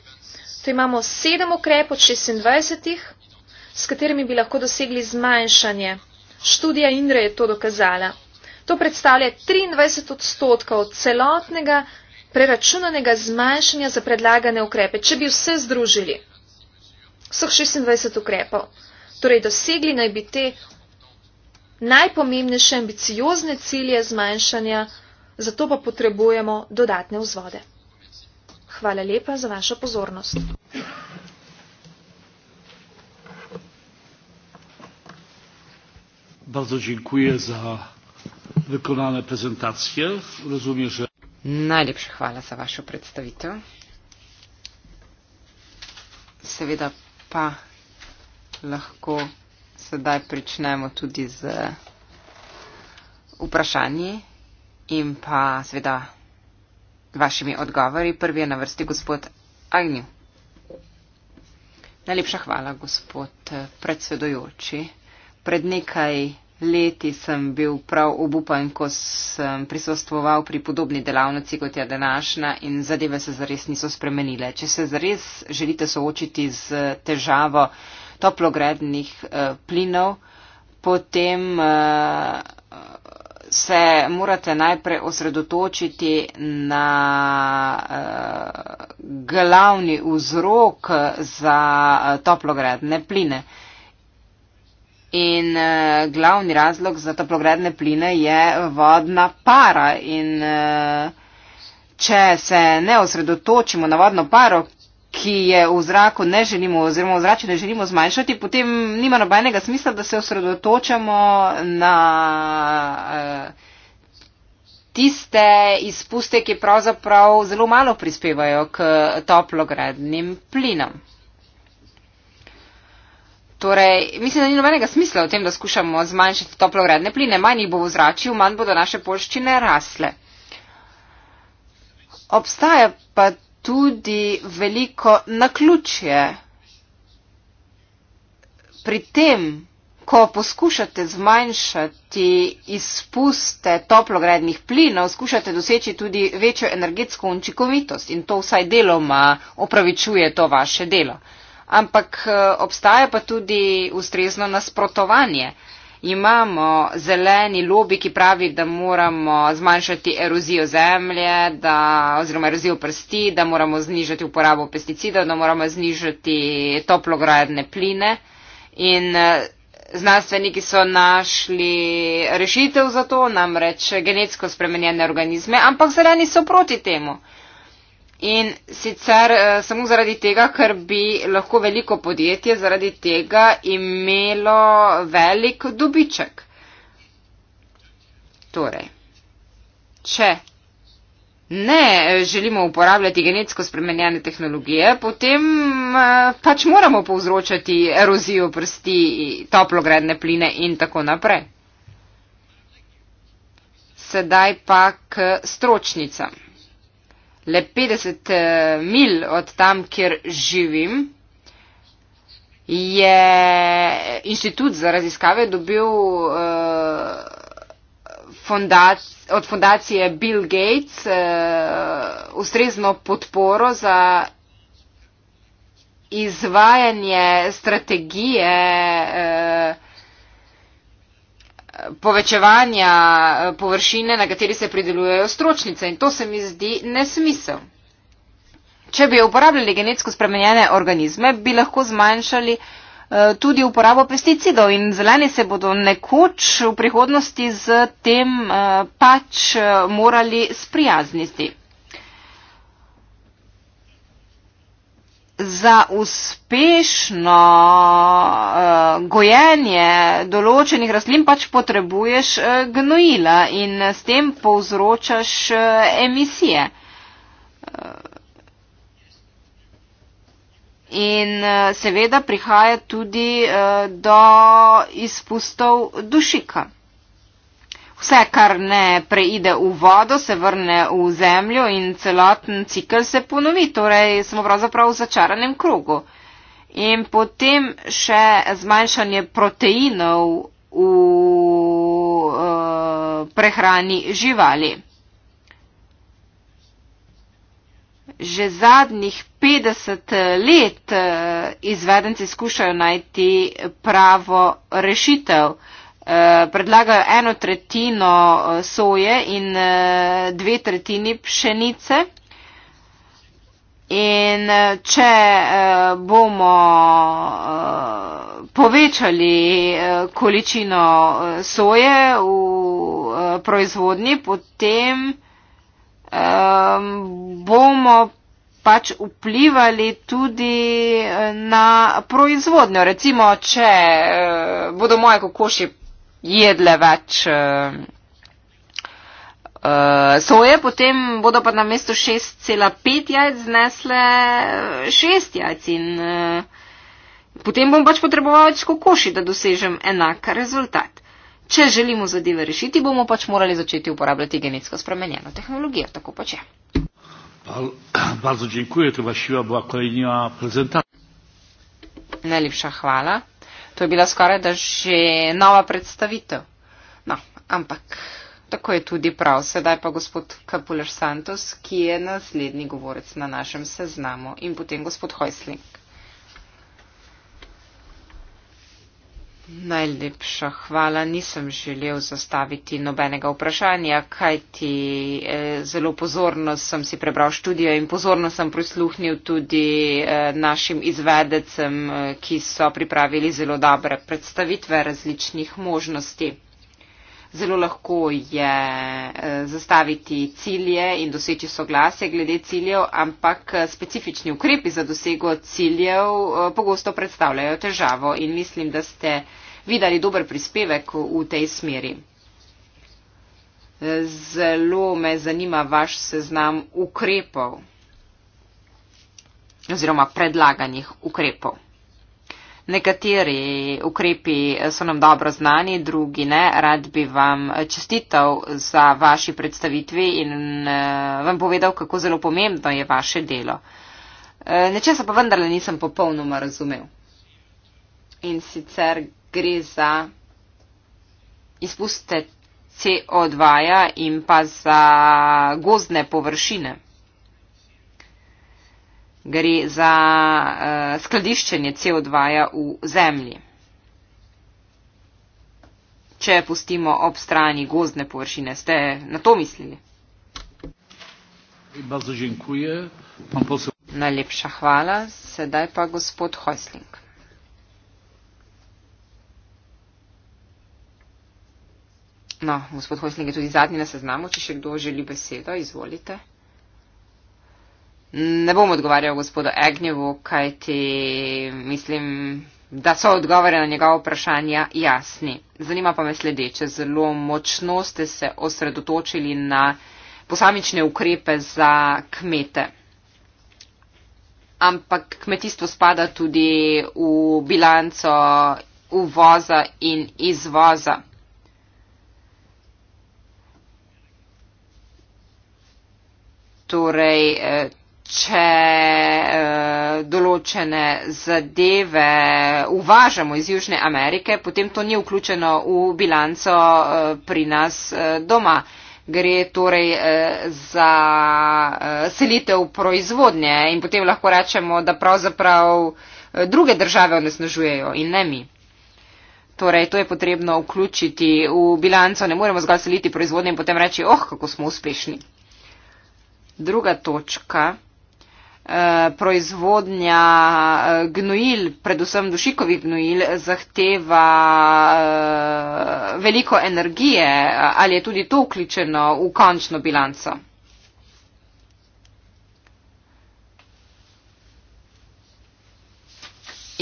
S4: tu imamo sedem ukrepov od 26, s katerimi bi lahko dosegli zmanjšanje Študija Indre je to dokazala. To predstavlja 23 odstotkov celotnega preračunanega zmanjšanja za predlagane ukrepe, če bi vse združili. Vseh 26 ukrepov. Torej dosegli naj bi te najpomembnejše ambiciozne cilje zmanjšanja, zato pa potrebujemo dodatne vzvode. Hvala lepa za vašo pozornost.
S1: Bardzo dziękuję za wykonane prezentacje. Rozumiem, że... Najlepsza chwala za Waszą przedstawitę.
S2: Seveda pa lahko sedaj pričnemo tudi z vprašanji in pa seveda vašimi odgovori. Prvi je na vrsti gospod Agnew. Najlepša hvala, gospod predsedojoči pred nekaj leti sem bil prav obupan, ko sem prisostoval pri podobni delavnici kot je današnja in zadeve se zares niso spremenile. Če se zares želite soočiti z težavo toplogrednih eh, plinov, potem eh, se morate najprej osredotočiti na eh, glavni vzrok za eh, toplogredne pline. Eh, In uh, glavni razlog za toplogredne pline je vodna para. In uh, če se ne osredotočimo na vodno paro, ki je v zraku ne želimo oziroma v zraku ne želimo zmanjšati, potem nima nobenega smisla, da se osredotočamo na uh, tiste izpuste, ki pravzaprav zelo malo prispevajo k toplogrednim plinom. Torej, mislim, da ni nobenega smisla v tem, da skušamo zmanjšati toplogredne pline. Manj jih bo v zraku, manj bodo naše polščine rasle. Obstaja pa tudi veliko naključje pri tem, ko poskušate zmanjšati izpuste toplogrednih plinov, skušate doseči tudi večjo energetsko učinkovitost in to vsaj deloma opravičuje to vaše delo ampak eh, obstaja pa tudi ustrezno nasprotovanje. Imamo zeleni lobi, ki pravi, da moramo zmanjšati erozijo zemlje da, oziroma erozijo prsti, da moramo znižati uporabo pesticidov, da moramo znižati toplogradne pline. In eh, znanstveniki so našli rešitev za to, namreč genetsko spremenjene organizme, ampak zeleni so proti temu. In sicer uh, samo zaradi tega, ker bi lahko veliko podjetje zaradi tega imelo velik dobiček. Torej, če ne želimo uporabljati genetsko spremenjene tehnologije, potem uh, pač moramo povzročati erozijo prsti, toplogredne pline in tako naprej. Sedaj pa k stročnicam le 50 eh, mil od tam, kjer živim, je inštitut za raziskave dobil eh, fondac, od fondacije Bill Gates eh, ustrezno podporo za izvajanje strategije eh, povečevanja eh, površine, na kateri se pridelujejo stročnice in to se mi zdi nesmisel. Če bi uporabljali genetsko spremenjene organizme, bi lahko zmanjšali eh, tudi uporabo pesticidov in zeleni se bodo nekoč v prihodnosti z tem eh, pač morali sprijazniti. za uspešno uh, gojenje določenih rastlin pač potrebuješ uh, gnojila in s tem povzročaš uh, emisije. In seveda prihaja tudi do izpustov dušika. Vse, kar ne preide v vodo, se vrne v zemljo in celoten cikl se ponovi, torej smo pravzaprav v začaranem krogu. In potem še zmanjšanje proteinov v uh, prehrani živali. Že zadnjih 50 let eh, izvedenci skušajo najti pravo rešitev. Uh, Eh, predlagajo eno tretjino eh, soje in eh, dve tretjini pšenice. In če bomo povečali količino soje v proizvodnji, potem bomo pač vplivali tudi na proizvodnjo. Recimo, če bodo moje kokoši jedle več uh, uh, soje, potem bodo pa na mesto 6,5 jajc znesle 6 eh, jajc in uh, potem bom pač potreboval več kokoši, da dosežem enak rezultat. Če želimo zadeve rešiti, bomo pač morali začeti uporabljati genetsko spremenjeno tehnologijo. Tako pač je.
S1: Bardzo dziękuję, to właściwa była kolejna prezentacja.
S2: Najlepsza chwała. To je bila skoraj da že nova predstavitev. No, ampak tako je tudi prav. Sedaj pa gospod Kapuler Santos, ki je naslednji govorec na našem seznamu in potem gospod Hojsling. Najlepša hvala. Nisem želel zastaviti nobenega vprašanja, kajti eh, zelo pozorno sem si prebral študijo in pozorno sem prisluhnil tudi eh, našim izvedecem, eh, ki so pripravili zelo dobre predstavitve različnih možnosti zelo lahko je eh, zastaviti cilje in doseči soglasje glede ciljev, ampak eh, specifični ukrepi za dosego ciljev eh, pogosto predstavljajo težavo in mislim, da ste videli dober prispevek v tej smeri. Zelo me zanima vaš seznam ukrepov oziroma predlaganih ukrepov. Nekateri ukrepi so nam dobro znani, drugi ne. Rad bi vam čestital za vaši predstavitvi in eh, vam povedal, kako zelo pomembno je vaše delo. Eh, nečesa pa vendarle nisem popolnoma razumel. In sicer gre za izpuste CO2 ja in pa za gozdne površine gre za uh, skladiščenje CO2 -ja v zemlji. Če pustimo ob strani gozdne površine, ste na to mislili? Najlepša hvala. Sedaj pa gospod Hosling. No, gospod Hosling je tudi zadnji na seznamu, če še kdo želi besedo, izvolite. Ne bom odgovarjal gospodu Egnjevu, kajti mislim, da so odgovore na njegova vprašanja jasni. Zanima pa me sledeče. Zelo močno ste se osredotočili na posamične ukrepe za kmete. Ampak kmetijstvo spada tudi v bilanco uvoza in izvoza. Torej, eh, če uh, določene zadeve uvažamo iz Južne Amerike, potem to ni vključeno v bilanco uh, pri nas uh, doma. Gre torej uh, za uh, selitev proizvodnje in potem lahko rečemo, da pravzaprav uh, druge države onesnažujejo in ne mi. Torej, to je potrebno vključiti v bilanco, ne moremo zgolj seliti proizvodnje in potem reči, oh, kako smo uspešni. Druga točka. Eh, proizvodnja eh, gnojil, predvsem dušikovih gnojil, zahteva eh, veliko energije. Ali je tudi to vključeno v končno bilanco?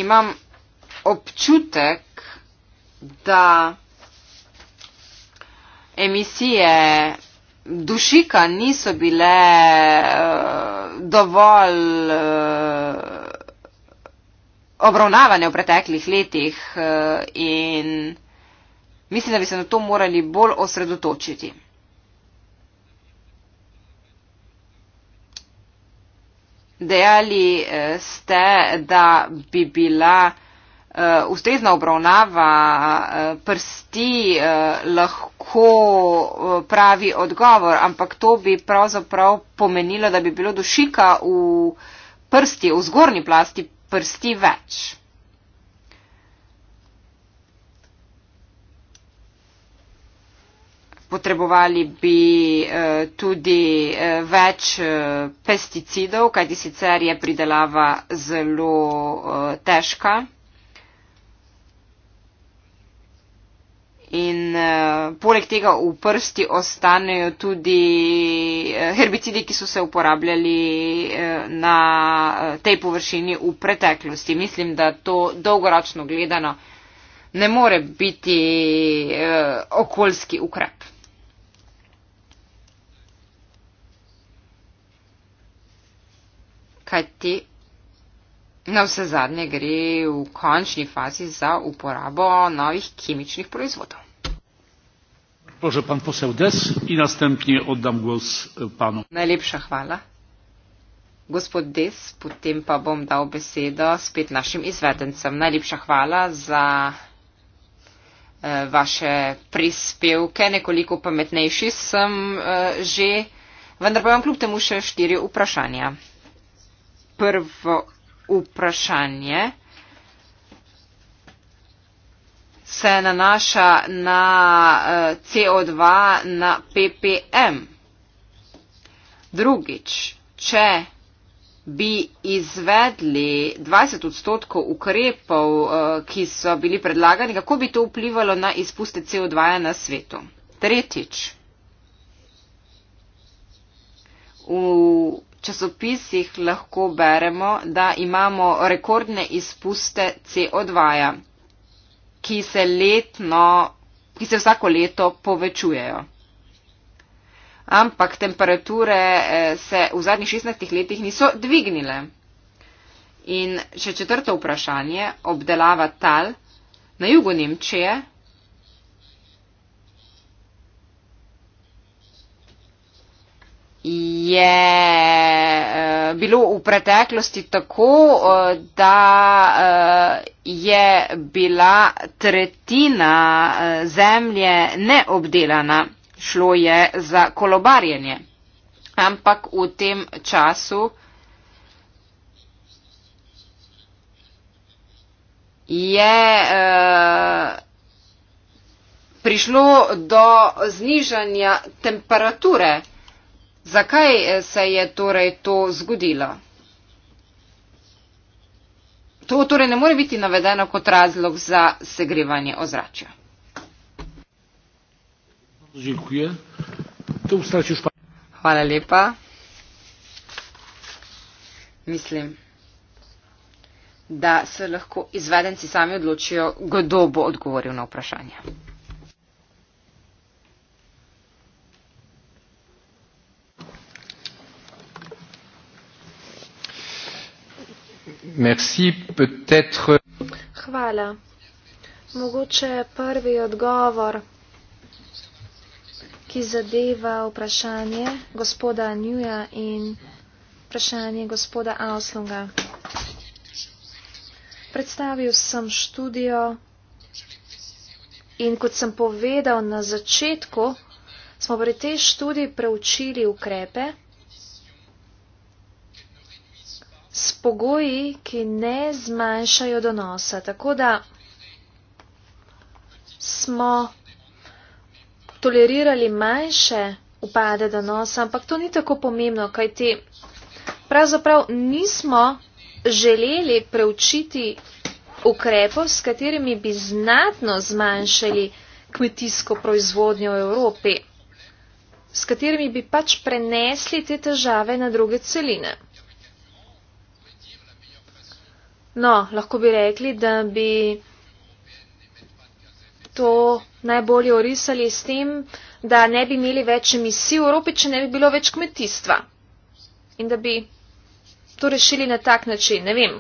S2: Imam občutek, da emisije dušika niso bile uh, dovolj uh, obravnavane v preteklih letih uh, in mislim, da bi se na to morali bolj osredotočiti. Dejali ste, da bi bila uh, eh, ustezna obravnava uh, prsti uh, lahko uh, pravi odgovor, ampak to bi pravzaprav pomenilo, da bi bilo dušika v prsti, v zgornji plasti prsti več. Potrebovali bi eh, tudi eh, več eh, pesticidov, kajti sicer je pridelava zelo eh, težka. In uh, poleg tega v prsti ostanejo tudi uh, herbicidi, ki so se uporabljali uh, na uh, tej površini v preteklosti. Mislim, da to dolgoročno gledano ne more biti uh, okoljski ukrep. Kajti na vse zadnje gre v končni fazi za uporabo novih kemičnih proizvodov.
S1: E,
S2: Najlepša hvala. Gospod Des, potem pa bom dal besedo spet našim izvedencem. Najlepša hvala za eh, vaše prispevke. Nekoliko pametnejši sem eh, že, vendar pa imam kljub temu še štiri vprašanja. Prvo vprašanje se nanaša na eh, CO2 na ppm. Drugič, če bi izvedli 20 odstotkov ukrepov, eh, ki so bili predlagani, kako bi to vplivalo na izpuste CO2 na svetu. Tretjič, v časopisih lahko beremo, da imamo rekordne izpuste CO2. -ja ki se, letno, ki se vsako leto povečujejo. Ampak temperature eh, se v zadnjih 16 letih niso dvignile. In še četrto vprašanje, obdelava tal na jugu Nemčije, je eh, bilo v preteklosti tako, eh, da eh, je bila tretjina zemlje neobdelana, šlo je za kolobarjenje. Ampak v tem času je prišlo do znižanja temperature Zakaj eh, se je torej to zgodilo? To torej ne more biti navedeno kot razlog za segrevanje ozračja. Hvala lepa. Mislim, da se lahko izvedenci sami odločijo, kdo bo odgovoril na vprašanje.
S4: Hvala. Mogoče prvi odgovor, ki zadeva vprašanje gospoda Njuja in vprašanje gospoda Auslunga. Predstavil sem študijo in kot sem povedal na začetku, smo pri tej študiji preučili ukrepe. s pogoji, ki ne zmanjšajo donosa. Tako da smo tolerirali manjše upade donosa, ampak to ni tako pomembno, kajti pravzaprav nismo želeli preučiti ukrepov, s katerimi bi znatno zmanjšali kmetijsko proizvodnjo v Evropi, s katerimi bi pač prenesli te težave na druge celine. No, lahko bi rekli, da bi to najbolje orisali s tem, da ne bi imeli več emisij v Evropi, če ne bi bilo več kmetijstva. In da bi to rešili na tak način, ne vem,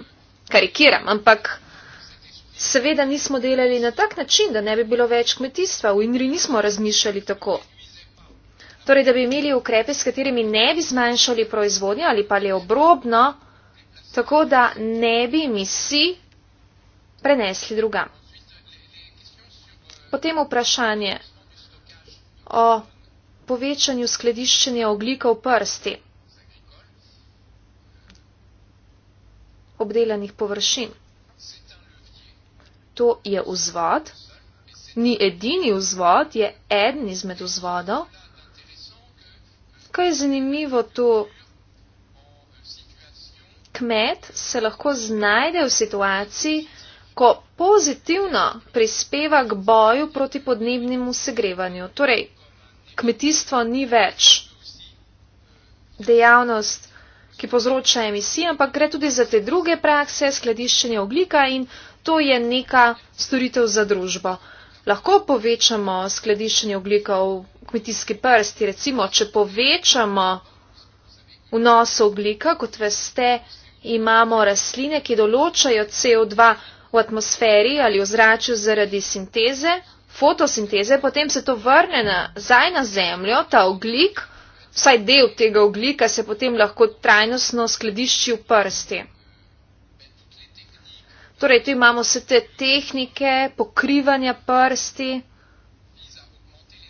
S4: karikiram, ampak seveda nismo delali na tak način, da ne bi bilo več kmetijstva. V Inri nismo razmišljali tako. Torej, da bi imeli ukrepe, s katerimi ne bi zmanjšali proizvodnje ali pa le obrobno tako da ne bi misi prenesli drugam. Potem vprašanje o povečanju skladiščenja oglika v prsti obdelanih površin. To je vzvod, ni edini vzvod, je eden izmed vzvodov. Kaj je zanimivo to? kmet se lahko znajde v situaciji, ko pozitivno prispeva k boju proti podnebnemu segrevanju. Torej, kmetijstvo ni več dejavnost, ki povzroča emisije, ampak gre tudi za te druge prakse, skladiščenje oglika in to je neka storitev za družbo. Lahko povečamo skladiščenje oglika v kmetijski prsti, recimo, če povečamo vnos oglika, kot veste, imamo rastline, ki določajo CO2 v atmosferi ali v zraku zaradi sinteze, fotosinteze, potem se to vrne nazaj na zemljo, ta oglik, vsaj del tega oglika se potem lahko trajnostno skladišči v prsti. Torej, tu imamo vse te tehnike pokrivanja prsti,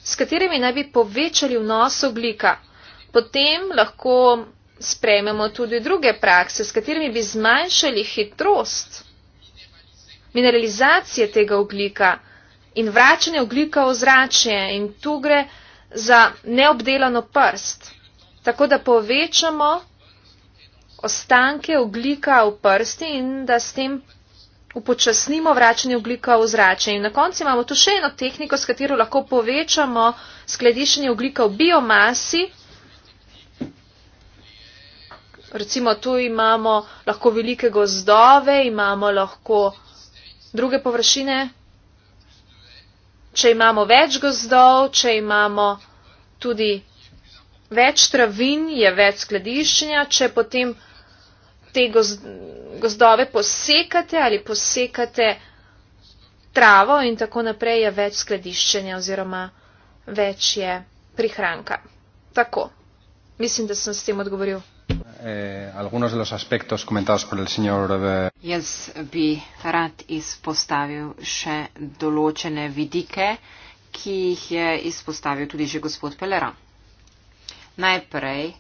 S4: s katerimi naj bi povečali vnos oglika. Potem lahko sprejmemo tudi druge prakse, s katerimi bi zmanjšali hitrost mineralizacije tega oglika in vračanje oglika v zračje in tu gre za neobdelano prst. Tako da povečamo ostanke oglika v prsti in da s tem upočasnimo vračanje oglika v zrače. In na koncu imamo tu še eno tehniko, s katero lahko povečamo skladiščenje oglika v biomasi. Recimo tu imamo lahko velike gozdove, imamo lahko druge površine. Če imamo več gozdov, če imamo tudi več travin, je več skladiščenja. Če potem te gozdove posekate ali posekate travo in tako naprej, je več skladiščenja oziroma več je prihranka. Tako.
S2: Mislim, da sem s tem odgovoril
S1: eh, algunos de los aspectos comentados por el señor.
S2: Eh, Jaz bi rad izpostavil še določene vidike, ki jih je izpostavil tudi že gospod Pelera. Najprej,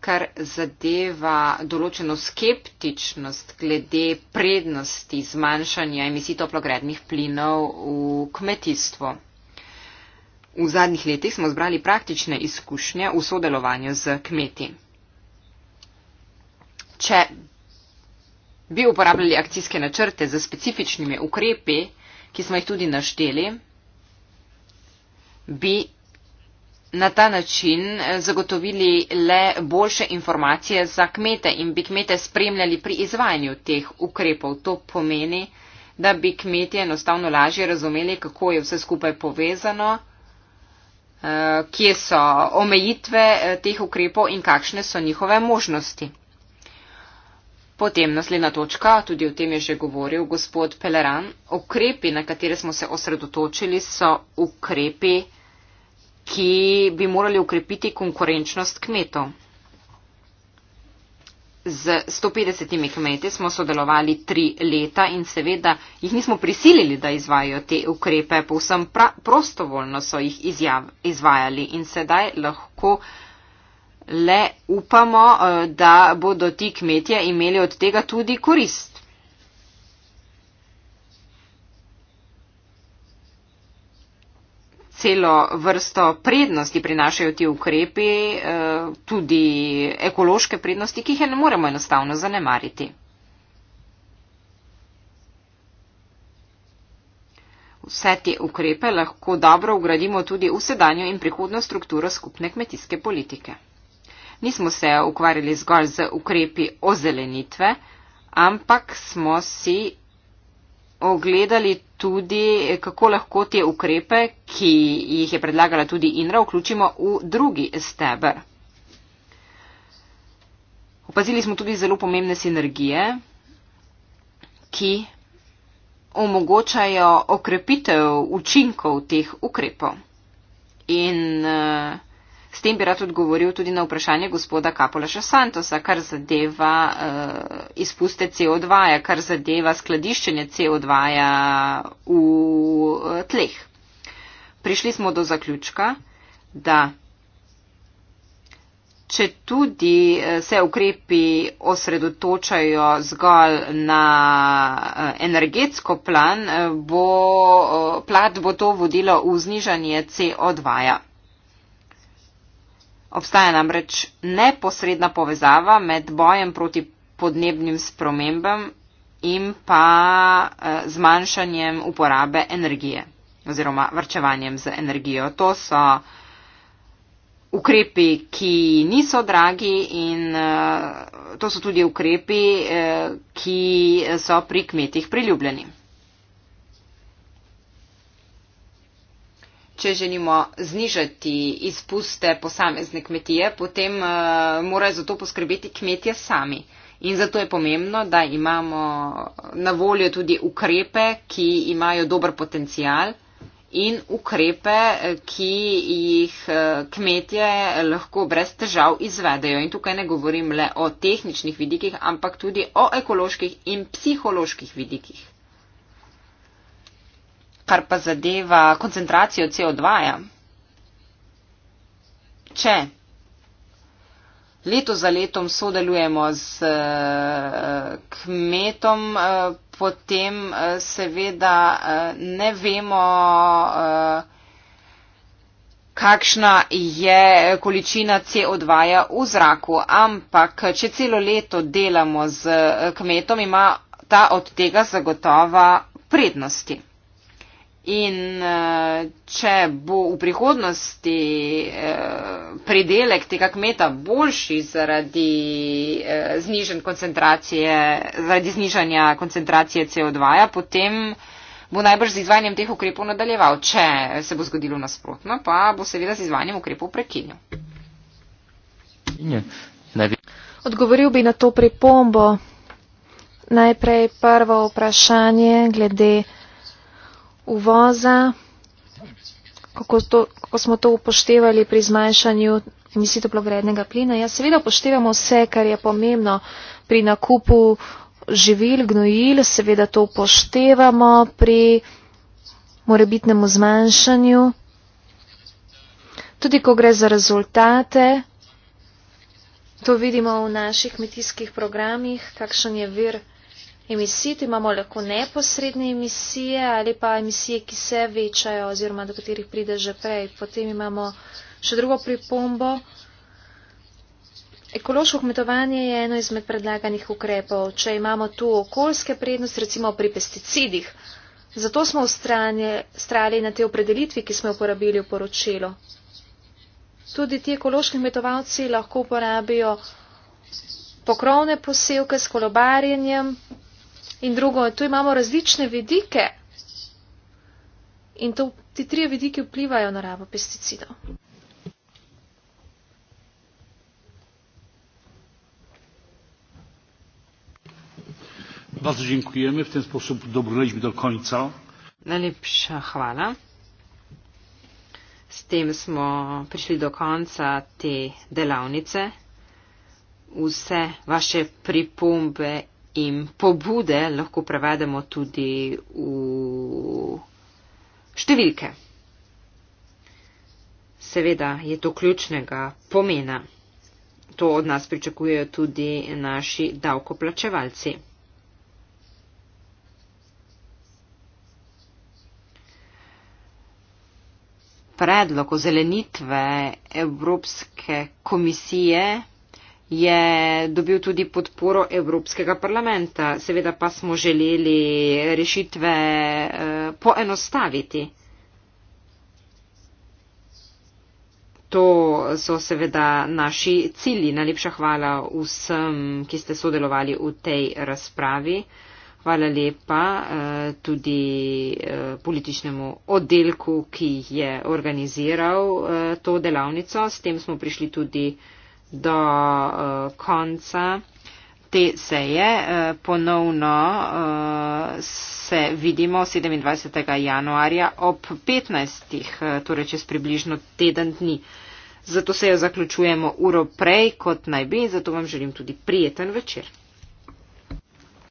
S2: kar zadeva določeno skeptičnost glede prednosti zmanjšanja emisij toplogrednih plinov v kmetijstvo. V zadnjih letih smo zbrali praktične izkušnje v sodelovanju z kmeti če bi uporabljali akcijske načrte z specifičnimi ukrepi, ki smo jih tudi našteli, bi na ta način zagotovili le boljše informacije za kmete in bi kmete spremljali pri izvajanju teh ukrepov. To pomeni, da bi kmetje enostavno lažje razumeli, kako je vse skupaj povezano, eh, kje so omejitve eh, teh ukrepov in kakšne so njihove možnosti. Potem naslednja točka, tudi o tem je že govoril gospod Peleran. Ukrepi, na katere smo se osredotočili, so ukrepi, ki bi morali ukrepiti konkurenčnost kmetov. Z 150 kmeti smo sodelovali tri leta in seveda jih nismo prisilili, da izvajajo te ukrepe, povsem pra, prostovoljno so jih izjav, izvajali in sedaj lahko le upamo, eh, da bodo ti kmetje imeli od tega tudi korist. Celo vrsto prednosti prinašajo ti ukrepi, eh, tudi ekološke prednosti, ki jih ne moremo enostavno zanemariti. Vse te ukrepe lahko dobro ugradimo tudi v sedanjo in prihodno strukturo skupne kmetijske politike nismo se ukvarjali zgolj z ukrepi ozelenitve, ampak smo si ogledali tudi, kako lahko te ukrepe, ki jih je predlagala tudi Inra, vključimo v drugi steber. Opazili smo tudi zelo pomembne sinergije, ki omogočajo okrepitev učinkov teh ukrepov. In uh, S tem bi rad odgovoril tudi na vprašanje gospoda Kapolaša Santosa, kar zadeva uh, izpuste CO2, -ja, kar zadeva skladiščenje CO2 -ja v uh, tleh. Prišli smo do zaključka, da če tudi eh, se ukrepi osredotočajo zgolj na energetsko plan, bo, plat bo to vodilo v znižanje CO2. -ja. Obstaja namreč neposredna povezava med bojem proti podnebnim spremembam in pa eh, zmanjšanjem uporabe energije oziroma vrčevanjem z energijo. To so ukrepi, ki niso dragi in eh, to so tudi ukrepi, eh, ki so pri kmetih priljubljeni. če želimo znižati izpuste posamezne kmetije, potem uh, morajo za to poskrbeti kmetje sami. In zato je pomembno, da imamo na voljo tudi ukrepe, ki imajo dober potencial in ukrepe, eh, ki jih eh, kmetje lahko brez težav izvedejo. In tukaj ne govorim le o tehničnih vidikih, ampak tudi o ekoloških in psiholoških vidikih kar pa zadeva koncentracijo CO2. -ja. Če leto za letom sodelujemo z eh, kmetom, eh, potem eh, seveda ne vemo, kakšna je količina CO2 -ja v zraku. Ampak, če celo leto delamo z kmetom, ima ta od tega zagotova prednosti. In eh, če bo v prihodnosti eh, pridelek tega kmeta boljši zaradi, eh, znižen koncentracije, zaradi znižanja koncentracije CO2, ja, potem bo najbrž z izvajanjem teh ukrepov nadaljeval. Če se bo zgodilo nasprotno, pa bo seveda z izvajanjem ukrepov prekinil.
S4: Odgovoril bi na to pripombo. Najprej prvo vprašanje glede uvoza, kako, to, kako smo to upoštevali pri zmanjšanju emisij toplogrednega plina. Ja, seveda upoštevamo vse, kar je pomembno pri nakupu živil, gnojil, seveda to upoštevamo pri morebitnemu zmanjšanju. Tudi, ko gre za rezultate, to vidimo v naših kmetijskih programih, kakšen je vir emisij, tu imamo lahko neposredne emisije ali pa emisije, ki se večajo oziroma do katerih pride že prej. Potem imamo še drugo pripombo. Ekološko kmetovanje je eno izmed predlaganih ukrepov. Če imamo tu okoljske prednosti, recimo pri pesticidih, zato smo ustrali na te opredelitvi, ki smo jo uporabili v poročilu. Tudi ti ekološki kmetovalci lahko uporabijo pokrovne posevke s kolobarjenjem, In drugo, tu imamo različne vidike in to, ti tri vidiki vplivajo na rabo pesticidov.
S1: Bardzo dziękujemy. W ten sposób dobrnęliśmy do końca.
S2: Najlepsza chwała. Z tym smo przyszli do końca tej delawnicy. Wszystkie wasze przypomby in pobude lahko prevedemo tudi v številke. Seveda je to ključnega pomena. To od nas pričakujejo tudi naši davkoplačevalci. Predlog o zelenitve Evropske komisije je dobil tudi podporo Evropskega parlamenta. Seveda pa smo želeli rešitve eh, poenostaviti. To so seveda naši cilji. Najlepša hvala vsem, ki ste sodelovali v tej razpravi. Hvala lepa eh, tudi eh, političnemu oddelku, ki je organiziral to delavnico. S tem smo prišli tudi do uh, konca te seje. Uh, ponovno uh, se vidimo 27. januarja ob 15. Uh, torej čez približno teden dni. Zato se jo zaključujemo uro prej, kot naj bi, zato vam želim tudi prijeten večer.